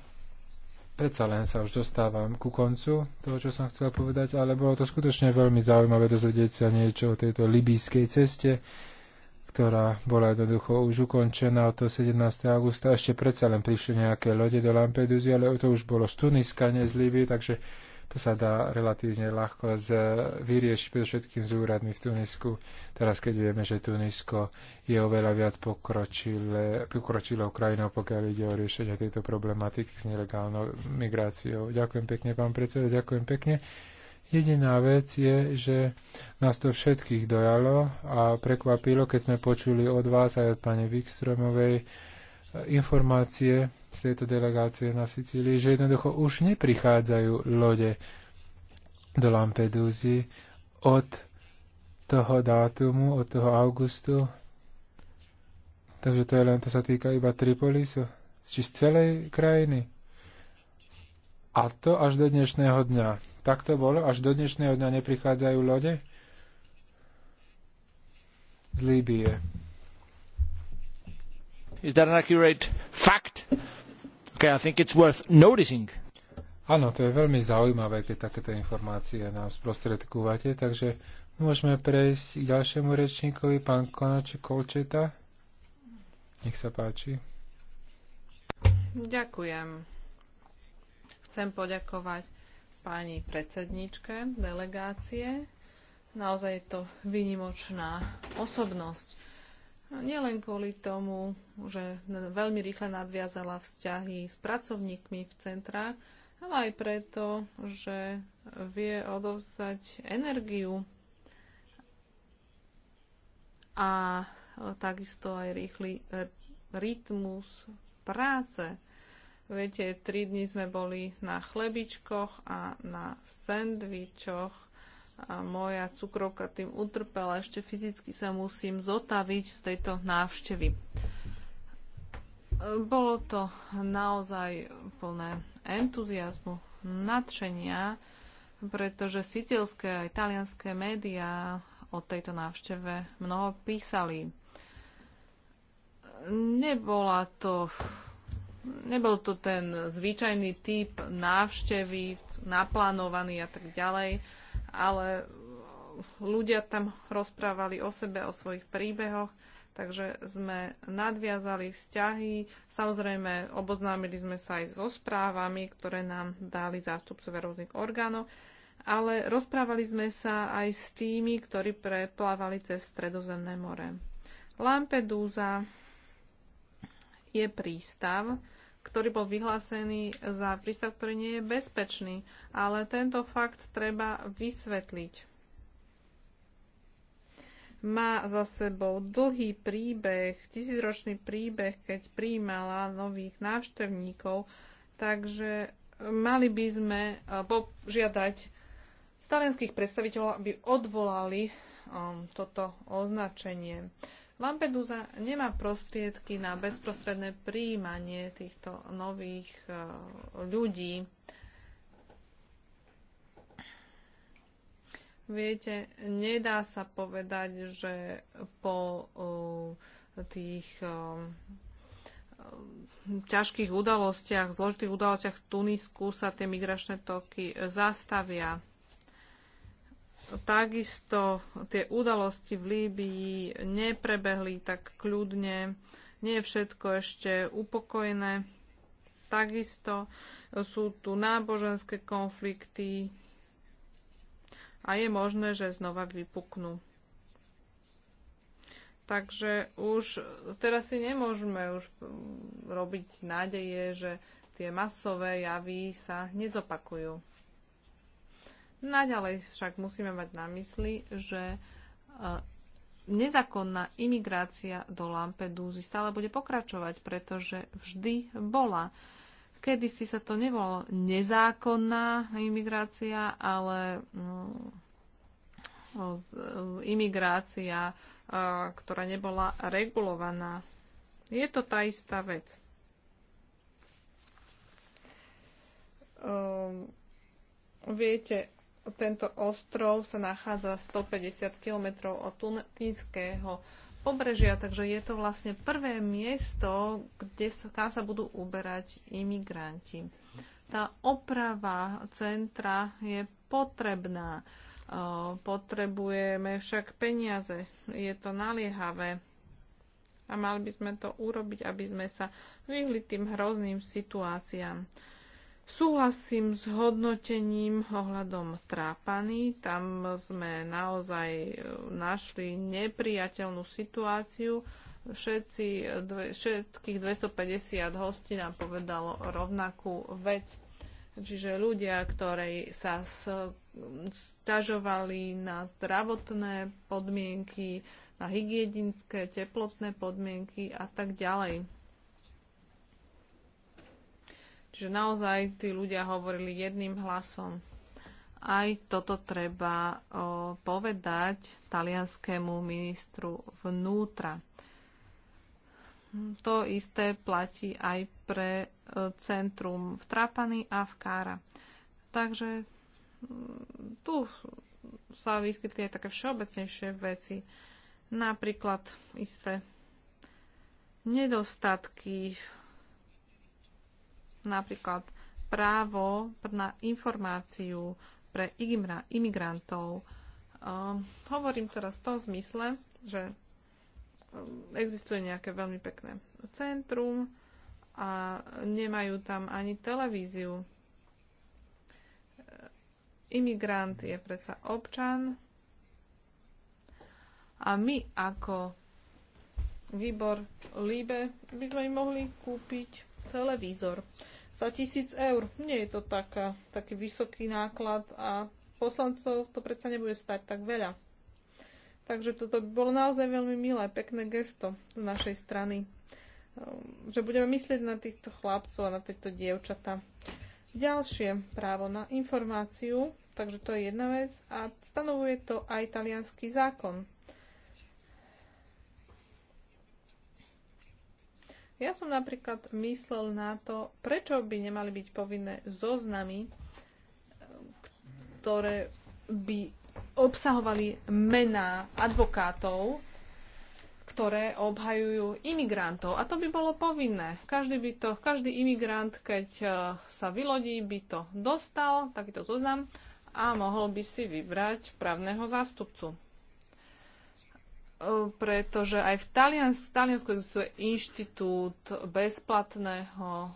predsa len sa už dostávam ku koncu toho, čo som chcel povedať, ale bolo to skutočne veľmi zaujímavé dozvedieť sa niečo o tejto libýskej ceste, ktorá bola jednoducho už ukončená od 17. augusta. Ešte predsa len prišli nejaké lode do Lampedusy, ale to už bolo z Tuniska, nie z Líby, takže to sa dá relatívne ľahko vyriešiť vyriešiť všetkým z úradmi v Tunisku. Teraz, keď vieme, že Tunisko je oveľa viac pokročilé, pokročilou krajinou, pokiaľ ide o riešenie tejto problematiky s nelegálnou migráciou. Ďakujem pekne, pán predseda, ďakujem pekne. Jediná vec je, že nás to všetkých dojalo a prekvapilo, keď sme počuli od vás aj od pani Vikstromovej, informácie z tejto delegácie na Sicílii, že jednoducho už neprichádzajú lode do Lampedúzy od toho dátumu, od toho augustu. Takže to je len, to sa týka iba Tripolisu, či z celej krajiny. A to až do dnešného dňa. Tak to bolo, až do dnešného dňa neprichádzajú lode z Líbie. Is that an accurate fact? Okay, I think it's worth noticing. Áno, to je veľmi zaujímavé, keď takéto informácie nám sprostredkúvate, takže môžeme prejsť k ďalšiemu rečníkovi, pán Konači Kolčeta. Nech sa páči. Ďakujem. Chcem poďakovať pani predsedničke delegácie. Naozaj je to vynimočná osobnosť Nielen kvôli tomu, že veľmi rýchle nadviazala vzťahy s pracovníkmi v centrách, ale aj preto, že vie odovzdať energiu a takisto aj rýchly rytmus práce. Viete, tri dni sme boli na chlebičkoch a na sendvičoch a moja cukrovka tým utrpela. Ešte fyzicky sa musím zotaviť z tejto návštevy. Bolo to naozaj plné entuziasmu, nadšenia, pretože sicilské a italianské médiá o tejto návšteve mnoho písali. Nebola to nebol to ten zvyčajný typ návštevy, naplánovaný a tak ďalej ale e, ľudia tam rozprávali o sebe, o svojich príbehoch, takže sme nadviazali vzťahy. Samozrejme, oboznámili sme sa aj so správami, ktoré nám dali zástupcovia rôznych orgánov, ale rozprávali sme sa aj s tými, ktorí preplávali cez Stredozemné more. Lampedusa je prístav, ktorý bol vyhlásený za prístav, ktorý nie je bezpečný. Ale tento fakt treba vysvetliť. Má za sebou dlhý príbeh, tisícročný príbeh, keď príjmala nových návštevníkov, takže mali by sme eh, požiadať talianských predstaviteľov, aby odvolali eh, toto označenie. Lampedusa nemá prostriedky na bezprostredné príjmanie týchto nových e, ľudí. Viete, nedá sa povedať, že po e, tých e, ťažkých udalostiach, zložitých udalostiach v Tunisku sa tie migračné toky zastavia takisto tie udalosti v Líbii neprebehli tak kľudne, nie je všetko ešte upokojené. Takisto sú tu náboženské konflikty a je možné, že znova vypuknú. Takže už teraz si nemôžeme už robiť nádeje, že tie masové javy sa nezopakujú. Naďalej však musíme mať na mysli, že e, nezákonná imigrácia do Lampedúzy stále bude pokračovať, pretože vždy bola. Kedy si sa to nevolalo nezákonná imigrácia, ale mm, imigrácia, e, ktorá nebola regulovaná. Je to tá istá vec. E, viete, tento ostrov sa nachádza 150 kilometrov od tunískeho pobrežia, takže je to vlastne prvé miesto, kde sa, kam sa budú uberať imigranti. Tá oprava centra je potrebná. Potrebujeme však peniaze. Je to naliehavé. A mali by sme to urobiť, aby sme sa vyhli tým hrozným situáciám. Súhlasím s hodnotením ohľadom trápaní, Tam sme naozaj e, našli nepriateľnú situáciu. Všetci, dve, všetkých 250 hostí nám povedalo rovnakú vec. Čiže ľudia, ktorí sa stažovali na zdravotné podmienky, na hygienické, teplotné podmienky a tak ďalej. Čiže naozaj tí ľudia hovorili jedným hlasom. Aj toto treba o, povedať talianskému ministru vnútra. To isté platí aj pre e, centrum v Trapani a v Kára. Takže mm, tu sa vyskytli aj také všeobecnejšie veci. Napríklad isté nedostatky napríklad právo na informáciu pre imigrantov. Ehm, hovorím teraz v tom zmysle, že ehm, existuje nejaké veľmi pekné centrum a nemajú tam ani televíziu. Ehm, imigrant je predsa občan a my ako výbor Líbe by sme im mohli kúpiť televízor za tisíc eur. Nie je to taká, taký vysoký náklad a poslancov to predsa nebude stať tak veľa. Takže toto by bolo naozaj veľmi milé, pekné gesto z našej strany. Um, že budeme myslieť na týchto chlapcov a na tieto dievčata. Ďalšie právo na informáciu, takže to je jedna vec a stanovuje to aj italianský zákon. Ja som napríklad myslel na to, prečo by nemali byť povinné zoznamy, eh, ktoré by obsahovali mená advokátov, ktoré obhajujú imigrantov. A to by bolo povinné. Každý, by to, každý imigrant, keď eh, sa vylodí, by to dostal, takýto zoznam, a mohol by si vybrať právneho zástupcu pretože aj v Taliansku, v Taliansku existuje inštitút bezplatného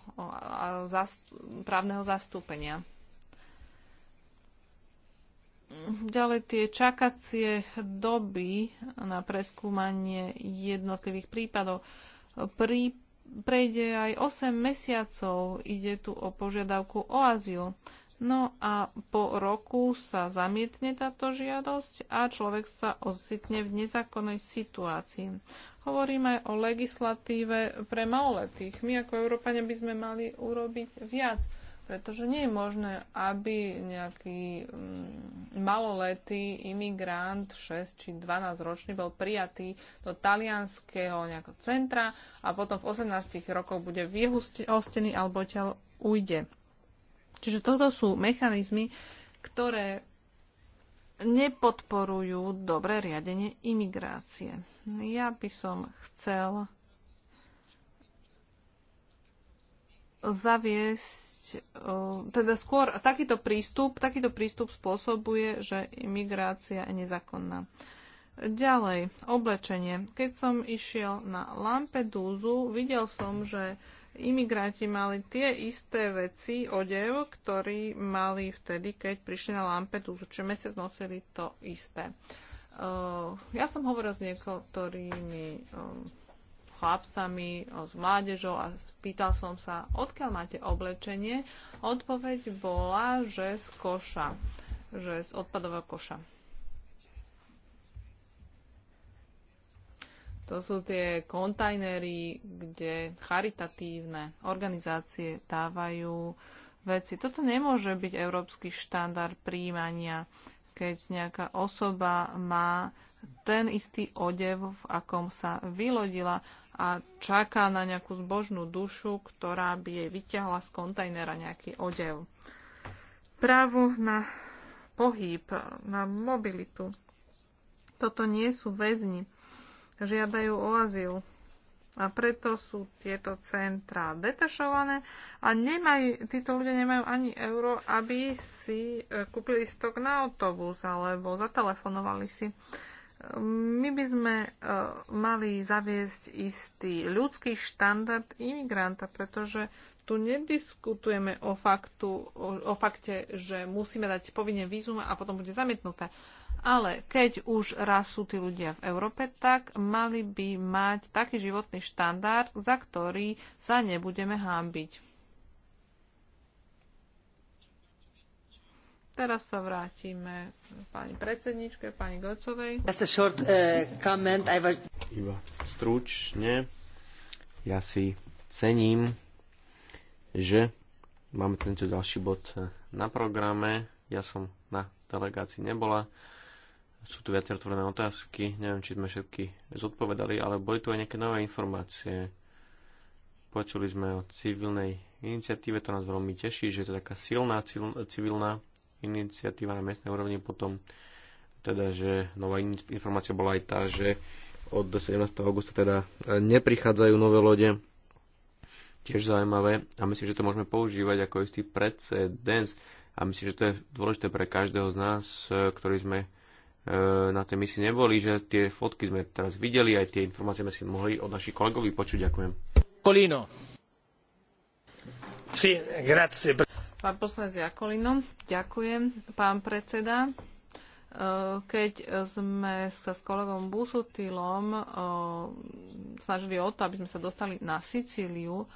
právneho zastúpenia. Ďalej tie čakacie doby na preskúmanie jednotlivých prípadov. Pri, prejde aj 8 mesiacov, ide tu o požiadavku o azyl. No a po roku sa zamietne táto žiadosť a človek sa ocitne v nezákonnej situácii. Hovoríme o legislatíve pre maloletých. My ako Európania by sme mali urobiť viac, pretože nie je možné, aby nejaký mm, maloletý imigrant 6 či 12 ročný bol prijatý do talianského nejakého centra a potom v 18 rokoch bude vyhostený alebo ťa ujde. Čiže toto sú mechanizmy, ktoré nepodporujú dobré riadenie imigrácie. Ja by som chcel zaviesť, teda skôr takýto prístup, takýto prístup spôsobuje, že imigrácia je nezákonná. Ďalej, oblečenie. Keď som išiel na Lampedúzu, videl som, že imigranti mali tie isté veci, odev, ktorý mali vtedy, keď prišli na Lampedusu, čiže mesiac nosili to isté. Uh, ja som hovoril s niektorými um, chlapcami, eh, s mládežou a spýtal som sa, odkiaľ máte oblečenie. Odpoveď bola, že z koša, že z odpadového koša. To sú tie kontajnery, kde charitatívne organizácie dávajú veci. Toto nemôže byť európsky štandard príjmania, keď nejaká osoba má ten istý odev, v akom sa vylodila a čaká na nejakú zbožnú dušu, ktorá by jej vyťahla z kontajnera nejaký odev. Právo na pohyb, na mobilitu. Toto nie sú väzni žiadajú o azyl. A preto sú tieto centrá detašované a nemaj, títo ľudia nemajú ani euro, aby si e, kúpili stok na autobus alebo zatelefonovali si. My by sme e, mali zaviesť istý ľudský štandard imigranta, pretože tu nediskutujeme o, faktu, o, o fakte, že musíme dať povinne vízum a potom bude zamietnuté. Ale keď už raz sú tí ľudia v Európe, tak mali by mať taký životný štandard, za ktorý sa nebudeme hámbiť. Teraz sa vrátime pani predsedničke, pani Gocovej. a short uh, comment. I was... Iba stručne. Ja si cením, že máme tento ďalší bod na programe. Ja som na delegácii nebola sú tu viacej otvorené otázky, neviem, či sme všetky zodpovedali, ale boli tu aj nejaké nové informácie. Počuli sme o civilnej iniciatíve, to nás veľmi teší, že je to taká silná civilná iniciatíva na miestnej úrovni. Potom teda, že nová informácia bola aj tá, že od 17. augusta teda e, neprichádzajú nové lode. Tiež zaujímavé a myslím, že to môžeme používať ako istý precedens a myslím, že to je dôležité pre každého z nás, e, ktorý sme E, na tej misii neboli, že tie fotky sme teraz videli, aj tie informácie sme si mohli od našich kolegov vypočuť. Ďakujem. Kolino. Sí, grazie. Pán poslanec Jakolino, ďakujem. Pán predseda, e, keď sme sa s kolegom Busutilom e, snažili o to, aby sme sa dostali na Sicíliu,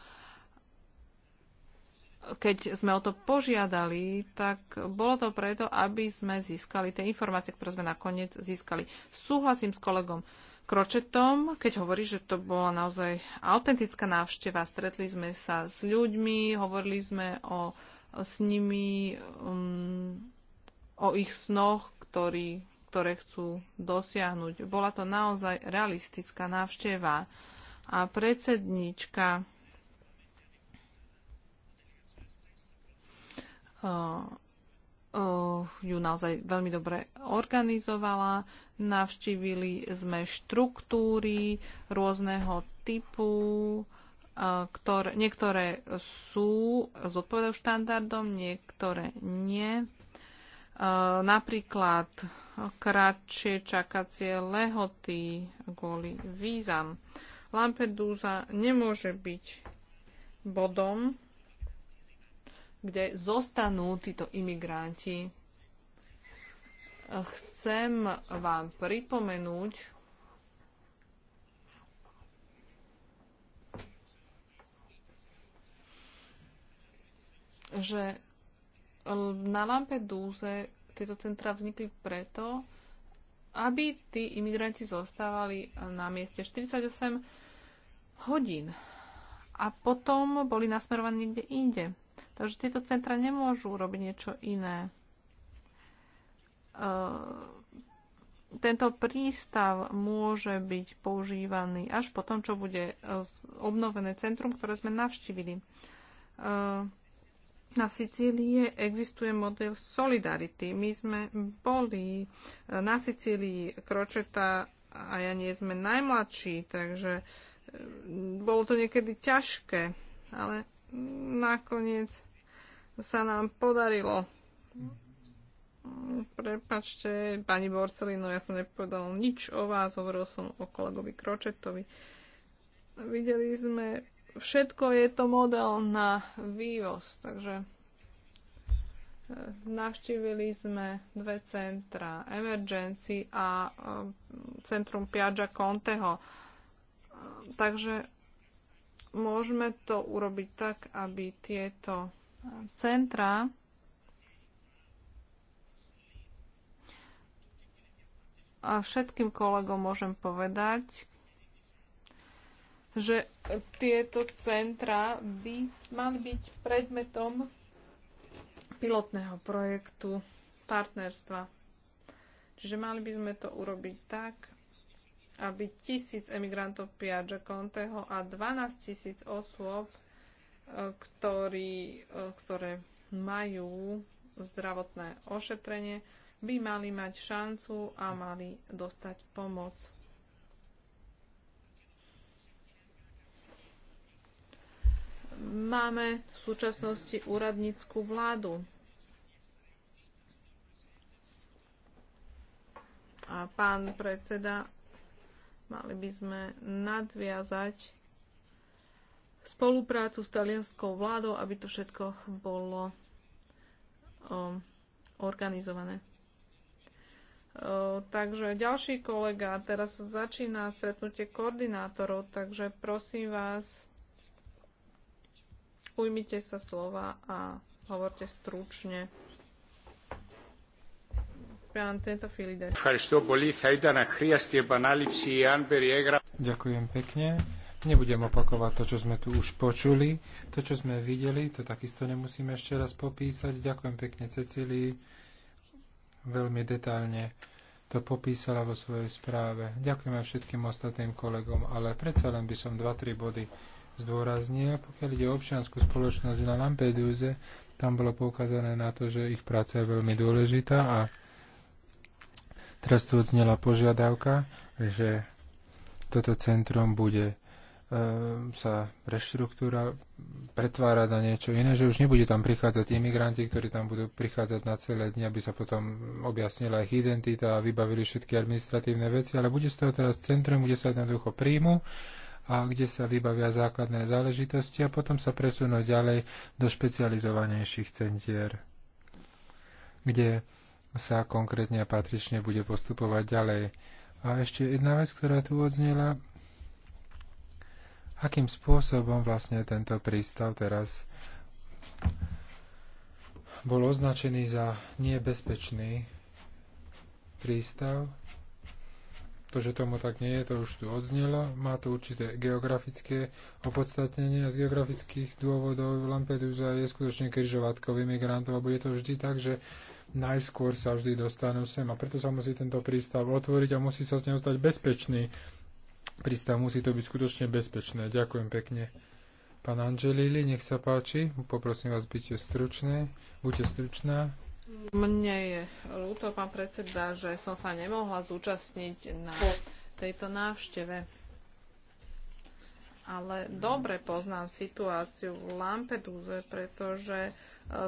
keď sme o to požiadali, tak bolo to preto, aby sme získali tie informácie, ktoré sme nakoniec získali. Súhlasím s kolegom Kročetom, keď hovorí, že to bola naozaj autentická návšteva. Stretli sme sa s ľuďmi, hovorili sme o, s nimi, um, o ich snoch, ktorý, ktoré chcú dosiahnuť. Bola to naozaj realistická návšteva. A predsednička ju naozaj veľmi dobre organizovala. Navštívili sme štruktúry rôzneho typu, ktoré, niektoré sú zodpovedajú štandardom, niektoré nie. Napríklad kratšie čakacie lehoty kvôli vízam. Lampedusa nemôže byť bodom kde zostanú títo imigranti. Chcem vám pripomenúť, že na Lampedúze tieto centra vznikli preto, aby tí imigranti zostávali na mieste 48 hodín a potom boli nasmerovaní niekde inde. Takže tieto centra nemôžu robiť niečo iné. E, tento prístav môže byť používaný až po tom, čo bude e, obnovené centrum, ktoré sme navštívili. E, na Sicílii existuje model solidarity. My sme boli na Sicílii Kročeta a ja nie sme najmladší, takže bolo to niekedy ťažké, ale nakoniec sa nám podarilo. Prepačte, pani Borselino, ja som nepovedal nič o vás, hovoril som o kolegovi Kročetovi. Videli sme, všetko je to model na vývoz, takže eh, Navštívili sme dve centra, Emergency a eh, Centrum Piaggia Conteho. Takže môžeme to urobiť tak, aby tieto centra a všetkým kolegom môžem povedať, že tieto centra by mali byť predmetom pilotného projektu partnerstva. Čiže mali by sme to urobiť tak, aby tisíc emigrantov Piaggio Conteho a 12 tisíc osôb, e, ktorí, e, ktoré majú zdravotné ošetrenie, by mali mať šancu a mali dostať pomoc. Máme v súčasnosti úradnícku vládu. A pán predseda Mali by sme nadviazať spoluprácu s talianskou vládou, aby to všetko bolo um, organizované. takže ďalší kolega, teraz začína stretnutie koordinátorov, takže prosím vás, ujmite sa slova a hovorte stručne. Ďakujem pekne. Nebudem opakovať to, čo sme tu už počuli. To, čo sme videli, to takisto nemusíme ešte raz popísať. Ďakujem pekne Cecílii. Veľmi detailne to popísala vo svojej správe. Ďakujem aj všetkým ostatným kolegom, ale predsa len by som 2-3 body zdôraznil. Pokiaľ ide o občianskú spoločnosť na Lampedúze, tam bolo poukázané na to, že ich práca je veľmi dôležitá a Teraz tu odznela požiadavka, že toto centrum bude e, sa reštruktúra pretvárať na niečo iné, že už nebude tam prichádzať imigranti, ktorí tam budú prichádzať na celé dni, aby sa potom objasnila ich identita a vybavili všetky administratívne veci, ale bude z toho teraz centrum, kde sa jednoducho príjmu a kde sa vybavia základné záležitosti a potom sa presunú ďalej do špecializovanejších centier, kde sa konkrétne a patrične bude postupovať ďalej. A ešte jedna vec, ktorá tu odznela, akým spôsobom vlastne tento prístav teraz bol označený za nebezpečný prístav. To, že tomu tak nie je, to už tu odznelo. Má to určité geografické opodstatnenie a z geografických dôvodov Lampedusa je skutočne križovatkou imigrantov a bude to vždy tak, že najskôr sa vždy dostanú sem. A preto sa musí tento prístav otvoriť a musí sa z neho stať bezpečný. Prístav musí to byť skutočne bezpečné. Ďakujem pekne. Pán Angelili, nech sa páči. Poprosím vás, byť stručné. Buďte stručná. Mne je ľúto, pán predseda, že som sa nemohla zúčastniť na tejto návšteve. Ale dobre poznám situáciu v Lampeduze, pretože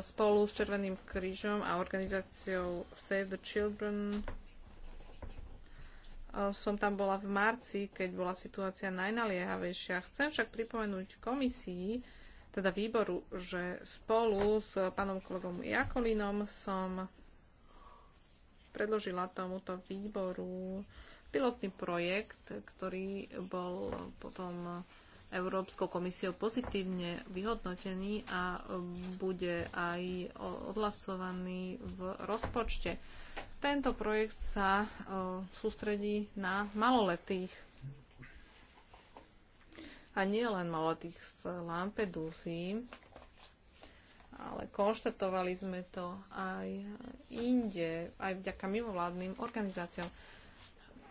spolu s Červeným krížom a organizáciou Save the Children. Som tam bola v marci, keď bola situácia najnaliehavejšia. Chcem však pripomenúť komisii, teda výboru, že spolu s pánom kolegom Jakolinom som predložila tomuto výboru pilotný projekt, ktorý bol potom Európskou komisiou pozitívne vyhodnotený a e, bude aj odhlasovaný v rozpočte. Tento projekt sa e, sústredí na maloletých a nie len maloletých z Lampedusy, ale konštatovali sme to aj inde, aj vďaka mimovládnym organizáciám.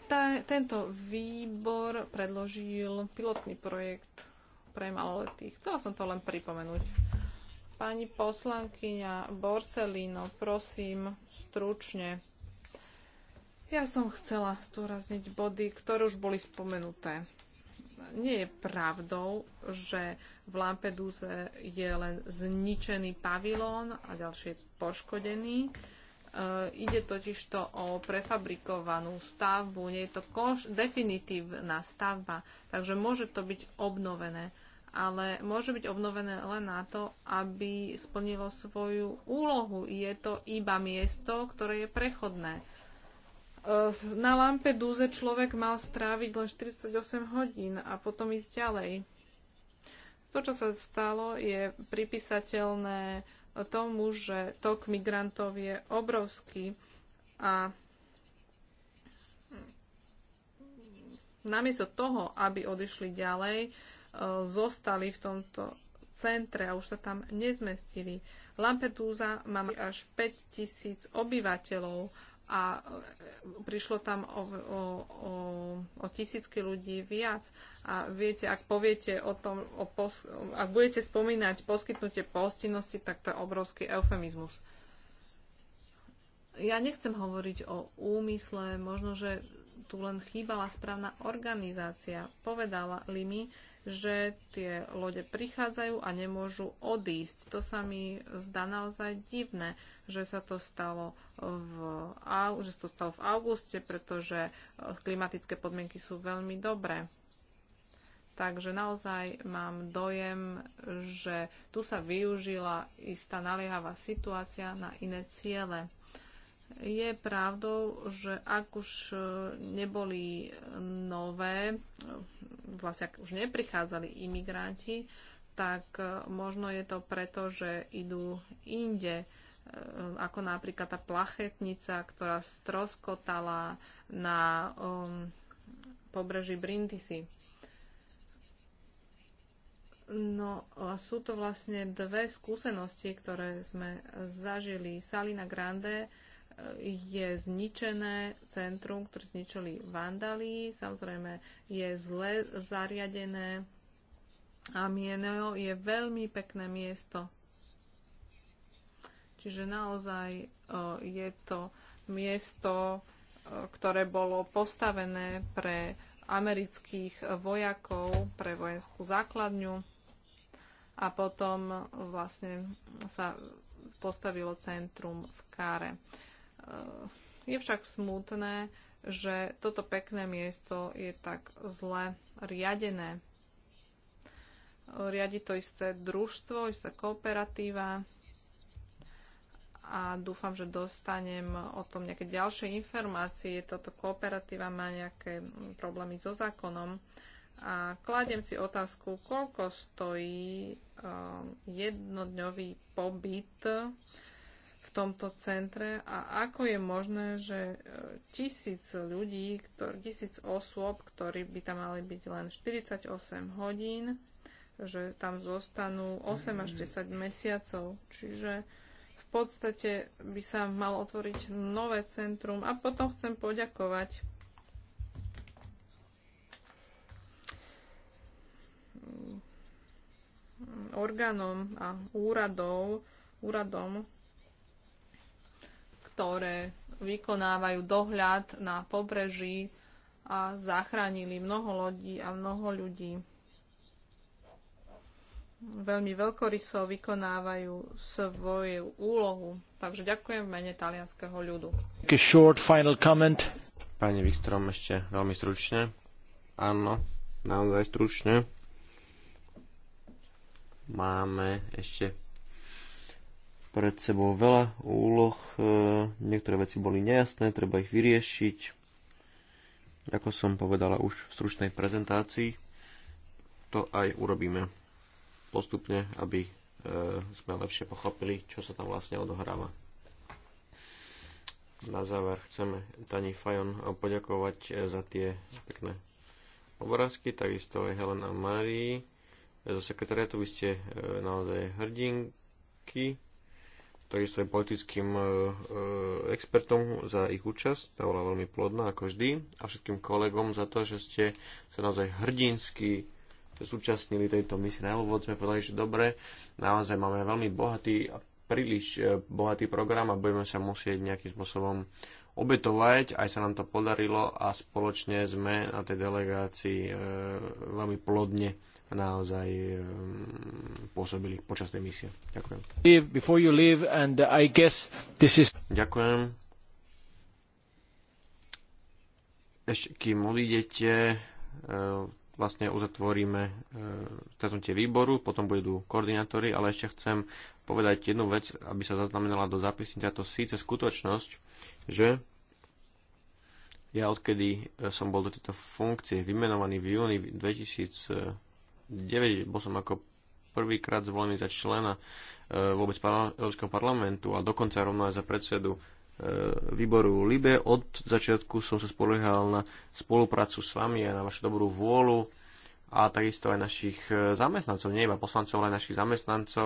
Ta, tento výbor predložil pilotný projekt pre maloletých. Chcela som to len pripomenúť. Pani poslankyňa Borselino, prosím, stručne. Ja som chcela zdôrazniť body, ktoré už boli spomenuté. Nie je pravdou, že v Lampeduse je len zničený pavilón a ďalší poškodený. Uh, Eh, ide totiž to o prefabrikovanú stavbu, nie je to konš- definitívna stavba, takže môže to byť obnovené, ale môže byť obnovené len na to, aby splnilo svoju úlohu. Je to iba miesto, ktoré je prechodné. Eh, na Lampedúze človek mal stráviť len 48 hodín a potom ísť ďalej. To, čo sa stalo, je pripísateľné tomu, že tok migrantov je obrovský a namiesto toho, aby odišli ďalej, e, zostali v tomto centre a už sa tam nezmestili. Lampedusa má až 5000 obyvateľov a e, prišlo tam o, o, o, o tisícky ľudí viac. A viete, ak poviete o tom, o pos, ak budete spomínať poskytnutie postinnosti, tak to je obrovský eufemizmus. Ja nechcem hovoriť o úmysle, možno, že tu len chýbala správna organizácia. Povedala Limi, že tie lode prichádzajú a nemôžu odísť. To sa mi zdá naozaj divné, že sa to stalo v, že to stalo v auguste, pretože eh, klimatické podmienky sú veľmi dobré. Takže naozaj mám dojem, že tu sa využila istá naliehavá situácia na iné ciele. Je pravdou, že ak už e, neboli e, nové, e, vlastne ak už neprichádzali imigranti, tak možno je to preto, že idú inde ako napríklad tá plachetnica, ktorá stroskotala na um, pobreží Brindisi. No a sú to vlastne dve skúsenosti, ktoré sme zažili. Salina Grande je zničené centrum, ktoré zničili vandali, samozrejme je zle zariadené a Mieneo je veľmi pekné miesto. Čiže naozaj e, je to miesto, e, ktoré bolo postavené pre amerických vojakov, pre vojenskú základňu a potom vlastne sa postavilo centrum v Káre. Eh, je však smutné, že toto pekné miesto je tak zle riadené. Riadi to isté družstvo, istá kooperatíva a dúfam, že dostanem o tom nejaké ďalšie informácie. Toto kooperatíva má nejaké problémy so zákonom a kladiem si otázku, koľko stojí eh, jednodňový pobyt v tomto centre a ako je možné, že e, tisíc ľudí, ktorý, tisíc osôb, ktorí by tam mali byť len 48 hodín, že tam zostanú 8 až 10 mesiacov. Čiže v podstate by sa mal otvoriť nové centrum a potom chcem poďakovať mm, orgánom a úradov, úradom ktoré vykonávajú dohľad na pobreží a zachránili mnoho lodí a mnoho ľudí. Veľmi veľkoryso vykonávajú svoju úlohu. Takže ďakujem v mene talianského ľudu. Pani Viktorom, ešte veľmi stručne. Áno, naozaj stručne. Máme ešte pred sebou veľa úloh, e, niektoré veci boli nejasné, treba ich vyriešiť. Ako som povedala už v stručnej prezentácii, to aj urobíme postupne, aby e, sme lepšie pochopili, čo sa tam vlastne odohráva. Na záver chceme Tani Fajon poďakovať e, za tie pekné obrázky, takisto aj Helen a Marii. Zo sekretariatu vy ste naozaj hrdinky takisto aj politickým e, e, expertom za ich účasť. Tá bola veľmi plodná, ako vždy. A všetkým kolegom za to, že ste sa naozaj hrdinsky zúčastnili tejto misie. Na úvod sme povedali, že dobre, naozaj máme veľmi bohatý a príliš e, bohatý program a budeme sa musieť nejakým spôsobom obetovať. Aj sa nám to podarilo a spoločne sme na tej delegácii e, veľmi plodne naozaj ehm, pôsobili počas tej misie. Ďakujem. Uh, is... Ďakujem. Ešte kým odídete, eh, vlastne uzatvoríme eh, stretnutie výboru, potom budú koordinátori, ale ešte chcem povedať jednu vec, aby sa zaznamenala do zápisnice, a to síce skutočnosť, že ja odkedy eh, som bol do tejto funkcie vymenovaný v júni 2000 bol som ako prvýkrát zvolený za člena e, vôbec Európskeho parlamentu a dokonca rovno aj za predsedu e, výboru LIBE. Od začiatku som sa spoliehal na spoluprácu s vami a na vašu dobrú vôľu a takisto aj našich e, zamestnancov, nie iba poslancov, ale aj našich zamestnancov.